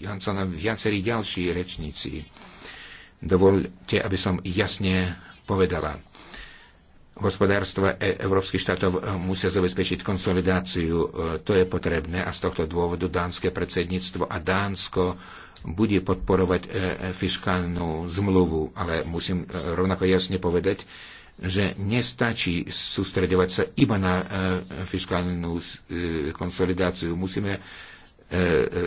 Jansson a viacerí ďalší rečníci. Dovolte, aby som jasne povedala hospodárstva e- európskych štátov eh, musia zabezpečiť konsolidáciu. Eh, to je potrebné a z tohto dôvodu dánske predsedníctvo a Dánsko bude podporovať eh, fiskálnu zmluvu, ale musím rovnako jasne povedať, že nestačí sústredovať sa iba na fiskálnu konsolidáciu. Musíme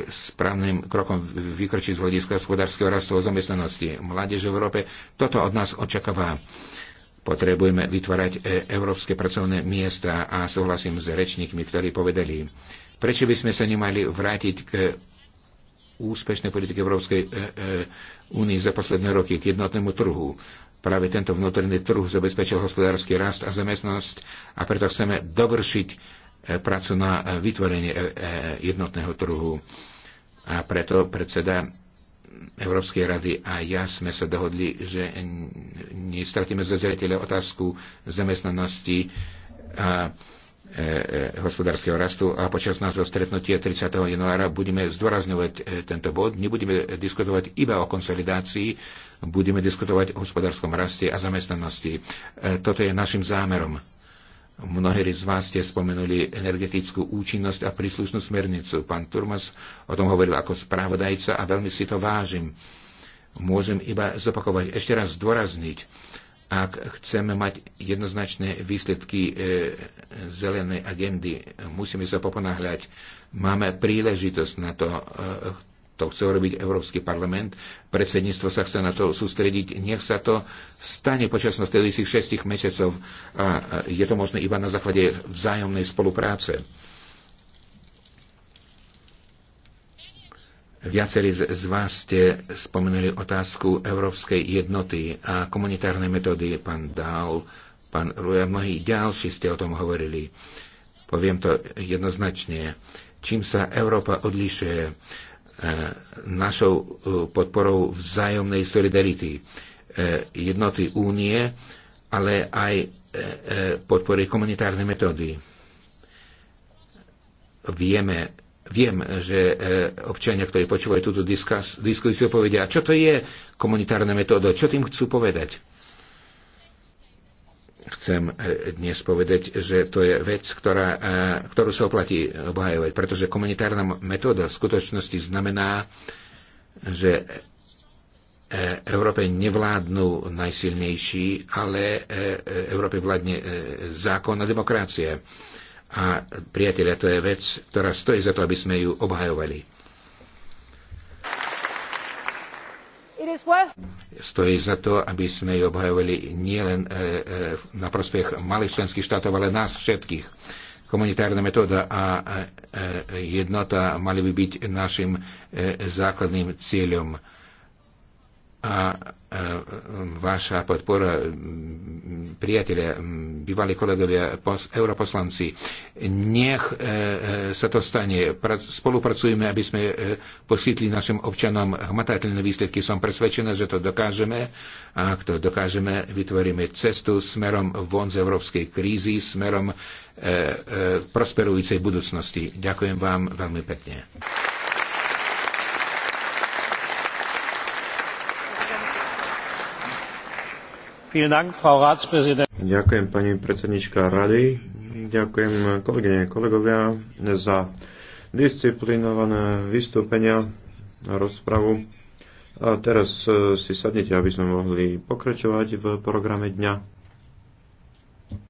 správnym krokom vykročiť z hľadiska hospodárskeho rastu a zamestnanosti. Mládež v Európe toto od nás očakáva. Potrebujeme vytvárať e, európske pracovné miesta a súhlasím s rečníkmi, ktorí povedali, prečo by sme sa nemali vrátiť k úspešnej politike Európskej e, e, únie za posledné roky, k jednotnému trhu. Práve tento vnútorný trh zabezpečil hospodársky rast a zamestnosť a preto chceme dovršiť prácu na vytvorenie jednotného trhu. A preto predseda Európskej rady a ja sme sa dohodli, že nestratíme zo zreteľa otázku zamestnanosti a e, e, hospodárskeho rastu a počas nášho stretnutia 30. januára budeme zdôrazňovať e, tento bod. Nebudeme diskutovať iba o konsolidácii, budeme diskutovať o hospodárskom raste a zamestnanosti. toto je našim zámerom. Mnohí z vás ste spomenuli energetickú účinnosť a príslušnú smernicu. Pán Turmas o tom hovoril ako spravodajca a veľmi si to vážim. Môžem iba zopakovať, ešte raz zdôrazniť, ak chceme mať jednoznačné výsledky e, zelenej agendy, musíme sa poponáhľať. Máme príležitosť na to. E, to chce urobiť Európsky parlament, predsedníctvo sa chce na to sústrediť, nech sa to stane počas nasledujúcich šestich mesiacov a je to možné iba na základe vzájomnej spolupráce. Viacerí z vás ste spomenuli otázku európskej jednoty a komunitárnej metódy. Pán Dál, pán Ruja, mnohí ďalší ste o tom hovorili. Poviem to jednoznačne. Čím sa Európa odlišuje E, našou e, podporou vzájomnej solidarity e, jednoty únie, ale aj podpory komunitárnej metódy. Vieme, viem, že občania, ktorí počúvajú túto diskusiu, povedia, čo to je komunitárna metóda, čo tým chcú povedať chcem e, dnes povedať, že to je vec, ktorá, e, ktorú sa oplatí obhajovať, pretože komunitárna metóda v skutočnosti znamená, že e, Európe nevládnu najsilnejší, ale Európe vládne zákon a demokracie. A priatelia, to je vec, ktorá stojí za to, aby sme ju obhajovali. Stojí za to, aby sme ju obhajovali nielen e, e, na prospech malých členských štátov, ale nás všetkých. Komunitárna metóda a e, jednota mali by byť našim základným cieľom a e, vaša podpora, priatelia, bývalí kolegovia, europoslanci, nech e, e, sa to stane. Spolupracujeme, aby sme poskytli našim občanom hmatateľné výsledky. Som presvedčená, že to dokážeme. A ak to dokážeme, vytvoríme cestu smerom von z európskej krízy, smerom prosperujúcej budúcnosti. Ďakujem vám veľmi pekne. Ďakujem pani predsednička rady, ďakujem kolegyne kolegovia za disciplinované vystúpenia a rozpravu. A teraz eh, si sadnite, aby sme mohli pokračovať v programe dňa.